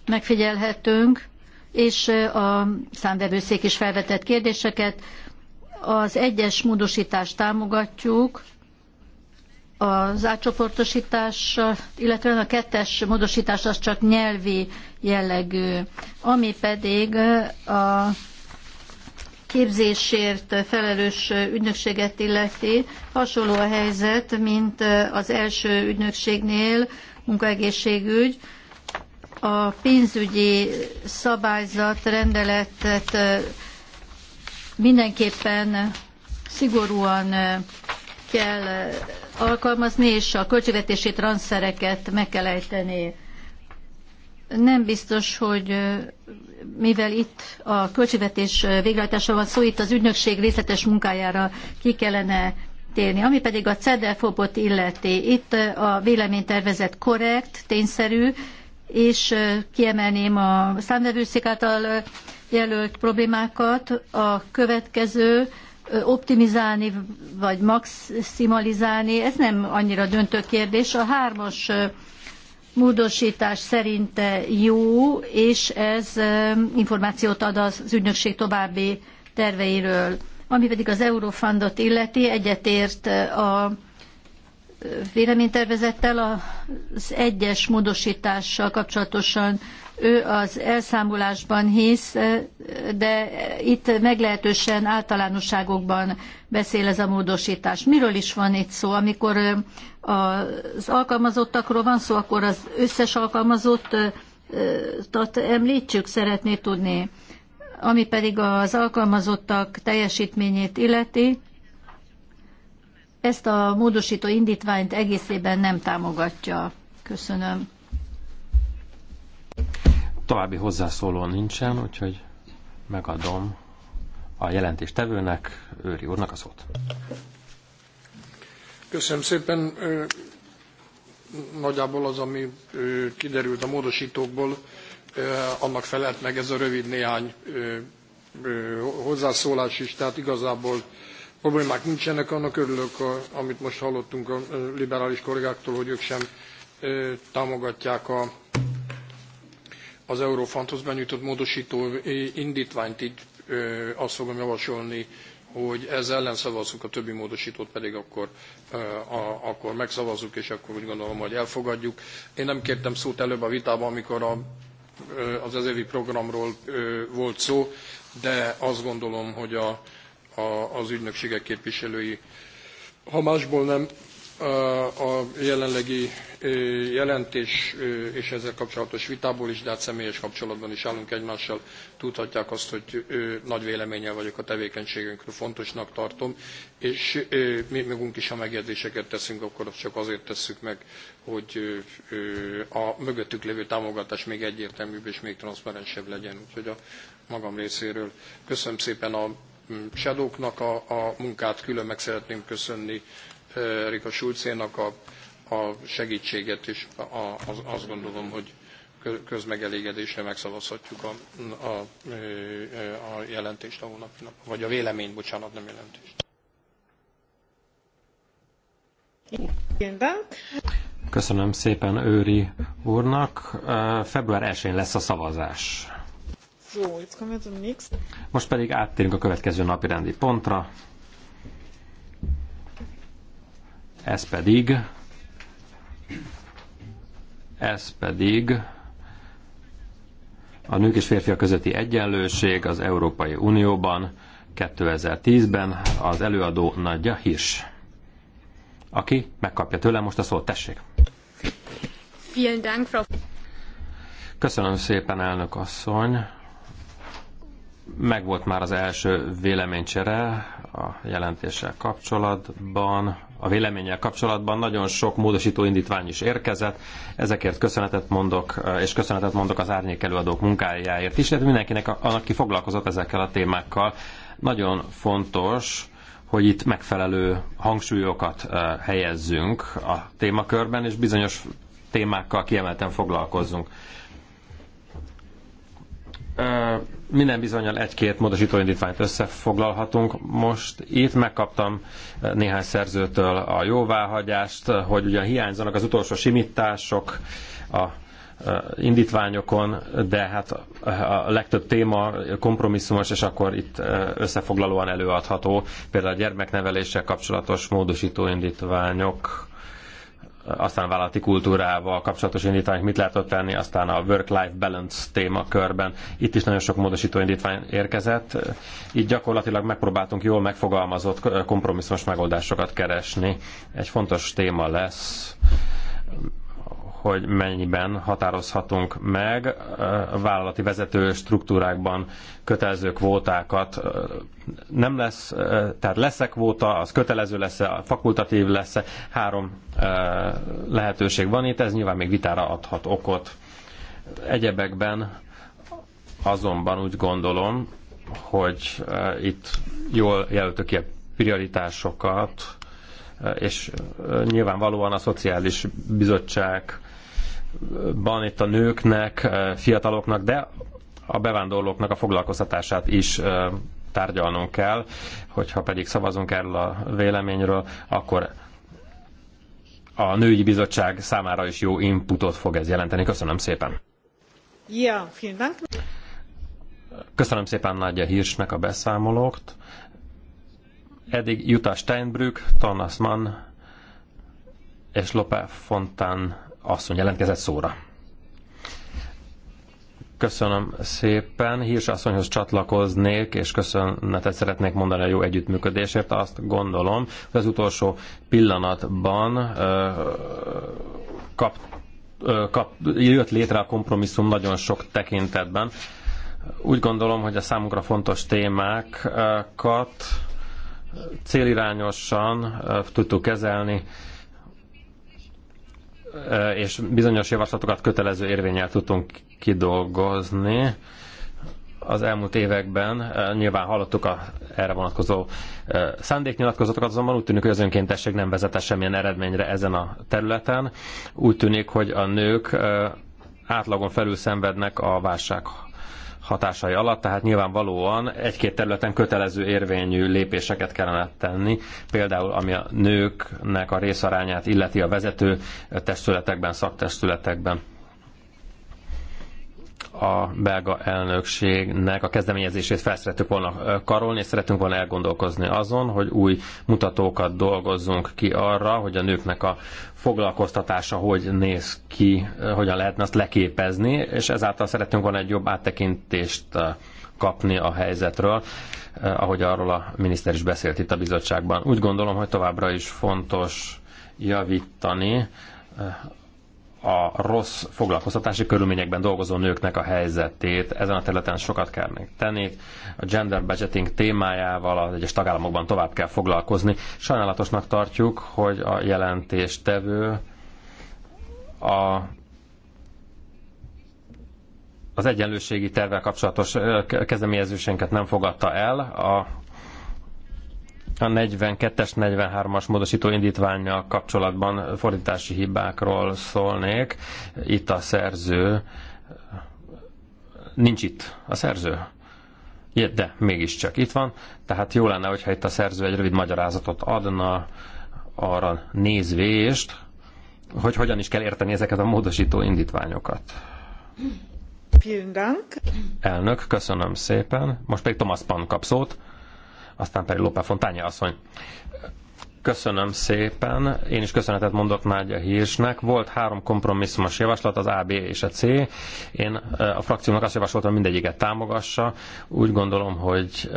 megfigyelhetünk, és a számvevőszék is felvetett kérdéseket. Az egyes módosítást támogatjuk, az átcsoportosítás, illetve a kettes módosítás az csak nyelvi jellegű, ami pedig a képzésért felelős ügynökséget illeti. Hasonló a helyzet, mint az első ügynökségnél, munkaegészségügy. A pénzügyi szabályzat rendeletet mindenképpen szigorúan eh, kell eh, alkalmazni, és a költségvetési transzereket meg kell ejteni. Nem biztos, hogy eh, mivel itt a költségvetés végrehajtása van szó, itt az ügynökség részletes munkájára ki kellene térni. Ami pedig a CEDEFOBot illeti, itt a véleménytervezet korrekt, tényszerű, és kiemelném a számvevőszék által jelölt problémákat, a következő optimizálni vagy maximalizálni, ez nem annyira döntő kérdés. A hármas módosítás szerinte jó, és ez információt ad az ügynökség további terveiről. Ami pedig az Eurofundot illeti, egyetért a véleménytervezettel az egyes módosítással kapcsolatosan ő az elszámolásban hisz, de itt meglehetősen általánosságokban beszél ez a módosítás. Miről is van itt szó? Amikor az alkalmazottakról van szó, akkor az összes alkalmazottat említsük, szeretné tudni. Ami pedig az alkalmazottak teljesítményét illeti, ezt a módosító indítványt egészében nem támogatja. Köszönöm. További hozzászóló nincsen, úgyhogy megadom a jelentéstevőnek, Őri úrnak a szót. Köszönöm szépen. Nagyjából az, ami kiderült a módosítókból, annak felelt meg ez a rövid néhány hozzászólás is, tehát igazából problémák nincsenek, annak örülök, amit most hallottunk a liberális kollégáktól, hogy ők sem támogatják a az Eurofonthoz benyújtott módosító indítványt így azt fogom javasolni, hogy ez ellen szavazzuk, a többi módosítót pedig akkor, a, akkor megszavazzuk, és akkor úgy gondolom, hogy elfogadjuk. Én nem kértem szót előbb a vitában, amikor a, az ez évi programról volt szó, de azt gondolom, hogy a, a, az ügynökségek képviselői, ha másból nem, a jelenlegi jelentés és ezzel kapcsolatos vitából is, de hát személyes kapcsolatban is állunk egymással, tudhatják azt, hogy nagy véleménnyel vagyok a tevékenységünkről, fontosnak tartom, és mi magunk is, ha megjegyzéseket teszünk, akkor csak azért tesszük meg, hogy a mögöttük lévő támogatás még egyértelműbb és még transzparensebb legyen. Úgyhogy a magam részéről köszönöm szépen a mm, Shadowknak a, a munkát, külön meg szeretném köszönni Erika Schulzénak a, a segítséget, és az, azt gondolom, hogy közmegelégedéssel megszavazhatjuk a, a, e, e, a jelentést a hónapi nap, vagy a véleményt, bocsánat, nem jelentést. Köszönöm szépen Őri úrnak. E, február 1-én lesz a szavazás. Most pedig áttérünk a következő napi rendi pontra. Ez pedig ez pedig a nők és férfiak közötti egyenlőség az Európai Unióban 2010-ben az előadó Nagyja Hirs, aki megkapja tőlem most a szót. Tessék! Köszönöm szépen, elnök asszony! Megvolt már az első véleménycsere a jelentéssel kapcsolatban a véleménnyel kapcsolatban. Nagyon sok módosító indítvány is érkezett, ezekért köszönetet mondok, és köszönetet mondok az árnyék előadók munkájáért is, illetve mindenkinek, aki foglalkozott ezekkel a témákkal. Nagyon fontos, hogy itt megfelelő hangsúlyokat helyezzünk a témakörben, és bizonyos témákkal kiemelten foglalkozzunk minden bizonyal egy-két módosító indítványt összefoglalhatunk. Most itt megkaptam néhány szerzőtől a jóváhagyást, hogy ugyan hiányzanak az utolsó simítások a indítványokon, de hát a legtöbb téma kompromisszumos, és akkor itt összefoglalóan előadható, például a gyermekneveléssel kapcsolatos módosító indítványok aztán vállalati kultúrával kapcsolatos indítványok mit lehet ott tenni, aztán a work-life balance témakörben. Itt is nagyon sok módosító indítvány érkezett. Így gyakorlatilag megpróbáltunk jól megfogalmazott kompromisszumos megoldásokat keresni. Egy fontos téma lesz hogy mennyiben határozhatunk meg a vállalati vezető struktúrákban kötelező kvótákat. Nem lesz, tehát lesz-e kvóta, az kötelező lesz-e, fakultatív lesz-e, három lehetőség van itt, ez nyilván még vitára adhat okot. Egyebekben azonban úgy gondolom, hogy itt jól jelöltök ki a prioritásokat, és nyilvánvalóan a Szociális Bizottság ban itt a nőknek, fiataloknak, de a bevándorlóknak a foglalkoztatását is tárgyalnunk kell, hogyha pedig szavazunk erről a véleményről, akkor a női bizottság számára is jó inputot fog ez jelenteni. Köszönöm szépen! Ja, vielen Dank. Köszönöm szépen Nagyja Hirsnek a beszámolókt. Eddig Jutta Steinbrück, Thomas Mann és Lope Fontán asszony jelentkezett szóra. Köszönöm szépen. Hírs asszonyhoz csatlakoznék, és köszönetet szeretnék mondani a jó együttműködésért. Azt gondolom, hogy az utolsó pillanatban ö, kap, ö, kap, jött létre a kompromisszum nagyon sok tekintetben. Úgy gondolom, hogy a számunkra fontos témákat célirányosan tudtuk kezelni, és bizonyos javaslatokat kötelező érvényel tudtunk kidolgozni. Az elmúlt években nyilván hallottuk a erre vonatkozó szándéknyilatkozatokat, azonban úgy tűnik, hogy az önkéntesség nem vezet semmilyen eredményre ezen a területen. Úgy tűnik, hogy a nők átlagon felül szenvednek a válság hatásai alatt, tehát nyilvánvalóan egy-két területen kötelező érvényű lépéseket kellene tenni, például ami a nőknek a részarányát illeti a vezető testületekben, szaktestületekben a belga elnökségnek a kezdeményezését felszerettük volna karolni, és szeretünk volna elgondolkozni azon, hogy új mutatókat dolgozzunk ki arra, hogy a nőknek a foglalkoztatása hogy néz ki, hogyan lehetne azt leképezni, és ezáltal szeretünk volna egy jobb áttekintést kapni a helyzetről, ahogy arról a miniszter is beszélt itt a bizottságban. Úgy gondolom, hogy továbbra is fontos javítani a rossz foglalkoztatási körülményekben dolgozó nőknek a helyzetét. Ezen a területen sokat kell még tenni. A gender budgeting témájával az egyes tagállamokban tovább kell foglalkozni. Sajnálatosnak tartjuk, hogy a jelentéstevő a az egyenlőségi tervvel kapcsolatos kezdeményezésénket nem fogadta el. A a 42-es, 43-as módosító indítványjal kapcsolatban fordítási hibákról szólnék. Itt a szerző nincs itt a szerző. De mégiscsak itt van. Tehát jó lenne, hogyha itt a szerző egy rövid magyarázatot adna arra nézvést, hogy hogyan is kell érteni ezeket a módosító indítványokat. Vielen Dank. Elnök, köszönöm szépen. Most pedig Thomas Pan kap szót aztán pedig Lópá Fontánya asszony. Köszönöm szépen. Én is köszönetet mondok Nágya Hírsnek. Volt három kompromisszumos javaslat, az A, B és a C. Én a frakciónak azt javasoltam, hogy mindegyiket támogassa. Úgy gondolom, hogy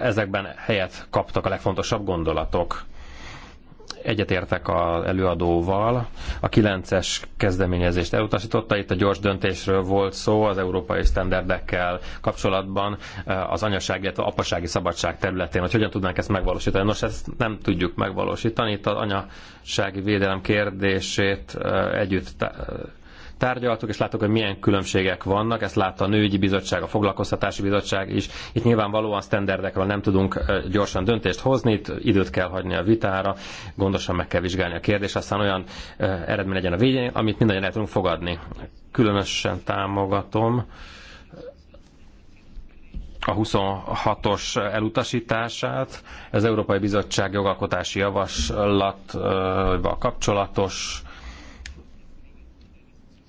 ezekben helyet kaptak a legfontosabb gondolatok. Egyetértek az előadóval. A 9-es kezdeményezést elutasította. Itt a gyors döntésről volt szó az európai sztenderdekkel kapcsolatban eh, az anyaság, illetve apasági szabadság területén, hogy hogyan tudnánk ezt megvalósítani. Nos, ezt nem tudjuk megvalósítani. Itt az anyasági védelem kérdését eh, együtt eh, tárgyaltuk, és láttuk, hogy milyen különbségek vannak. Ezt látta a nőgyi bizottság, a foglalkoztatási bizottság is. Itt nyilvánvalóan sztenderdekről nem tudunk gyorsan döntést hozni, itt időt kell hagyni a vitára, gondosan meg kell vizsgálni a kérdést, aztán olyan eredmény legyen a végén, amit mindannyian el tudunk fogadni. Különösen támogatom a 26-os elutasítását, az Európai Bizottság jogalkotási javaslatval kapcsolatos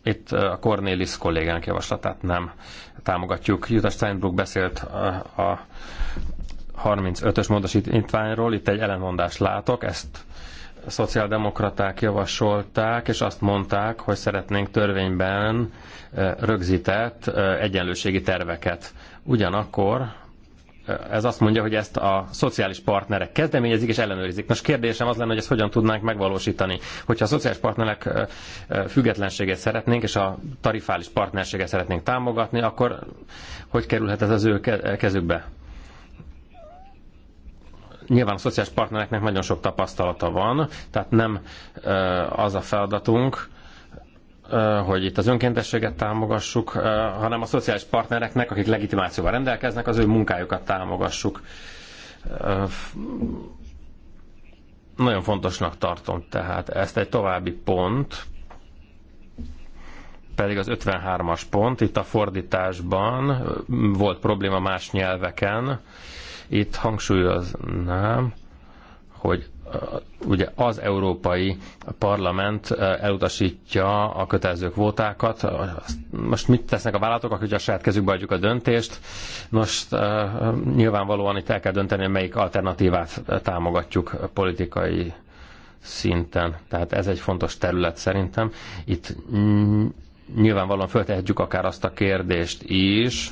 itt a Cornélis kollégánk javaslatát nem támogatjuk. Jutta Steinbrück beszélt a 35-ös módosítványról, itt egy ellenmondást látok, ezt a szociáldemokraták javasolták, és azt mondták, hogy szeretnénk törvényben rögzített egyenlőségi terveket. Ugyanakkor ez azt mondja, hogy ezt a szociális partnerek kezdeményezik és ellenőrizik. Most kérdésem az lenne, hogy ezt hogyan tudnánk megvalósítani. Hogyha a szociális partnerek függetlenségét szeretnénk, és a tarifális partnerséget szeretnénk támogatni, akkor hogy kerülhet ez az ő kezükbe? Nyilván a szociális partnereknek nagyon sok tapasztalata van, tehát nem az a feladatunk, hogy itt az önkéntességet támogassuk, hanem a szociális partnereknek, akik legitimációval rendelkeznek, az ő munkájukat támogassuk. Nagyon fontosnak tartom tehát ezt egy további pont, pedig az 53-as pont, itt a fordításban volt probléma más nyelveken, itt hangsúlyoznám, hogy ugye az Európai Parlament elutasítja a kötelező kvótákat. Most mit tesznek a vállalatok, hogy a saját kezükbe adjuk a döntést? Nos, nyilvánvalóan itt el kell dönteni, melyik alternatívát támogatjuk politikai szinten. Tehát ez egy fontos terület szerintem. Itt nyilvánvalóan föltehetjük akár azt a kérdést is,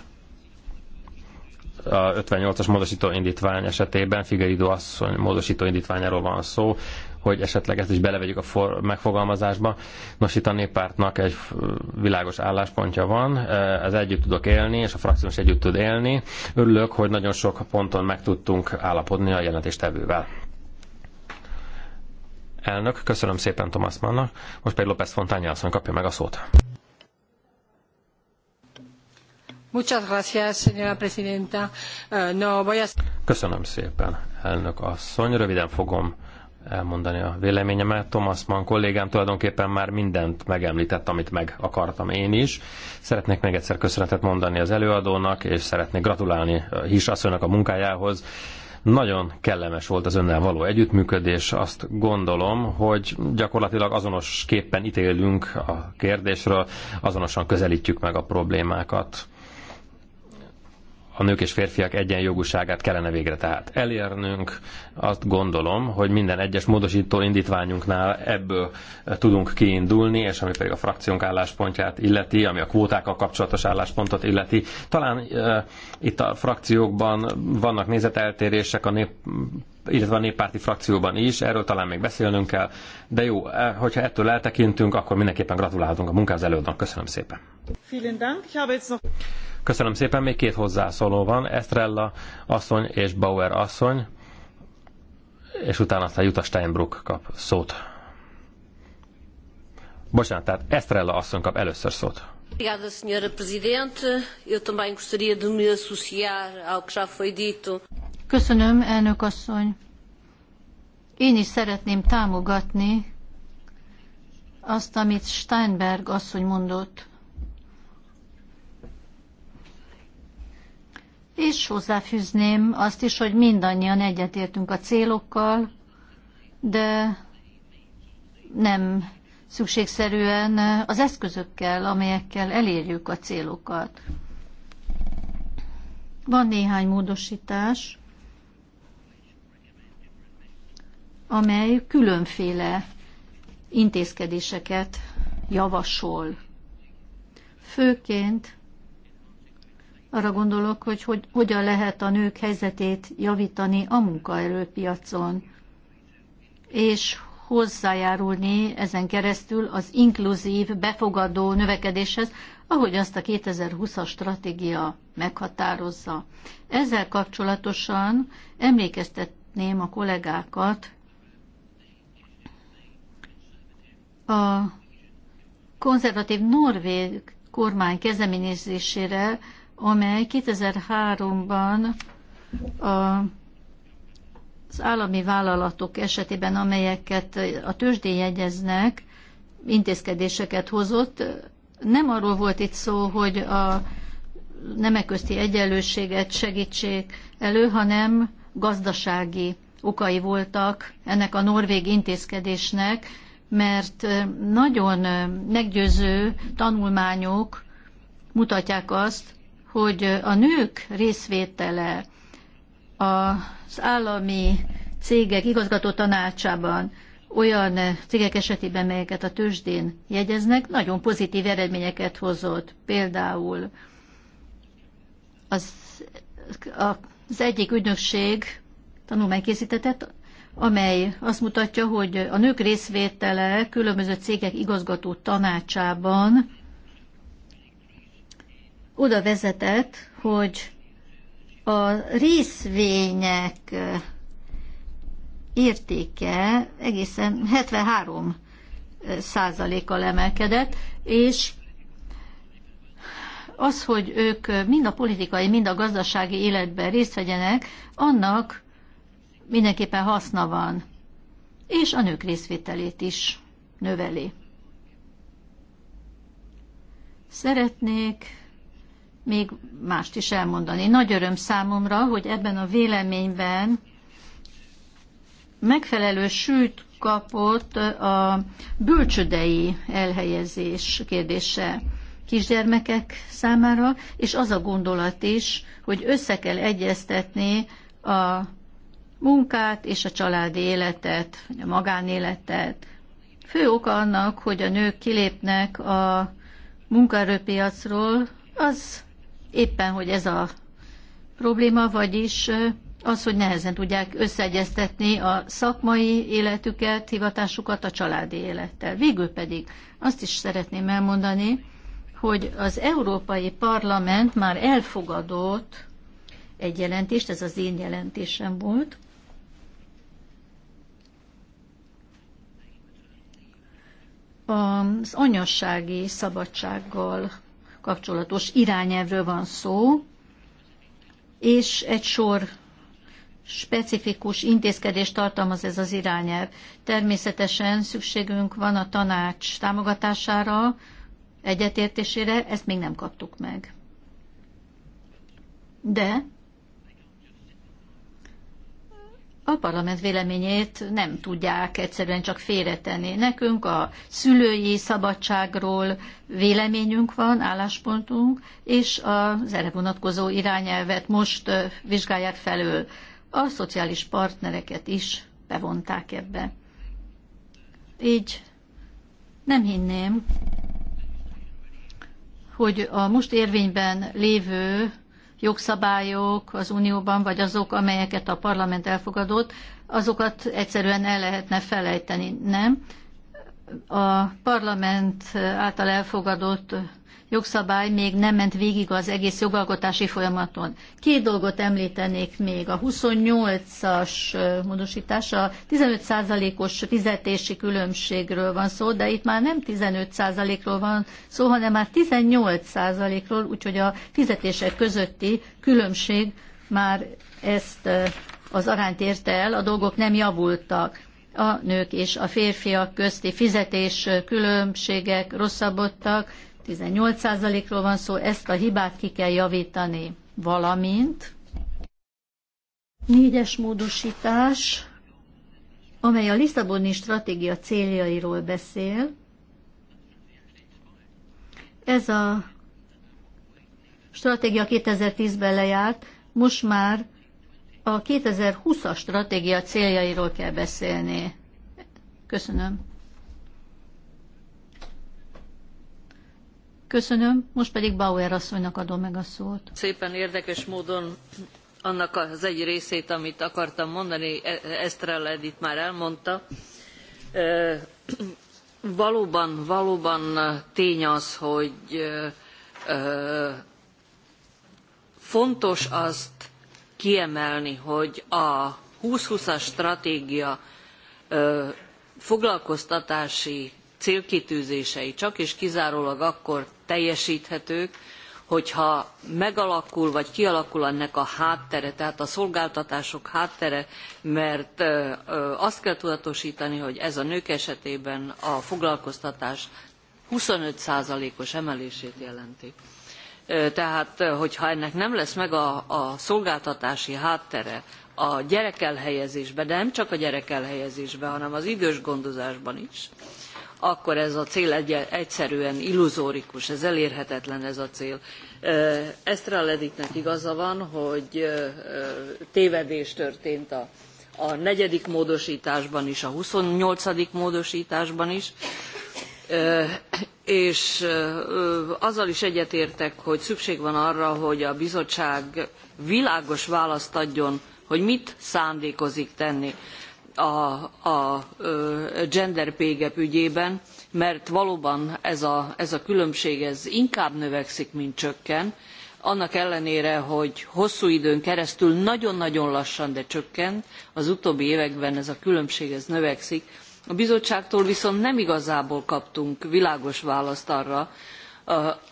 a 58-as módosító indítvány esetében, Figeridó asszony módosító indítványáról van szó, hogy esetleg ezt is belevegyük a for- megfogalmazásba. Nos, itt a néppártnak egy világos álláspontja van, ez együtt tudok élni, és a frakciós együtt tud élni. Örülök, hogy nagyon sok ponton meg tudtunk állapodni a jelentéstevővel. Elnök, köszönöm szépen Thomas Mannak, most pedig López Fontányi asszony kapja meg a szót. Eh, Köszönöm szépen, elnök asszony. Röviden fogom elmondani a véleményemet. Thomas Mann kollégám tulajdonképpen már mindent megemlített, amit meg akartam én is. Szeretnék még egyszer köszönetet mondani az előadónak, és szeretnék gratulálni His asszonynak a munkájához. Nagyon kellemes volt az önnel való együttműködés. Azt gondolom, hogy gyakorlatilag azonos képpen ítélünk a kérdésről, azonosan közelítjük meg a problémákat a nők és férfiak egyenjogúságát kellene végre tehát elérnünk. Azt gondolom, hogy minden egyes módosító indítványunknál ebből tudunk kiindulni, és ami pedig a frakciónk álláspontját illeti, ami a kvótákkal kapcsolatos álláspontot illeti. Talán e, itt a frakciókban vannak nézeteltérések, a nép illetve a néppárti frakcióban is, erről talán még beszélnünk kell, de jó, eh, hogyha ettől eltekintünk, akkor mindenképpen gratulálhatunk a munkához előadónak. Köszönöm szépen. Vielen Dank. Ich habe jetzt noch... Köszönöm szépen, még két hozzászóló van, Estrella asszony és Bauer asszony, és utána aztán Jutta Steinbrück kap szót. Bocsánat, tehát Estrella asszony kap először szót. Obrigada, Sra. Presidente. Eu também gostaria de me associar ao que já foi dito. Köszönöm, elnök asszony. Én is szeretném támogatni azt, amit Steinberg asszony mondott. és hozzáfűzném azt is, hogy mindannyian egyetértünk a célokkal, de nem szükségszerűen az eszközökkel, amelyekkel elérjük a célokat. Van néhány módosítás, amely különféle intézkedéseket javasol. Főként arra gondolok, hogy, hogy hogyan lehet a nők helyzetét javítani a munkaerőpiacon, és hozzájárulni ezen keresztül az inkluzív, befogadó növekedéshez, ahogy azt a 2020-as stratégia meghatározza. Ezzel kapcsolatosan emlékeztetném a kollégákat a konzervatív norvég kormány kezdeményezésére, amely 2003-ban a az állami vállalatok esetében, amelyeket a tőzsdén jegyeznek, intézkedéseket hozott. Nem arról volt itt szó, hogy a nemek közti egyenlőséget segítsék elő, hanem gazdasági okai voltak ennek a norvég intézkedésnek, mert nagyon meggyőző tanulmányok mutatják azt, hogy a nők részvétele az állami cégek igazgató tanácsában olyan cégek esetében, melyeket a tőzsdén jegyeznek, nagyon pozitív eredményeket hozott. Például az, az egyik ügynökség tanulmány készítetett, amely azt mutatja, hogy a nők részvétele különböző cégek igazgató tanácsában oda vezetett, hogy a részvények értéke egészen 73 százalékkal emelkedett, és az, hogy ők mind a politikai, mind a gazdasági életben részt vegyenek, annak mindenképpen haszna van, és a nők részvételét is növeli. Szeretnék még mást is elmondani. Nagy öröm számomra, hogy ebben a véleményben megfelelő sült kapott a bölcsödei elhelyezés kérdése kisgyermekek számára, és az a gondolat is, hogy össze kell egyeztetni a munkát és a családi életet, a magánéletet. Fő oka annak, hogy a nők kilépnek a munkaerőpiacról, az éppen, hogy ez a probléma, vagyis az, hogy nehezen tudják összeegyeztetni a szakmai életüket, hivatásukat a családi élettel. Végül pedig azt is szeretném elmondani, hogy az Európai Parlament már elfogadott egy jelentést, ez az én jelentésem volt, az anyassági szabadsággal kapcsolatos irányelvről van szó, és egy sor specifikus intézkedést tartalmaz ez az irányelv. Természetesen szükségünk van a tanács támogatására, egyetértésére, ezt még nem kaptuk meg. De a parlament véleményét nem tudják egyszerűen csak félretenni. Nekünk a szülői szabadságról véleményünk van, álláspontunk, és az erre vonatkozó irányelvet most vizsgálják felül. A szociális partnereket is bevonták ebbe. Így nem hinném, hogy a most érvényben lévő jogszabályok az Unióban, vagy azok, amelyeket a parlament elfogadott, azokat egyszerűen el lehetne felejteni, nem? A parlament által elfogadott jogszabály még nem ment végig az egész jogalkotási folyamaton. Két dolgot említenék még. A 28-as módosítás a 15%-os fizetési különbségről van szó, de itt már nem 15%-ról van szó, hanem már 18%-ról, úgyhogy a fizetések közötti különbség már ezt az arányt érte el, a dolgok nem javultak a nők és a férfiak közti fizetés különbségek rosszabbodtak, 18%-ról van szó, ezt a hibát ki kell javítani, valamint négyes módosítás, amely a Lisszaboni stratégia céljairól beszél. Ez a stratégia 2010-ben lejárt, most már a 2020-as stratégia céljairól kell beszélni. Köszönöm. Köszönöm, most pedig Bauer asszonynak adom meg a szót. Szépen érdekes módon annak az egy részét, amit akartam mondani, e-, Esztrella Edit már elmondta. Valóban, valóban tény az, hogy fontos azt kiemelni, hogy a 2020-as stratégia foglalkoztatási célkitűzései csak és kizárólag akkor teljesíthetők, hogyha megalakul vagy kialakul ennek a háttere, tehát a szolgáltatások háttere, mert azt kell tudatosítani, hogy ez a nők esetében a foglalkoztatás 25%-os emelését jelenti. Tehát, hogyha ennek nem lesz meg a, a szolgáltatási háttere, a gyerekelhelyezésben, de nem csak a gyerekelhelyezésben, hanem az idős gondozásban is, akkor ez a cél egy egyszerűen illuzórikus, ez elérhetetlen ez a cél. Esztrál Editnek igaza van, hogy tévedés történt a a negyedik módosításban is, a 28. módosításban is, és azzal is egyetértek, hogy szükség van arra, hogy a bizottság világos választ adjon, hogy mit szándékozik tenni a, gender pay gap ügyében, mert valóban ez a, ez a különbség ez inkább növekszik, mint csökken, annak ellenére, hogy hosszú időn keresztül nagyon-nagyon lassan, de csökken, az utóbbi években ez a különbség ez növekszik. A bizottságtól viszont nem igazából kaptunk világos választ arra,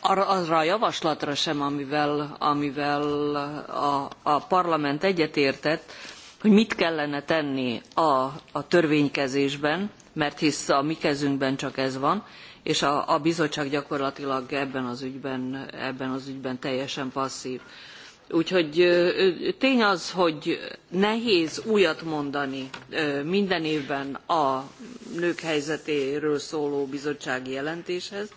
arra a javaslatra sem, amivel, amivel a, a parlament egyetértett, hogy mit kellene tenni a, a törvénykezésben, mert hisz a mi kezünkben csak ez van, és a, a bizottság gyakorlatilag ebben az ügyben, ebben az ügyben teljesen passzív. Úgyhogy tény az, hogy nehéz újat mondani minden évben a nők helyzetéről szóló bizottsági jelentéshez,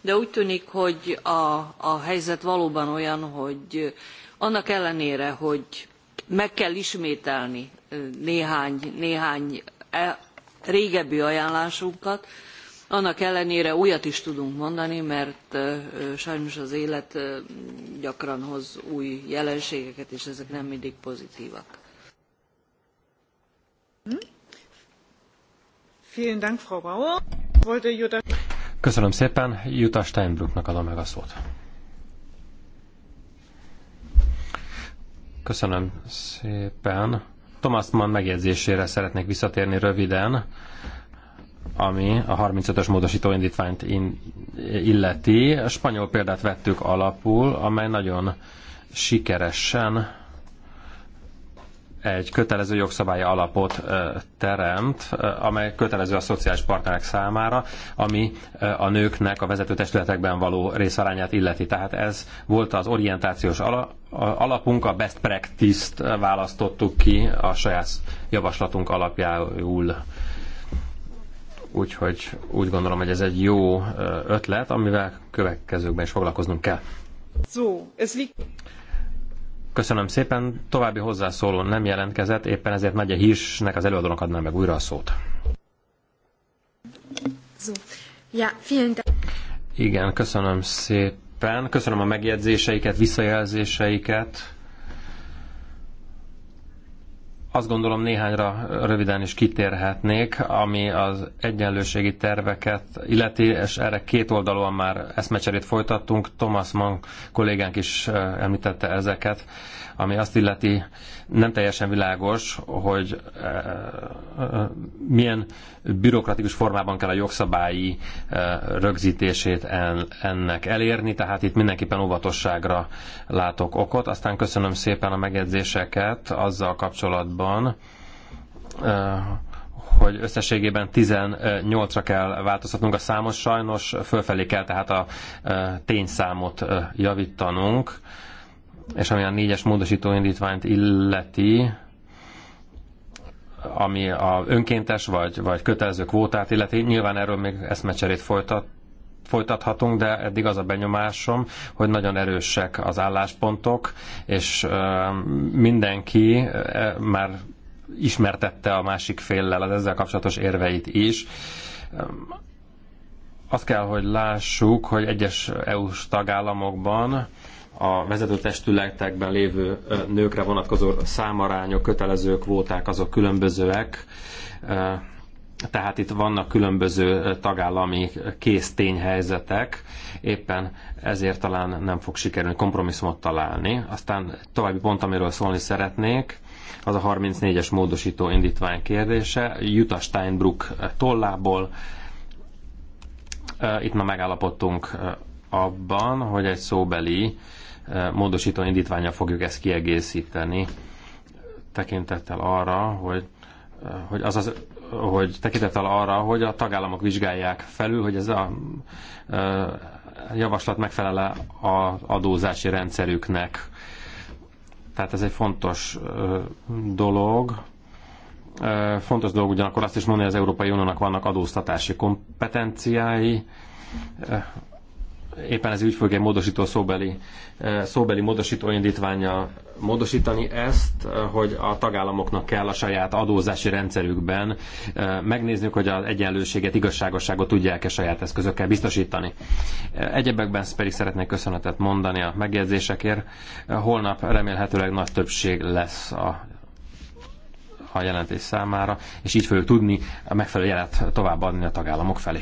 de úgy tűnik, hogy a, a helyzet valóban olyan, hogy annak ellenére, hogy meg kell ismételni néhány, e, régebbi ajánlásunkat, annak ellenére újat is tudunk mondani, mert sajnos az élet gyakran hoz új jelenségeket, és ezek nem mindig pozitívak. Köszönöm szépen, Jutta Steinbrücknak adom meg a szót. Köszönöm szépen. Thomas Mann megjegyzésére szeretnék visszatérni röviden, ami a 35-ös módosító indítványt in, illeti. A spanyol példát vettük alapul, amely nagyon sikeresen egy kötelező jogszabály alapot teremt, amely kötelező a szociális partnerek számára, ami a nőknek a vezető testületekben való részarányát illeti. Tehát ez volt az orientációs alapunk, a best practice-t választottuk ki a saját javaslatunk alapjául. Úgyhogy úgy gondolom, hogy ez egy jó ötlet, amivel következőkben is foglalkoznunk kell. So, es liegt... Köszönöm szépen. További hozzászóló nem jelentkezett, éppen ezért Nagy Hírsnek az előadónak adnám meg újra a szót. Igen, köszönöm szépen. Köszönöm a megjegyzéseiket, visszajelzéseiket azt gondolom néhányra röviden is kitérhetnék, ami az egyenlőségi terveket illeti, és erre két oldalon már eszmecserét folytattunk. Thomas Mann kollégánk is említette ezeket ami azt illeti nem teljesen világos, hogy eh, eh, milyen bürokratikus formában kell a jogszabályi eh, rögzítését ennek elérni, tehát itt mindenképpen óvatosságra látok okot. Aztán köszönöm szépen a megjegyzéseket azzal kapcsolatban, hogy összességében 18-ra kell változtatnunk a számos sajnos fölfelé kell tehát a tényszámot javítanunk és ami a négyes módosító indítványt illeti, ami a önkéntes vagy, vagy kötelező kvótát illeti, nyilván erről még eszmecserét folytat, folytathatunk, de eddig az a benyomásom, hogy nagyon erősek az álláspontok, és mindenki már ismertette a másik féllel az ezzel kapcsolatos érveit is. Azt kell, hogy lássuk, hogy egyes EU-s tagállamokban a vezető testületekben lévő nőkre vonatkozó számarányok, kötelező kvóták, azok különbözőek. Tehát itt vannak különböző tagállami kész tényhelyzetek, éppen ezért talán nem fog sikerülni kompromisszumot találni. Aztán további pont, amiről szólni szeretnék, az a 34-es módosító indítvány kérdése, Jutta Steinbrück tollából. Itt ma megállapodtunk abban, hogy egy szóbeli módosító indítványa fogjuk ezt kiegészíteni, tekintettel arra, hogy, hogy az az hogy tekintettel arra, hogy a tagállamok vizsgálják felül, hogy ez a, javaslat megfelele az adózási rendszerüknek. Tehát ez egy fontos dolog. Fontos dolog ugyanakkor azt is mondani, hogy az Európai Uniónak vannak adóztatási kompetenciái, éppen ez így fogja módosító szóbeli, eh, szóbeli módosító indítványa módosítani ezt, eh, hogy a tagállamoknak kell a saját adózási rendszerükben eh, megnézniük, hogy az egyenlőséget, igazságosságot tudják-e saját eszközökkel biztosítani. Egyebekben pedig szeretnék köszönetet mondani a megjegyzésekért. Holnap remélhetőleg nagy többség lesz a a jelentés számára, és így fogjuk tudni a megfelelő jelet továbbadni a tagállamok felé.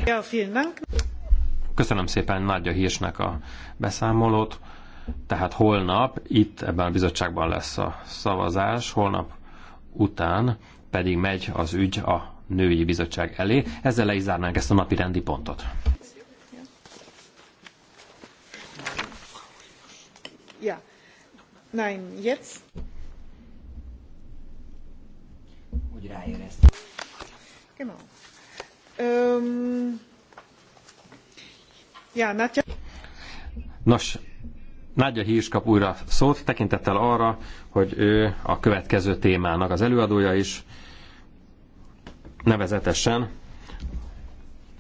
Köszönöm szépen Nagyja Hírsnek a beszámolót. Tehát holnap itt ebben a bizottságban lesz a szavazás, holnap után pedig megy az ügy a női bizottság elé. Ezzel le is zárnánk ezt a napi rendi pontot. Ja. Nein, jetzt. Hogy ráéreztem. Genau. um... Nos, Nagyja Hírs kap újra szót, tekintettel arra, hogy ő a következő témának az előadója is, nevezetesen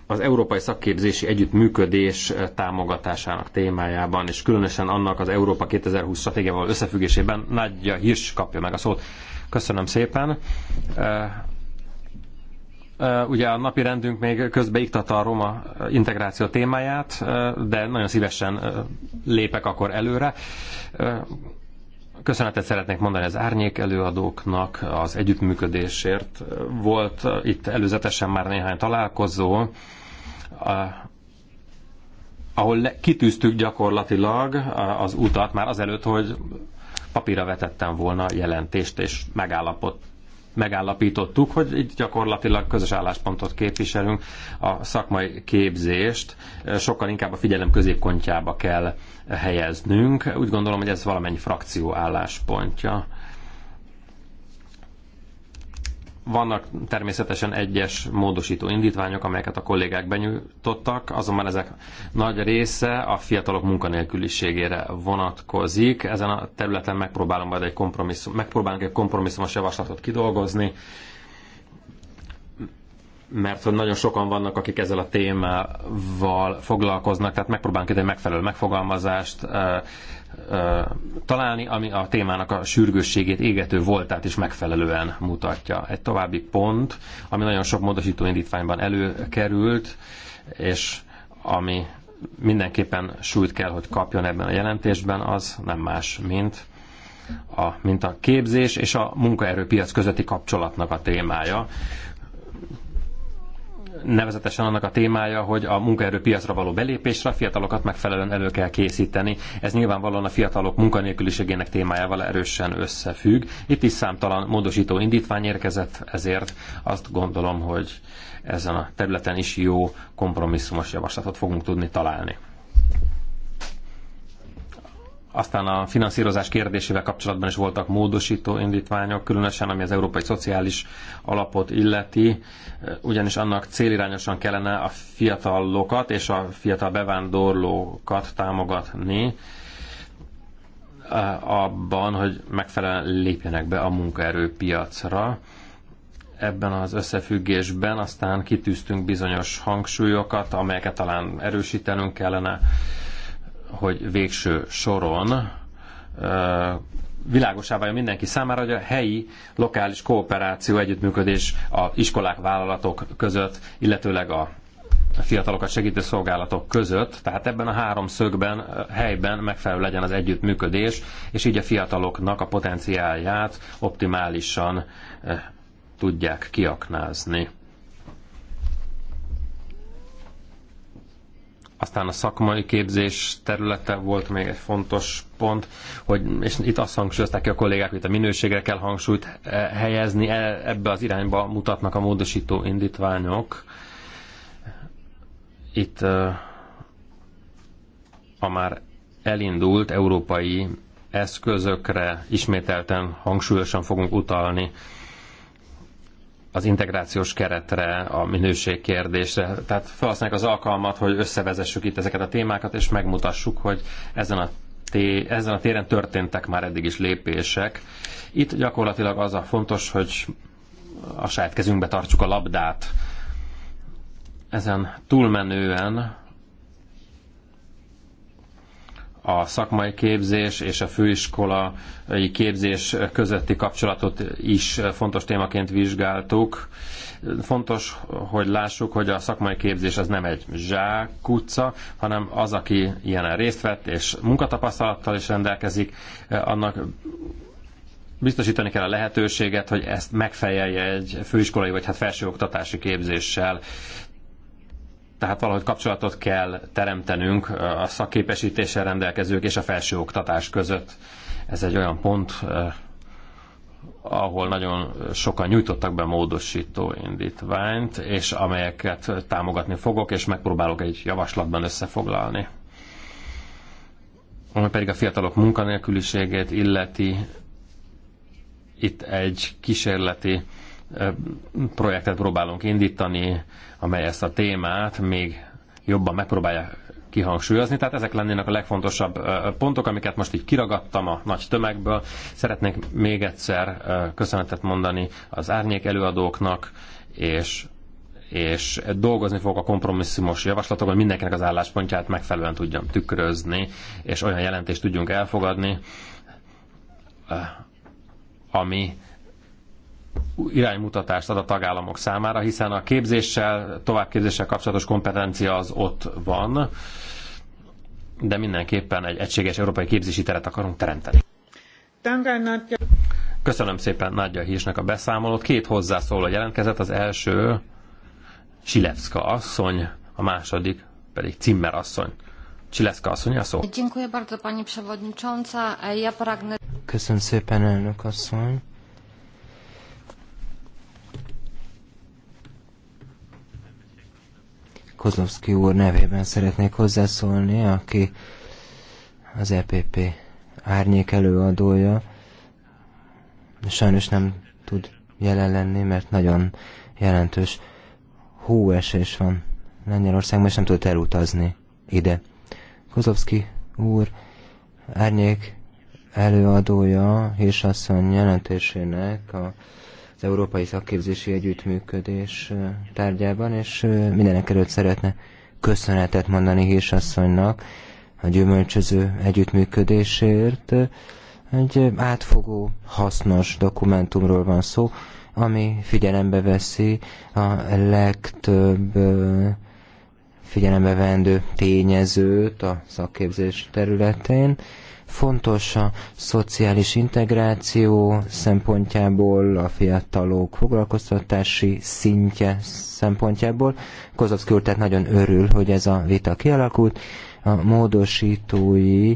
az Európai Szakképzési Együttműködés támogatásának témájában, és különösen annak az Európa 2020 stratégiával összefüggésében Nagyja Hírs kapja meg a szót. Köszönöm szépen. Ugye a napi rendünk még közbe iktatta a roma integráció témáját, de nagyon szívesen lépek akkor előre. Köszönetet szeretnék mondani az árnyék előadóknak az együttműködésért. Volt itt előzetesen már néhány találkozó, ahol kitűztük gyakorlatilag az utat már azelőtt, hogy papírra vetettem volna jelentést, és megállapodtam megállapítottuk, hogy itt gyakorlatilag közös álláspontot képviselünk, a szakmai képzést sokkal inkább a figyelem középpontjába kell helyeznünk. Úgy gondolom, hogy ez valamennyi frakció álláspontja. Vannak természetesen egyes módosító indítványok, amelyeket a kollégák benyújtottak, azonban ezek nagy része a fiatalok munkanélküliségére vonatkozik. Ezen a területen megpróbálom majd egy kompromisszum, megpróbálunk egy kompromisszumos javaslatot kidolgozni, mert hogy nagyon sokan vannak, akik ezzel a témával foglalkoznak, tehát megpróbálunk egy megfelelő megfogalmazást ö, ö, találni, ami a témának a sürgősségét égető voltát is megfelelően mutatja. Egy további pont, ami nagyon sok módosító indítványban előkerült, és ami mindenképpen súlyt kell, hogy kapjon ebben a jelentésben, az nem más, mint a, mint a képzés és a munkaerőpiac közötti kapcsolatnak a témája nevezetesen annak a témája, hogy a munkaerőpiacra való belépésre a fiatalokat megfelelően elő kell készíteni. Ez nyilvánvalóan a fiatalok munkanélküliségének témájával erősen összefügg. Itt is számtalan módosító indítvány érkezett, ezért azt gondolom, hogy ezen a területen is jó kompromisszumos javaslatot fogunk tudni találni. Aztán a finanszírozás kérdésével kapcsolatban is voltak módosító indítványok, különösen ami az Európai Szociális Alapot illeti, ugyanis annak célirányosan kellene a fiatalokat és a fiatal bevándorlókat támogatni eh, abban, hogy megfelelően lépjenek be a munkaerőpiacra ebben az összefüggésben, aztán kitűztünk bizonyos hangsúlyokat, amelyeket talán erősítenünk kellene hogy végső soron világosá váljon mindenki számára, hogy a helyi lokális kooperáció, együttműködés a iskolák, vállalatok között, illetőleg a fiatalokat segítő szolgálatok között, tehát ebben a három szögben, helyben megfelelő legyen az együttműködés, és így a fiataloknak a potenciálját optimálisan tudják kiaknázni. Aztán a szakmai képzés területe volt még egy fontos pont, hogy, és itt azt hangsúlyozták ki a kollégák, hogy itt a minőségre kell hangsúlyt eh, helyezni, e, ebbe az irányba mutatnak a módosító indítványok. Itt eh, a már elindult európai eszközökre ismételten hangsúlyosan fogunk utalni az integrációs keretre, a minőség kérdésre. Tehát felhasználjuk az alkalmat, hogy összevezessük itt ezeket a témákat, és megmutassuk, hogy ezen a té- ezen a téren történtek már eddig is lépések. Itt gyakorlatilag az a fontos, hogy a saját kezünkbe tartsuk a labdát. Ezen túlmenően a szakmai képzés és a főiskolai képzés közötti kapcsolatot is fontos témaként vizsgáltuk. Fontos, hogy lássuk, hogy a szakmai képzés az nem egy zsákutca, hanem az, aki ilyen részt vett és munkatapasztalattal is rendelkezik, annak biztosítani kell a lehetőséget, hogy ezt megfejelje egy főiskolai vagy hát felsőoktatási képzéssel tehát valahogy kapcsolatot kell teremtenünk a szakképesítéssel rendelkezők és a felsőoktatás között. Ez egy olyan pont, eh, ahol nagyon sokan nyújtottak be módosító indítványt, és amelyeket támogatni fogok, és megpróbálok egy javaslatban összefoglalni. Ami pedig a fiatalok munkanélküliségét illeti, itt egy kísérleti eh, projektet próbálunk indítani, amely ezt a témát még jobban megpróbálja kihangsúlyozni. Tehát ezek lennének a legfontosabb pontok, amiket most így kiragadtam a nagy tömegből. Szeretnék még egyszer köszönetet mondani az árnyék előadóknak, és és dolgozni fogok a kompromisszumos javaslatokon, hogy mindenkinek az álláspontját megfelelően tudjam tükrözni, és olyan jelentést tudjunk elfogadni, ami iránymutatást ad a tagállamok számára, hiszen a képzéssel, továbbképzéssel kapcsolatos kompetencia az ott van, de mindenképpen egy egységes európai képzési teret akarunk teremteni. Köszönöm szépen Nagyja Hírsnek a beszámolót. Két hozzászóló jelentkezett, az első Silevska asszony, a második pedig Cimmer asszony. Csileszka asszony a szó. Köszönöm szépen, elnök asszony. Kozlovszki úr nevében szeretnék hozzászólni, aki az EPP árnyék előadója. Sajnos nem tud jelen lenni, mert nagyon jelentős hóesés van Lengyelországban, és nem tud elutazni ide. Kozlovszki úr árnyék előadója és asszony jelentésének a az Európai Szakképzési Együttműködés tárgyában, és mindenek előtt szeretne köszönetet mondani Hírsasszonynak a gyümölcsöző együttműködésért. Egy átfogó, hasznos dokumentumról van szó, ami figyelembe veszi a legtöbb figyelembe vendő tényezőt a szakképzés területén, Fontos a szociális integráció szempontjából, a fiatalok foglalkoztatási szintje szempontjából. Kozovszki úr tehát nagyon örül, hogy ez a vita kialakult. A módosítói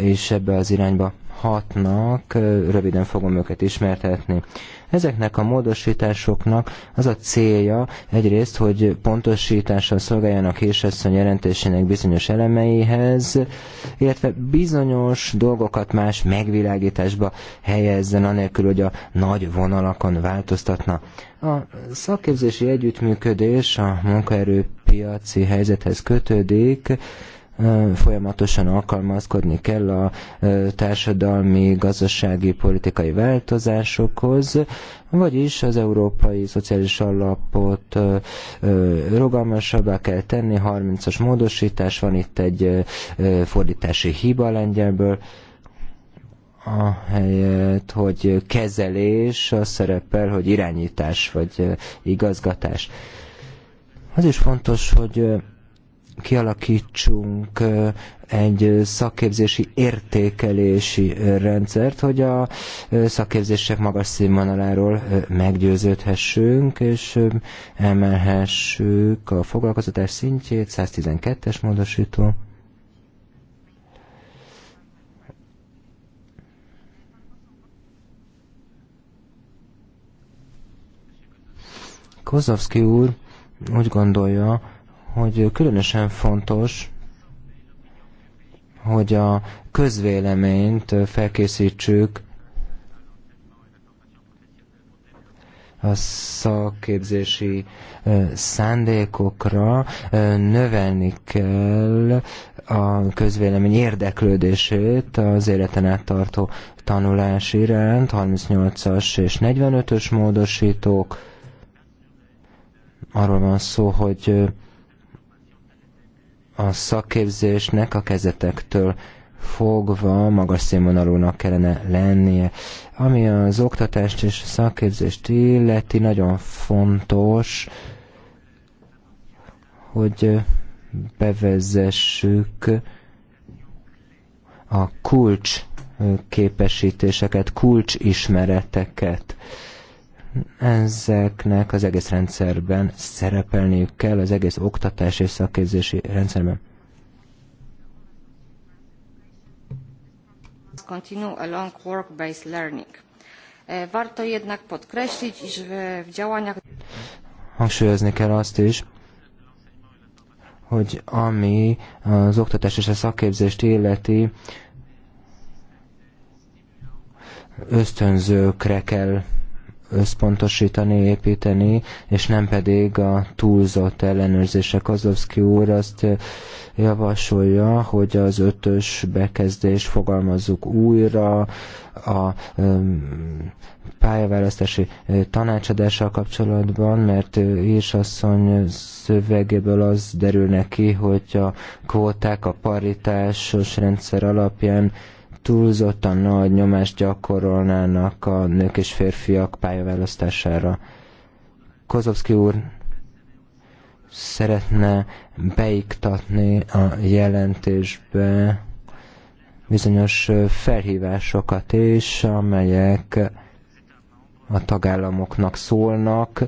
és ebbe az irányba hatnak, röviden fogom őket ismertetni. Ezeknek a módosításoknak az a célja egyrészt, hogy pontosítással szolgáljanak Hésasszony jelentésének bizonyos elemeihez, illetve bizonyos dolgokat más megvilágításba helyezzen, anélkül, hogy a nagy vonalakon változtatna. A szakképzési együttműködés a munkaerőpiaci helyzethez kötődik, folyamatosan alkalmazkodni kell a társadalmi, gazdasági, politikai változásokhoz, vagyis az európai szociális alapot rugalmasabbá kell tenni, 30-as módosítás, van itt egy fordítási hiba lengyelből, ahelyett, hogy kezelés, a szerepel, hogy irányítás vagy igazgatás. Az is fontos, hogy kialakítsunk egy szakképzési értékelési rendszert, hogy a szakképzések magas színvonaláról meggyőződhessünk, és emelhessük a foglalkoztatás szintjét, 112-es módosító. Kozovszki úr úgy gondolja, hogy különösen fontos, hogy a közvéleményt felkészítsük a szakképzési szándékokra növelni kell a közvélemény érdeklődését az életen át tartó tanulás iránt, 38-as és 45-ös módosítók. Arról van szó, hogy a szakképzésnek a kezetektől fogva magas színvonalúnak kellene lennie. Ami az oktatást és szakképzést illeti, nagyon fontos, hogy bevezessük a kulcs képesítéseket, kulcsismereteket. ismereteket ezeknek az egész rendszerben szerepelniük kell, az egész oktatási és szakképzési rendszerben. continue along work-based learning. E, warto jednak podkreślić, iż w działaniach... Hangsúlyozni kell azt is, hogy ami az oktatás és a szakképzést illeti, ösztönzőkre kell összpontosítani, építeni, és nem pedig a túlzott ellenőrzése. Kozlovszki úr azt javasolja, hogy az ötös bekezdés fogalmazzuk újra, a pályaválasztási tanácsadással kapcsolatban, mert Írsasszony szövegéből az derül neki, hogy a kvóták a paritásos rendszer alapján túlzottan nagy nyomást gyakorolnának a nők és férfiak pályaválasztására. Kozovszki úr szeretne beiktatni a jelentésbe bizonyos felhívásokat is, amelyek a tagállamoknak szólnak,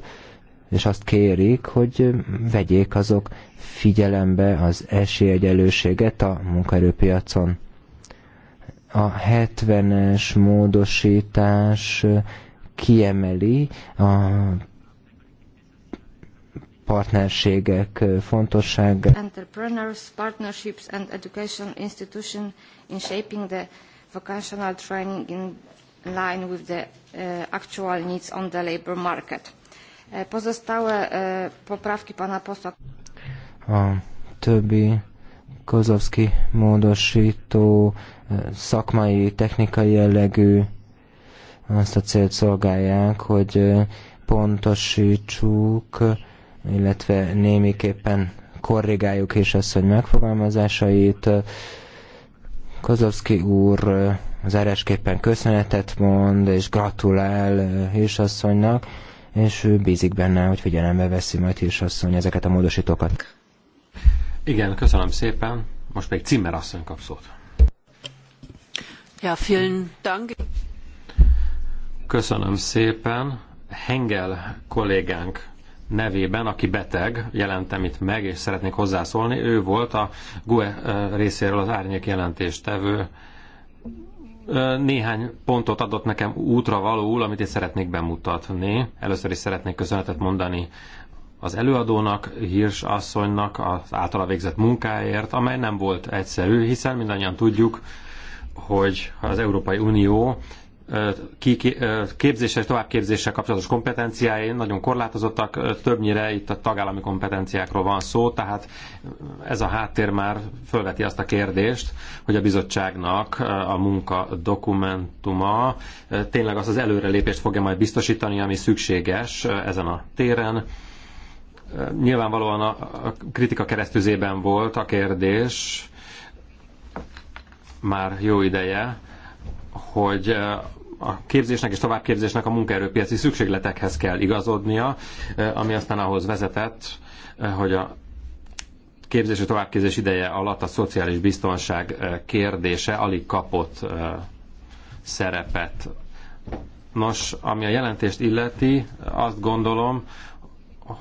és azt kérik, hogy vegyék azok figyelembe az esélyegyelőséget a munkaerőpiacon a 70-es módosítás kiemeli a partnerségek fontosságát. Entrepreneurs, partnerships and education institution in shaping the vocational training in line with the uh, actual needs on the labor market. Uh, pozostałe uh, poprawki pana posła. A többi Kozovski módosító szakmai, technikai jellegű azt a célt szolgálják, hogy pontosítsuk, illetve némiképpen korrigáljuk is azt, hogy megfogalmazásait. Kozovski úr eresképpen köszönetet mond, és gratulál Hírsasszonynak, és ő bízik benne, hogy figyelembe veszi majd Hírsasszony ezeket a módosítókat. Igen, köszönöm szépen. Most pedig Cimmer asszony kap szót. Ja, vielen Dank. Köszönöm szépen. Hengel kollégánk nevében, aki beteg, jelentem itt meg, és szeretnék hozzászólni. Ő volt a GUE részéről az árnyék jelentéstevő. Néhány pontot adott nekem útra valóul, amit én szeretnék bemutatni. Először is szeretnék köszönetet mondani az előadónak, Hirs asszonynak az általa végzett munkáért, amely nem volt egyszerű, hiszen mindannyian tudjuk, hogy az Európai Unió képzéssel, továbbképzéssel kapcsolatos kompetenciái nagyon korlátozottak, többnyire itt a tagállami kompetenciákról van szó, tehát ez a háttér már fölveti azt a kérdést, hogy a bizottságnak a munka dokumentuma tényleg azt az előrelépést fogja majd biztosítani, ami szükséges ezen a téren, Nyilvánvalóan a kritika keresztüzében volt a kérdés már jó ideje, hogy a képzésnek és továbbképzésnek a munkaerőpiaci szükségletekhez kell igazodnia, ami aztán ahhoz vezetett, hogy a képzés és továbbképzés ideje alatt a szociális biztonság kérdése alig kapott szerepet. Nos, ami a jelentést illeti, azt gondolom,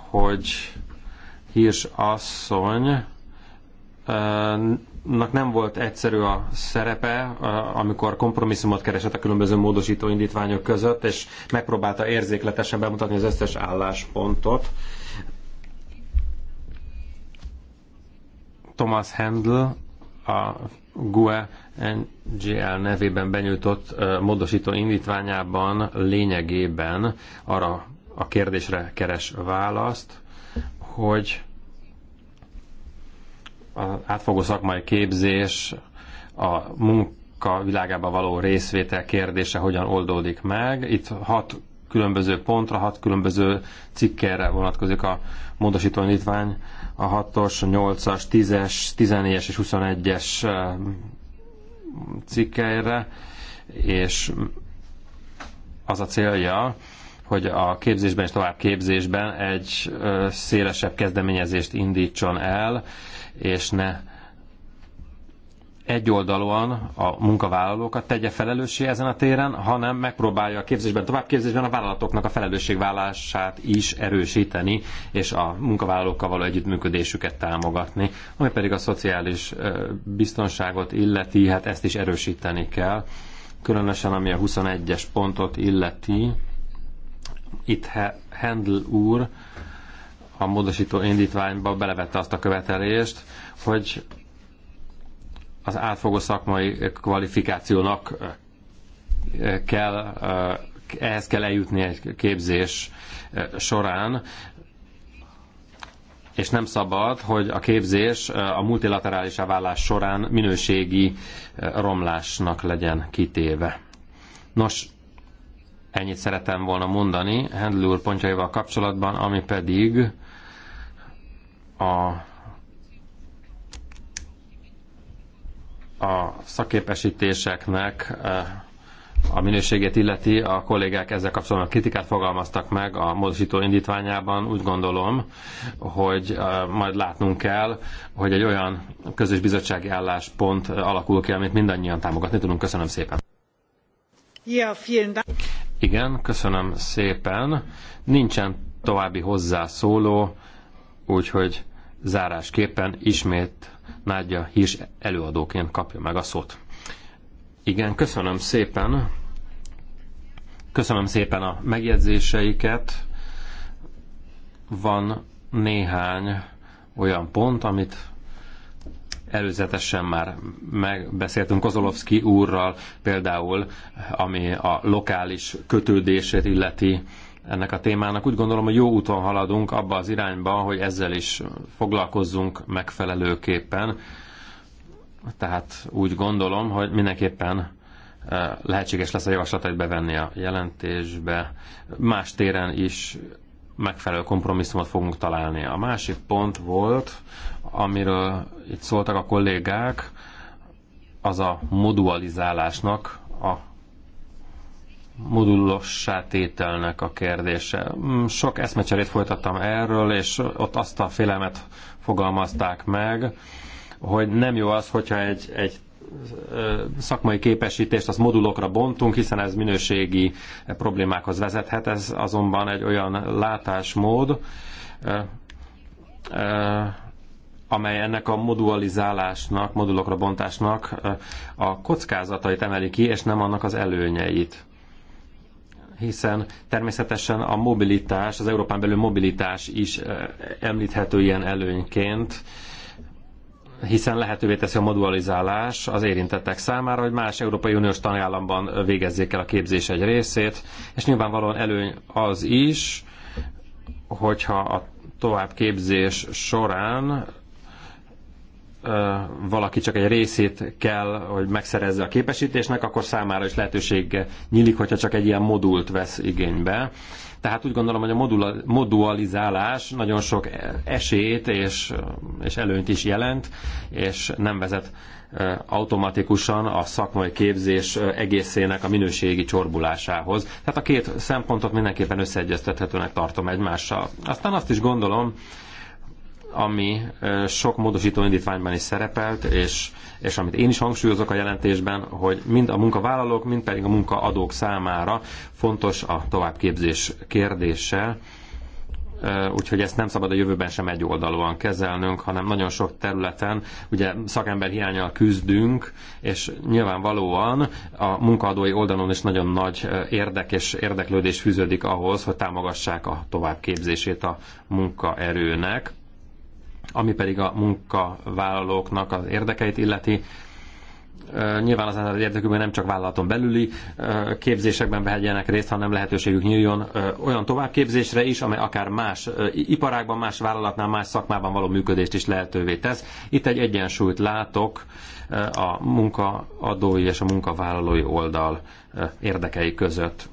hogy Hirs asszony ...nak eh, nem volt egyszerű a szerepe, eh, amikor kompromisszumot keresett a különböző módosító indítványok között, és megpróbálta érzékletesen bemutatni az összes álláspontot. Thomas Handel a GUE NGL nevében benyújtott eh, módosító indítványában lényegében arra a kérdésre keres választ, hogy az átfogó szakmai képzés, a munka világába való részvétel kérdése hogyan oldódik meg. Itt hat különböző pontra, hat különböző cikkerre vonatkozik a módosító indítvány, a 6-os, 8-as, 10-es, 14-es és 21-es cikkeire, és az a célja, hogy a képzésben és képzésben egy szélesebb kezdeményezést indítson el, és ne egyoldalúan a munkavállalókat tegye felelőssé ezen a téren, hanem megpróbálja a képzésben, továbbképzésben a vállalatoknak a felelősségvállását is erősíteni, és a munkavállalókkal való együttműködésüket támogatni. Ami pedig a szociális biztonságot illeti, hát ezt is erősíteni kell, különösen ami a 21-es pontot illeti itt Handel úr a módosító indítványba belevette azt a követelést, hogy az átfogó szakmai kvalifikációnak kell, ehhez kell eljutni egy képzés során, és nem szabad, hogy a képzés a multilaterális válás során minőségi romlásnak legyen kitéve. Nos, Ennyit szeretem volna mondani Handel úr pontjaival kapcsolatban, ami pedig a a szakképesítéseknek eh, a minőségét illeti, a kollégák ezzel kapcsolatban kritikát fogalmaztak meg a módosító indítványában. Úgy gondolom, hogy eh, majd látnunk kell, hogy egy olyan közös bizottsági álláspont eh, alakul ki, amit mindannyian támogatni tudunk. Köszönöm szépen. Igen, köszönöm szépen. Nincsen további hozzászóló, úgyhogy zárásképpen ismét Nádja hírs előadóként kapja meg a szót. Igen, köszönöm szépen. Köszönöm szépen a megjegyzéseiket. Van néhány olyan pont, amit előzetesen már megbeszéltünk Kozolovszki úrral például, ami a lokális kötődését illeti ennek a témának. Úgy gondolom, hogy jó úton haladunk abba az irányba, hogy ezzel is foglalkozzunk megfelelőképpen. Tehát úgy gondolom, hogy mindenképpen eh, lehetséges lesz a javaslatait bevenni a jelentésbe. Más téren is megfelelő kompromisszumot fogunk találni. A másik pont volt amiről itt szóltak a kollégák, az a modualizálásnak, a modulossá tételnek a kérdése. Mm, sok eszmecserét folytattam erről, és ott azt a félelmet fogalmazták meg, hogy nem jó az, hogyha egy, egy szakmai képesítést az modulokra bontunk, hiszen ez minőségi problémákhoz vezethet. Ez azonban egy olyan látásmód, amely ennek a modualizálásnak, modulokra bontásnak a kockázatait emeli ki, és nem annak az előnyeit hiszen természetesen a mobilitás, az Európán belül mobilitás is említhető ilyen előnyként, hiszen lehetővé teszi a modulalizálás az érintettek számára, hogy más Európai Uniós tagállamban végezzék el a képzés egy részét, és nyilvánvalóan előny az is, hogyha a továbbképzés során valaki csak egy részét kell, hogy megszerezze a képesítésnek, akkor számára is lehetőség nyílik, hogyha csak egy ilyen modult vesz igénybe. Tehát úgy gondolom, hogy a modualizálás nagyon sok esélyt és, és előnyt is jelent, és nem vezet automatikusan a szakmai képzés egészének a minőségi csorbulásához. Tehát a két szempontot mindenképpen összeegyeztethetőnek tartom egymással. Aztán azt is gondolom, ami sok módosító indítványban is szerepelt, és, és amit én is hangsúlyozok a jelentésben, hogy mind a munkavállalók, mind pedig a munkaadók számára fontos a továbbképzés kérdése, úgyhogy ezt nem szabad a jövőben sem egyoldalúan kezelnünk, hanem nagyon sok területen ugye szakember hiányal küzdünk, és nyilvánvalóan a munkaadói oldalon is nagyon nagy érdek és érdeklődés fűződik ahhoz, hogy támogassák a továbbképzését a munkaerőnek ami pedig a munkavállalóknak az érdekeit illeti, nyilván az által érdekükben nem csak vállalaton belüli képzésekben vehetjenek részt, hanem lehetőségük nyíljon olyan továbbképzésre is, amely akár más iparágban, más vállalatnál, más szakmában való működést is lehetővé tesz. Itt egy egyensúlyt látok a munkaadói és a munkavállalói oldal érdekei között.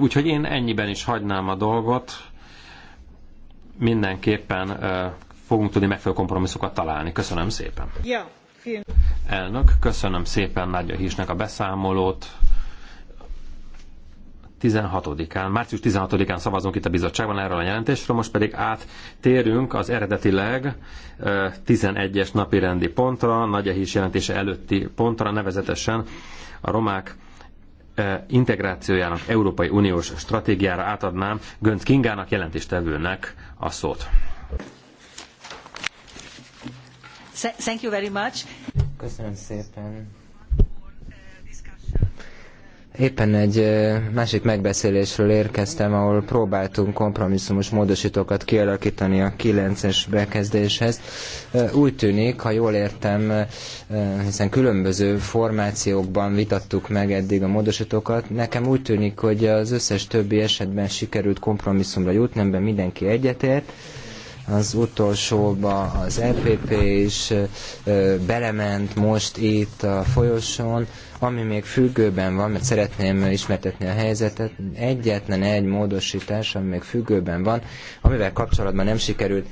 Úgyhogy én ennyiben is hagynám a dolgot mindenképpen fogunk tudni megfelelő kompromisszokat találni. Köszönöm szépen. Ja, Elnök, köszönöm szépen Nagyja Hísnek a beszámolót. 16-án, március 16-án szavazunk itt a bizottságban erről a jelentésről, most pedig áttérünk az eredetileg 11-es napi rendi pontra, nagy ehés jelentése előtti pontra, nevezetesen a romák integrációjának Európai Uniós stratégiára átadnám Gönc Kingának jelentéstevőnek a szót. Thank you very much. Köszönöm szépen. Éppen egy másik megbeszélésről érkeztem, ahol próbáltunk kompromisszumos módosítókat kialakítani a 9-es bekezdéshez. Úgy tűnik, ha jól értem, hiszen különböző formációkban vitattuk meg eddig a módosítókat, nekem úgy tűnik, hogy az összes többi esetben sikerült kompromisszumra jutni, ebben mindenki egyetért az utolsóba az EPP is belement most itt a folyosón, ami még függőben van, mert szeretném ismertetni a helyzetet, egyetlen egy módosítás, ami még függőben van, amivel kapcsolatban nem sikerült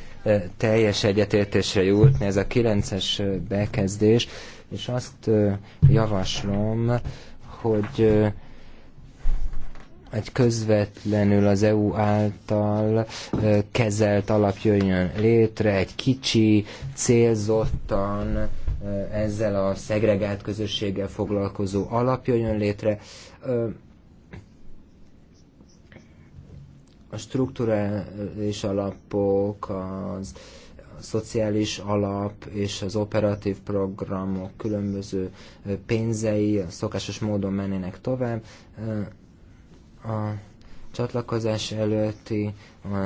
teljes egyetértésre jutni, ez a 9-es bekezdés, és azt javaslom, hogy egy közvetlenül az EU által kezelt alap jöjjön létre, egy kicsi, célzottan ezzel a szegregált közösséggel foglalkozó alap jöjjön létre. A struktúrális alapok, az szociális alap és az operatív programok különböző pénzei szokásos módon mennének tovább a csatlakozás előtti a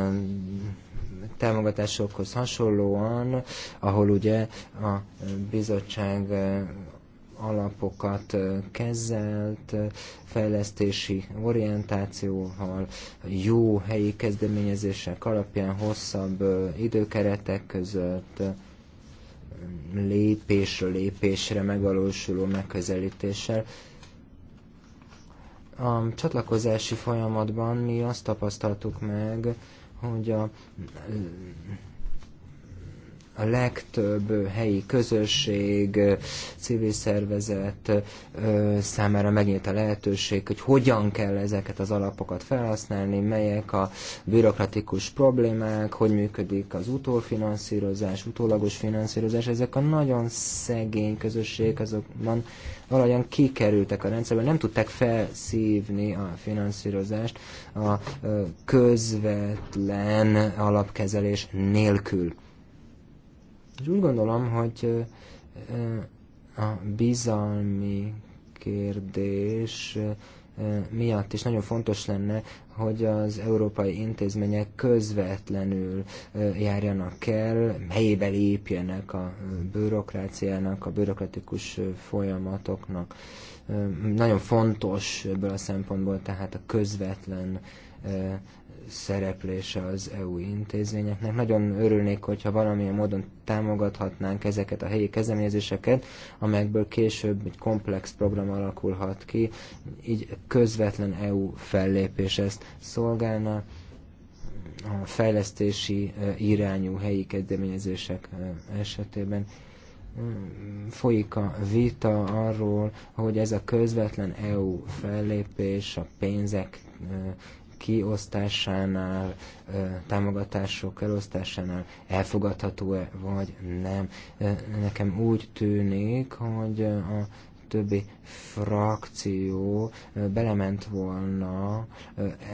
támogatásokhoz hasonlóan, ahol ugye a bizottság eh, alapokat eh, kezelt, eh, fejlesztési orientációval, jó helyi kezdeményezések alapján hosszabb időkeretek között lépésről lépésre megvalósuló megközelítéssel a csatlakozási folyamatban mi azt tapasztaltuk meg, hogy a a legtöbb helyi közösség, civil szervezet számára megnyílt a lehetőség, hogy hogyan kell ezeket az alapokat felhasználni, melyek a bürokratikus problémák, hogy működik az utolfinanszírozás, utólagos finanszírozás. Ezek a nagyon szegény közösség, azokban valahogyan kikerültek a rendszerben, nem tudták felszívni a finanszírozást a közvetlen alapkezelés nélkül. És úgy gondolom, hogy a bizalmi kérdés miatt is nagyon fontos lenne, hogy az európai intézmények közvetlenül járjanak el, helyébe lépjenek a bürokráciának, a bürokratikus folyamatoknak. Nagyon fontos ebből a szempontból tehát a közvetlen szereplése az EU intézményeknek. Nagyon örülnék, hogyha valamilyen módon támogathatnánk ezeket a helyi kezdeményezéseket, amelyekből később egy komplex program alakulhat ki, így közvetlen EU fellépés ezt szolgálna a fejlesztési irányú helyi kezdeményezések esetében folyik a vita arról, hogy ez a közvetlen EU fellépés a pénzek kiosztásánál, támogatások elosztásánál elfogadható-e vagy nem. Nekem úgy tűnik, hogy a többi frakció belement volna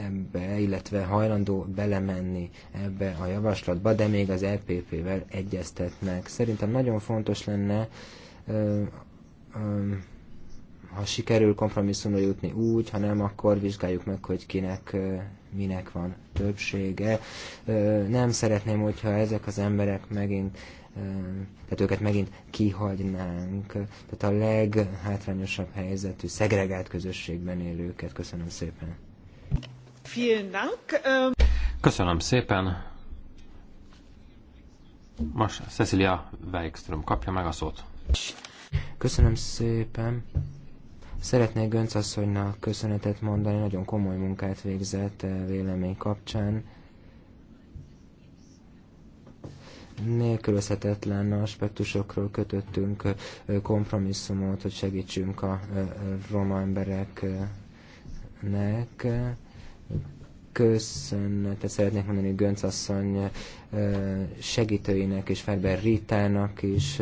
ebbe, illetve hajlandó belemenni ebbe a javaslatba, de még az EPP-vel egyeztetnek. Szerintem nagyon fontos lenne ha sikerül kompromisszumra jutni úgy, ha nem, akkor vizsgáljuk meg, hogy kinek minek van többsége. Nem szeretném, hogyha ezek az emberek megint tehát őket megint kihagynánk, tehát a leghátrányosabb helyzetű, szegregált közösségben élőket. Köszönöm szépen. Köszönöm szépen. Most Cecilia Wikström kapja meg a szót. Köszönöm szépen. Szeretnék Gönc asszonynak köszönetet mondani, nagyon komoly munkát végzett eh, vélemény kapcsán. Nélkülözhetetlen aspektusokról kötöttünk eh, kompromisszumot, hogy segítsünk a eh, roma embereknek köszönetet szeretnék mondani Gönc asszony segítőinek és Ferber Ritának is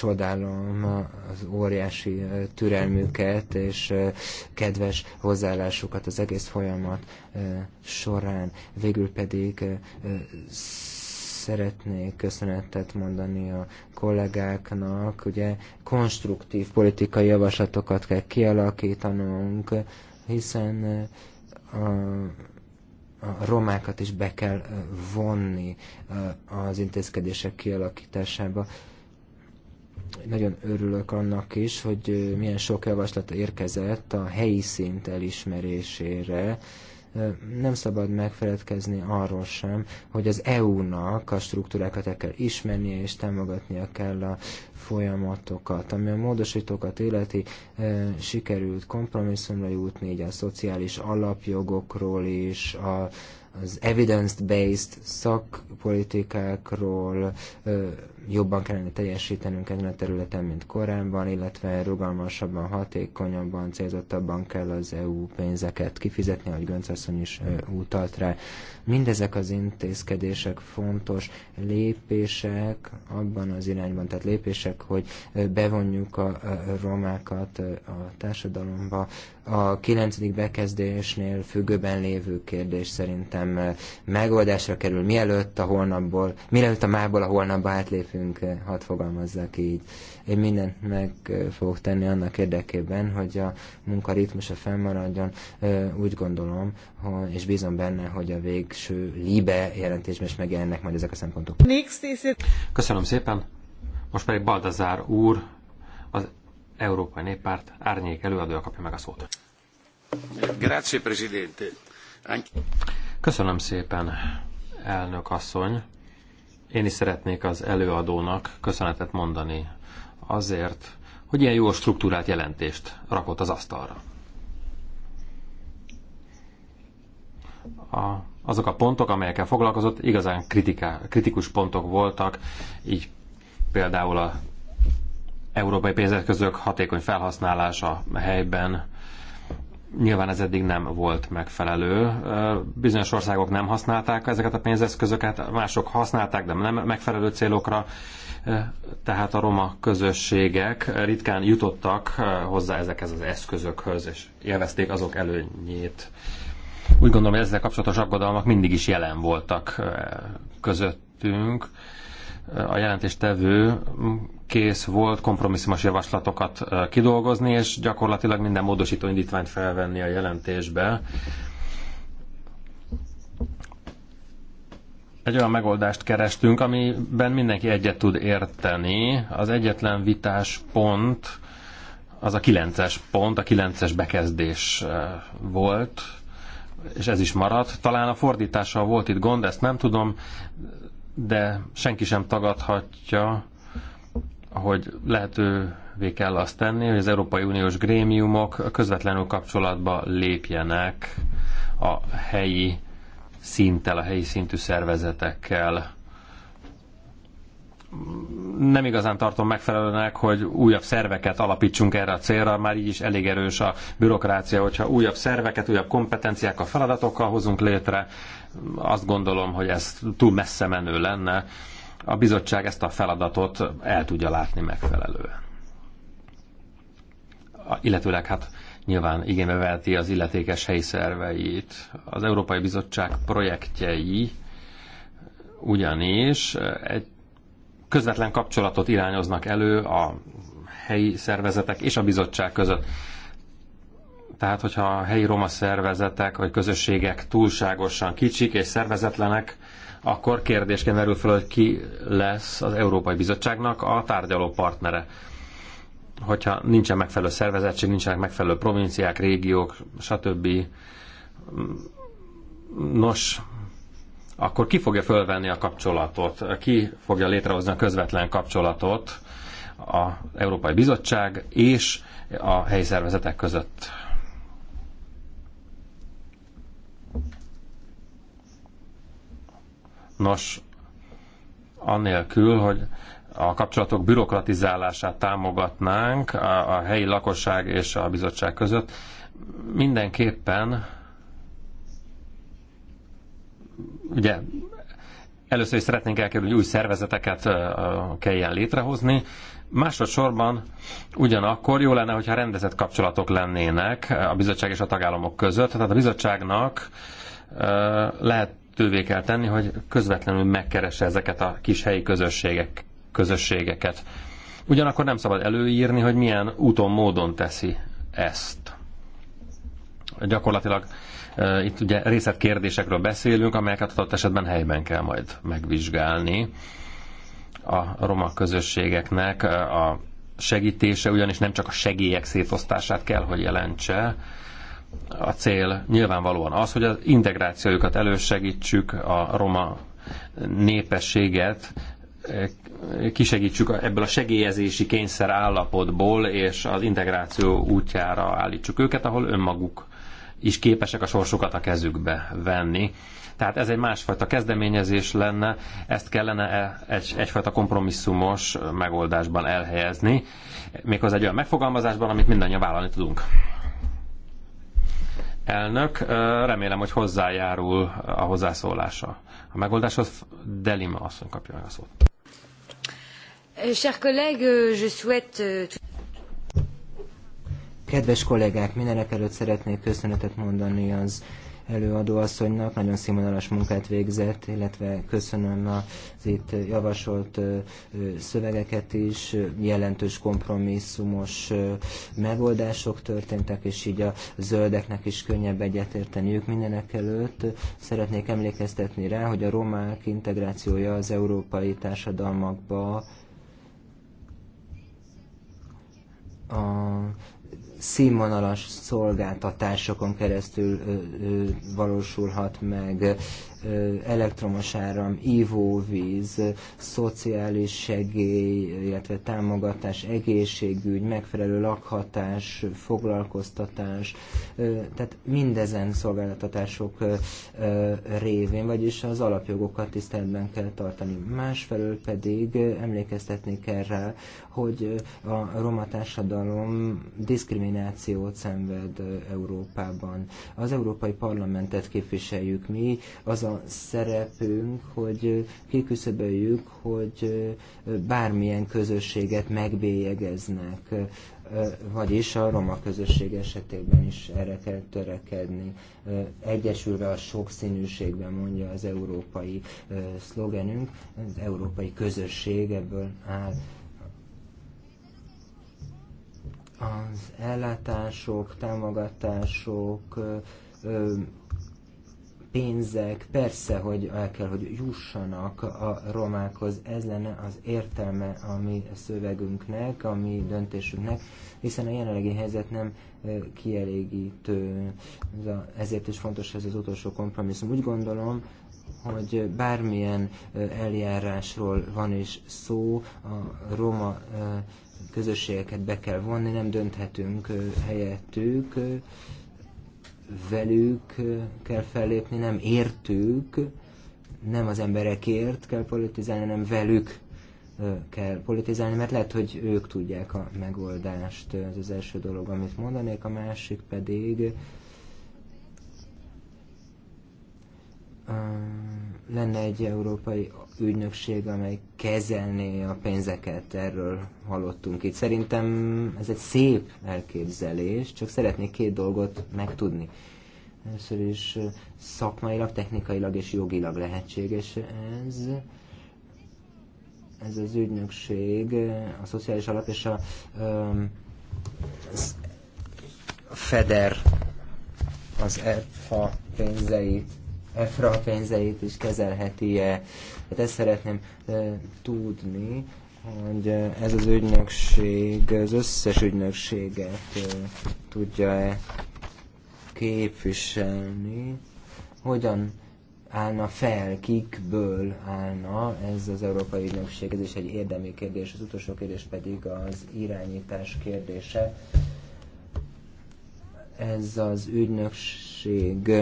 Csodálom az óriási türelmüket és kedves hozzáállásukat az egész folyamat során. Végül pedig szeretnék köszönetet mondani a kollégáknak. Ugye konstruktív politikai javaslatokat kell kialakítanunk, hiszen a, a romákat is be kell vonni az intézkedések kialakításába. Nagyon örülök annak is, hogy milyen sok javaslat érkezett a helyi szint elismerésére, nem szabad megfeledkezni arról sem, hogy az EU-nak a struktúrákat el kell ismernie, és támogatnia kell a folyamatokat. Ami a módosítókat életi sikerült kompromisszumra jutni, így a szociális alapjogokról is, a, az evidence-based szakpolitikákról, jobban kellene teljesítenünk ezen a területen, mint korábban, illetve rugalmasabban, hatékonyabban, célzottabban kell az EU pénzeket kifizetni, ahogy Gönc asszony is utalt rá. Mindezek az intézkedések fontos lépések abban az irányban, tehát lépések, hogy bevonjuk a romákat a társadalomba. A kilencedik bekezdésnél függőben lévő kérdés szerintem megoldásra kerül, mielőtt a holnapból, mielőtt a mából a holnapba átlép szervünk, hadd fogalmazzak így. Én mindent meg fogok tenni annak érdekében, hogy a munkaritmusa fennmaradjon. Úgy gondolom, és bízom benne, hogy a végső libe jelentésben is megjelennek majd ezek a szempontok. Köszönöm szépen. Most pedig Baldazár úr, az Európai Néppárt árnyék előadója kapja meg a szót. Grazie, Presidente. Köszönöm szépen, elnök asszony. Én is szeretnék az előadónak köszönetet mondani azért, hogy ilyen jó struktúrát jelentést rakott az asztalra. A, azok a pontok, amelyekkel foglalkozott, igazán kritiká, kritikus pontok voltak, így például a európai pénzeszközök hatékony felhasználása helyben, Nyilván ez eddig nem volt megfelelő. Bizonyos országok nem használták ezeket a pénzeszközöket, mások használták, de nem megfelelő célokra. Tehát a roma közösségek ritkán jutottak hozzá ezekhez az eszközökhöz, és élvezték azok előnyét. Úgy gondolom, hogy ezzel kapcsolatos aggodalmak mindig is jelen voltak közöttünk a jelentéstevő kész volt kompromisszumos javaslatokat kidolgozni, és gyakorlatilag minden módosító indítványt felvenni a jelentésbe. Egy olyan megoldást kerestünk, amiben mindenki egyet tud érteni. Az egyetlen vitás pont az a kilences pont, a kilences bekezdés volt, és ez is maradt. Talán a fordítással volt itt gond, ezt nem tudom, de senki sem tagadhatja, hogy lehetővé kell azt tenni, hogy az Európai Uniós grémiumok közvetlenül kapcsolatba lépjenek a helyi szinttel, a helyi szintű szervezetekkel nem igazán tartom megfelelőnek, hogy újabb szerveket alapítsunk erre a célra, már így is elég erős a bürokrácia, hogyha újabb szerveket, újabb kompetenciákkal, feladatokkal hozunk létre, azt gondolom, hogy ez túl messze menő lenne. A bizottság ezt a feladatot el tudja látni megfelelően. Illetőleg hát nyilván igénybe veheti az illetékes helyi szerveit. Az Európai Bizottság projektjei ugyanis egy közvetlen kapcsolatot irányoznak elő a helyi szervezetek és a bizottság között. Tehát, hogyha a helyi roma szervezetek vagy közösségek túlságosan kicsik és szervezetlenek, akkor kérdésként merül fel, hogy ki lesz az Európai Bizottságnak a tárgyaló partnere. Hogyha nincsen megfelelő szervezettség, nincsenek megfelelő provinciák, régiók, stb. Nos, akkor ki fogja fölvenni a kapcsolatot, ki fogja létrehozni a közvetlen kapcsolatot az Európai Bizottság és a helyi szervezetek között. Nos, annélkül, hogy a kapcsolatok bürokratizálását támogatnánk a, a helyi lakosság és a bizottság között, mindenképpen ugye először is szeretnénk elkerülni, hogy új szervezeteket kelljen létrehozni, Másodszorban ugyanakkor jó lenne, hogyha rendezett kapcsolatok lennének a bizottság és a tagállamok között. Tehát a bizottságnak lehetővé kell tenni, hogy közvetlenül megkeresse ezeket a kis helyi közösségek, közösségeket. Ugyanakkor nem szabad előírni, hogy milyen úton, módon teszi ezt. Gyakorlatilag itt ugye részletkérdésekről beszélünk, amelyeket adott esetben helyben kell majd megvizsgálni. A roma közösségeknek a segítése ugyanis nem csak a segélyek szétosztását kell, hogy jelentse, a cél nyilvánvalóan az, hogy az integrációjukat elősegítsük, a roma népességet kisegítsük ebből a segélyezési kényszer állapotból, és az integráció útjára állítsuk őket, ahol önmaguk is képesek a sorsukat a kezükbe venni. Tehát ez egy másfajta kezdeményezés lenne, ezt kellene e- egy, egyfajta kompromisszumos megoldásban elhelyezni, méghozzá egy olyan megfogalmazásban, amit mindannyian vállalni tudunk. Elnök, remélem, hogy hozzájárul a hozzászólása. A megoldáshoz Delima asszony kapja meg a szót. Chers collègues, je souhaite... Euh, Kedves kollégák, mindenek előtt szeretnék köszönetet mondani az előadó nagyon színvonalas munkát végzett, illetve köszönöm az itt javasolt szövegeket is, jelentős kompromisszumos megoldások történtek, és így a zöldeknek is könnyebb egyetérteniük mindenek előtt. Szeretnék emlékeztetni rá, hogy a romák integrációja az európai társadalmakba a színvonalas szolgáltatásokon keresztül valósulhat meg elektromos áram, ivóvíz, szociális segély, illetve támogatás, egészségügy, megfelelő lakhatás, foglalkoztatás, tehát mindezen szolgáltatások révén, vagyis az alapjogokat tiszteletben kell tartani. Másfelől pedig emlékeztetni kell rá, hogy a roma társadalom diszkriminációt szenved Európában. Az Európai Parlamentet képviseljük mi, az a a szerepünk, hogy kiküszöböljük, hogy bármilyen közösséget megbélyegeznek, vagyis a roma közösség esetében is erre kell törekedni. Egyesülve a sokszínűségben mondja az európai szlogenünk, az európai közösség ebből áll az ellátások, támogatások, pénzek persze, hogy el kell, hogy jussanak a romákhoz. Ez lenne az értelme a mi szövegünknek, a mi döntésünknek, hiszen a jelenlegi helyzet nem kielégítő. Ezért is fontos ez az utolsó kompromisszum. Úgy gondolom, hogy bármilyen eljárásról van is szó, a roma közösségeket be kell vonni, nem dönthetünk helyettük velük kell fellépni, nem értük, nem az emberekért kell politizálni, hanem velük kell politizálni, mert lehet, hogy ők tudják a megoldást. Ez az első dolog, amit mondanék, a másik pedig lenne egy európai ügynökség, amely kezelné a pénzeket, erről hallottunk itt. Szerintem ez egy szép elképzelés, csak szeretnék két dolgot megtudni. Először is szakmailag, technikailag és jogilag lehetséges ez. Ez az ügynökség, a szociális alap és a um, FEDER az EFA pénzeit EFRA pénzeit is kezelheti-e. Hát ezt szeretném tudni, hogy ez az ügynökség az összes ügynökséget tudja-e képviselni, hogyan állna fel, kikből állna ez az Európai Ügynökség, ez is egy érdemi kérdés, az utolsó kérdés pedig az irányítás kérdése. Ez az ügynökség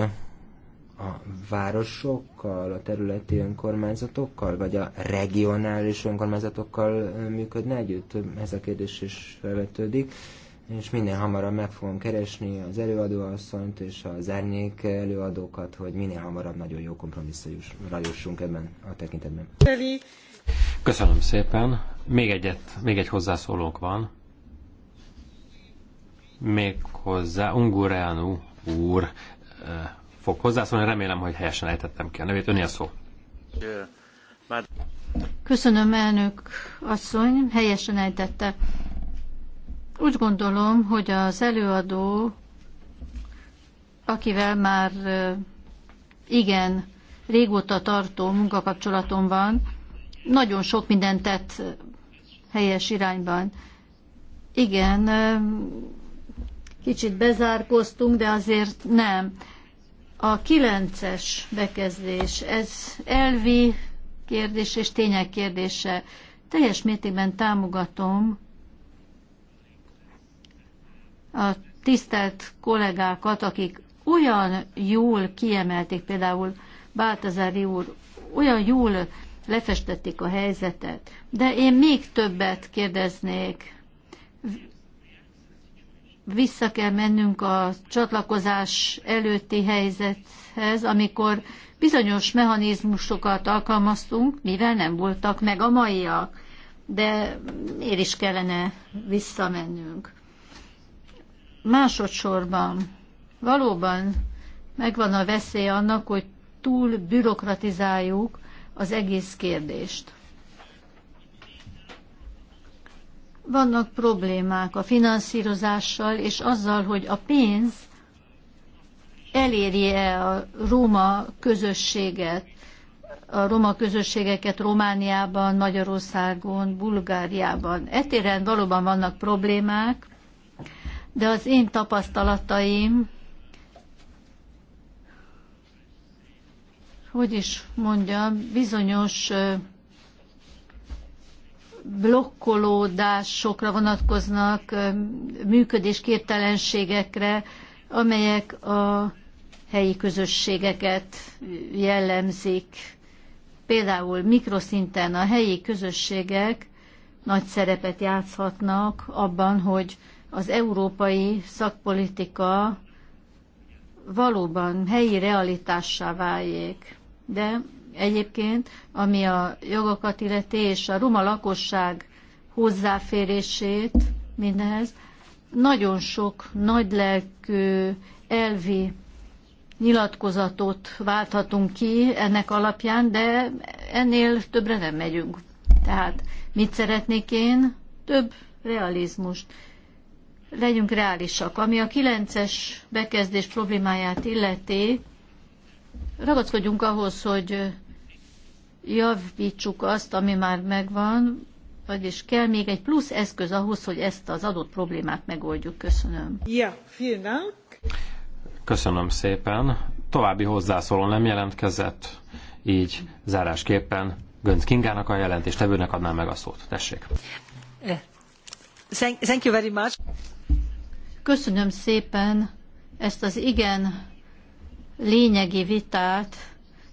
a városokkal, a területi önkormányzatokkal, vagy a regionális önkormányzatokkal működne együtt? Ez a kérdés is felvetődik és minél hamarabb meg fogom keresni az előadóasszonyt és az árnyék előadókat, hogy minél hamarabb nagyon jó kompromisszusra jussunk ebben a tekintetben. Köszönöm szépen. Még, egyet, még egy hozzászólók van. Még hozzá Ungureanu úr fog hozzászólni. Remélem, hogy helyesen ejtettem ki a nevét. Önél szó. Köszönöm, elnök asszony, helyesen ejtette. Úgy gondolom, hogy az előadó, akivel már igen régóta tartó munkakapcsolatom van, nagyon sok mindent tett helyes irányban. Igen, kicsit bezárkoztunk, de azért nem. A kilences bekezdés, ez elvi kérdés és tények kérdése. Teljes mértékben támogatom a tisztelt kollégákat, akik olyan jól kiemelték, például Báltazári úr, olyan jól lefestették a helyzetet, de én még többet kérdeznék vissza kell mennünk a csatlakozás előtti helyzethez, amikor bizonyos mechanizmusokat alkalmaztunk, mivel nem voltak meg a maiak, de miért is kellene visszamennünk. Másodszorban valóban megvan a veszély annak, hogy túl bürokratizáljuk az egész kérdést. vannak problémák a finanszírozással és azzal, hogy a pénz elérje a roma közösséget, a roma közösségeket Romániában, Magyarországon, Bulgáriában. Etéren valóban vannak problémák, de az én tapasztalataim, hogy is mondjam, bizonyos blokkolódásokra vonatkoznak, működésképtelenségekre, amelyek a helyi közösségeket jellemzik. Például mikroszinten a helyi közösségek nagy szerepet játszhatnak abban, hogy az európai szakpolitika valóban helyi realitássá váljék. De Egyébként, ami a jogokat illeti és a roma lakosság hozzáférését mindenhez nagyon sok nagylelkű elvi nyilatkozatot válthatunk ki ennek alapján, de ennél többre nem megyünk. Tehát mit szeretnék én? Több realizmust. Legyünk reálisak. Ami a kilences bekezdés problémáját illeti, ragaszkodjunk ahhoz, hogy javítsuk azt, ami már megvan, vagyis kell még egy plusz eszköz ahhoz, hogy ezt az adott problémát megoldjuk. Köszönöm. Ja, vielen Dank. Köszönöm szépen. További hozzászóló nem jelentkezett, így zárásképpen Gönc Kingának a jelentéstevőnek adnám meg a szót. Tessék. Thank you very much. Köszönöm szépen ezt az igen lényegi vitát,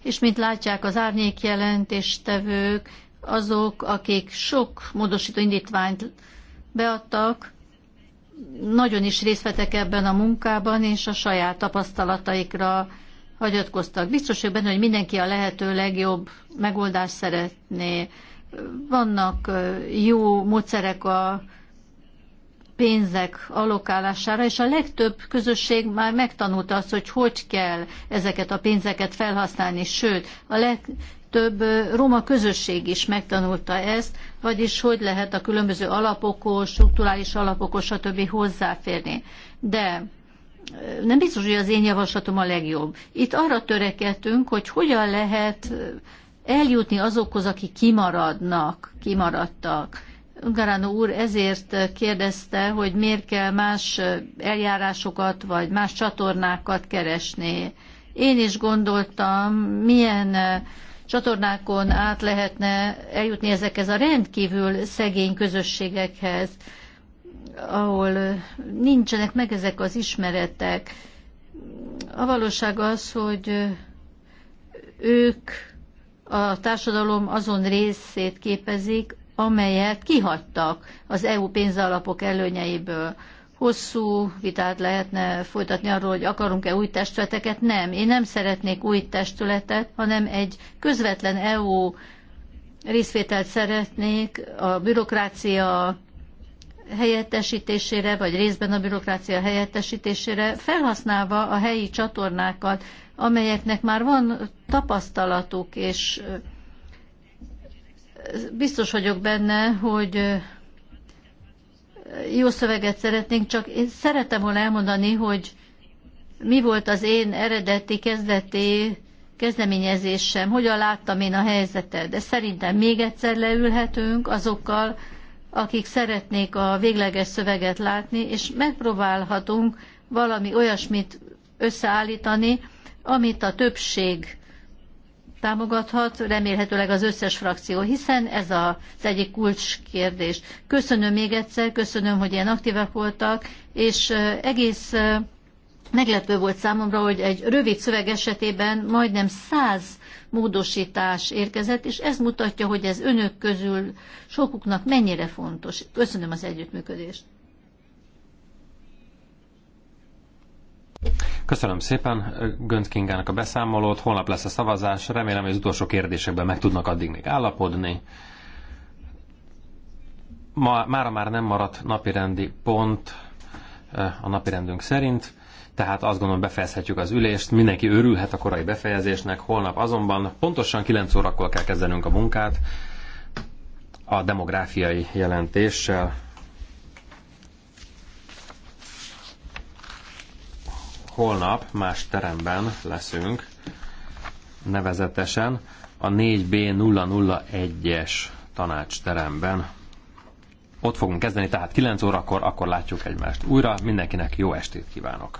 és mint látják az árnyék jelentéstevők, azok, akik sok módosító indítványt beadtak, nagyon is részt vettek ebben a munkában, és a saját tapasztalataikra hagyatkoztak. Biztos vagyok benne, hogy mindenki a lehető legjobb megoldást szeretné. Vannak jó módszerek a pénzek allokálására, és a legtöbb közösség már megtanulta azt, hogy hogy kell ezeket a pénzeket felhasználni, sőt, a legtöbb roma közösség is megtanulta ezt, vagyis hogy lehet a különböző alapokhoz, strukturális alapokhoz, stb. hozzáférni. De nem biztos, hogy az én javaslatom a legjobb. Itt arra törekedtünk, hogy hogyan lehet eljutni azokhoz, akik kimaradnak, kimaradtak Garano úr ezért kérdezte, hogy miért kell más eljárásokat vagy más csatornákat keresni. Én is gondoltam, milyen csatornákon át lehetne eljutni ezekhez a rendkívül szegény közösségekhez, ahol nincsenek meg ezek az ismeretek. A valóság az, hogy ők a társadalom azon részét képezik, amelyet kihagytak az EU pénzalapok előnyeiből. Hosszú vitát lehetne folytatni arról, hogy akarunk-e új testületeket. Nem, én nem szeretnék új testületet, hanem egy közvetlen EU részvételt szeretnék a bürokrácia helyettesítésére, vagy részben a bürokrácia helyettesítésére, felhasználva a helyi csatornákat, amelyeknek már van tapasztalatuk és biztos vagyok benne, hogy jó szöveget szeretnénk, csak én szeretem volna elmondani, hogy mi volt az én eredeti kezdeti kezdeményezésem, hogyan láttam én a helyzetet, de szerintem még egyszer leülhetünk azokkal, akik szeretnék a végleges szöveget látni, és megpróbálhatunk valami olyasmit összeállítani, amit a többség támogathat, remélhetőleg az összes frakció, hiszen ez az egyik kulcskérdés. Köszönöm még egyszer, köszönöm, hogy ilyen aktívek voltak, és egész meglepő volt számomra, hogy egy rövid szöveg esetében majdnem száz módosítás érkezett, és ez mutatja, hogy ez önök közül sokuknak mennyire fontos. Köszönöm az együttműködést. Köszönöm szépen Gönc Kingának a beszámolót. Holnap lesz a szavazás. Remélem, hogy az utolsó kérdésekben meg tudnak addig még állapodni. Ma, mára már nem maradt napirendi pont eh, a napirendünk szerint, tehát azt gondolom befejezhetjük az ülést. Mindenki örülhet a korai befejezésnek. Holnap azonban pontosan 9 órakor kell kezdenünk a munkát a demográfiai jelentéssel holnap más teremben leszünk, nevezetesen a 4B001-es tanácsteremben. Ott fogunk kezdeni, tehát 9 órakor, akkor látjuk egymást újra. Mindenkinek jó estét kívánok!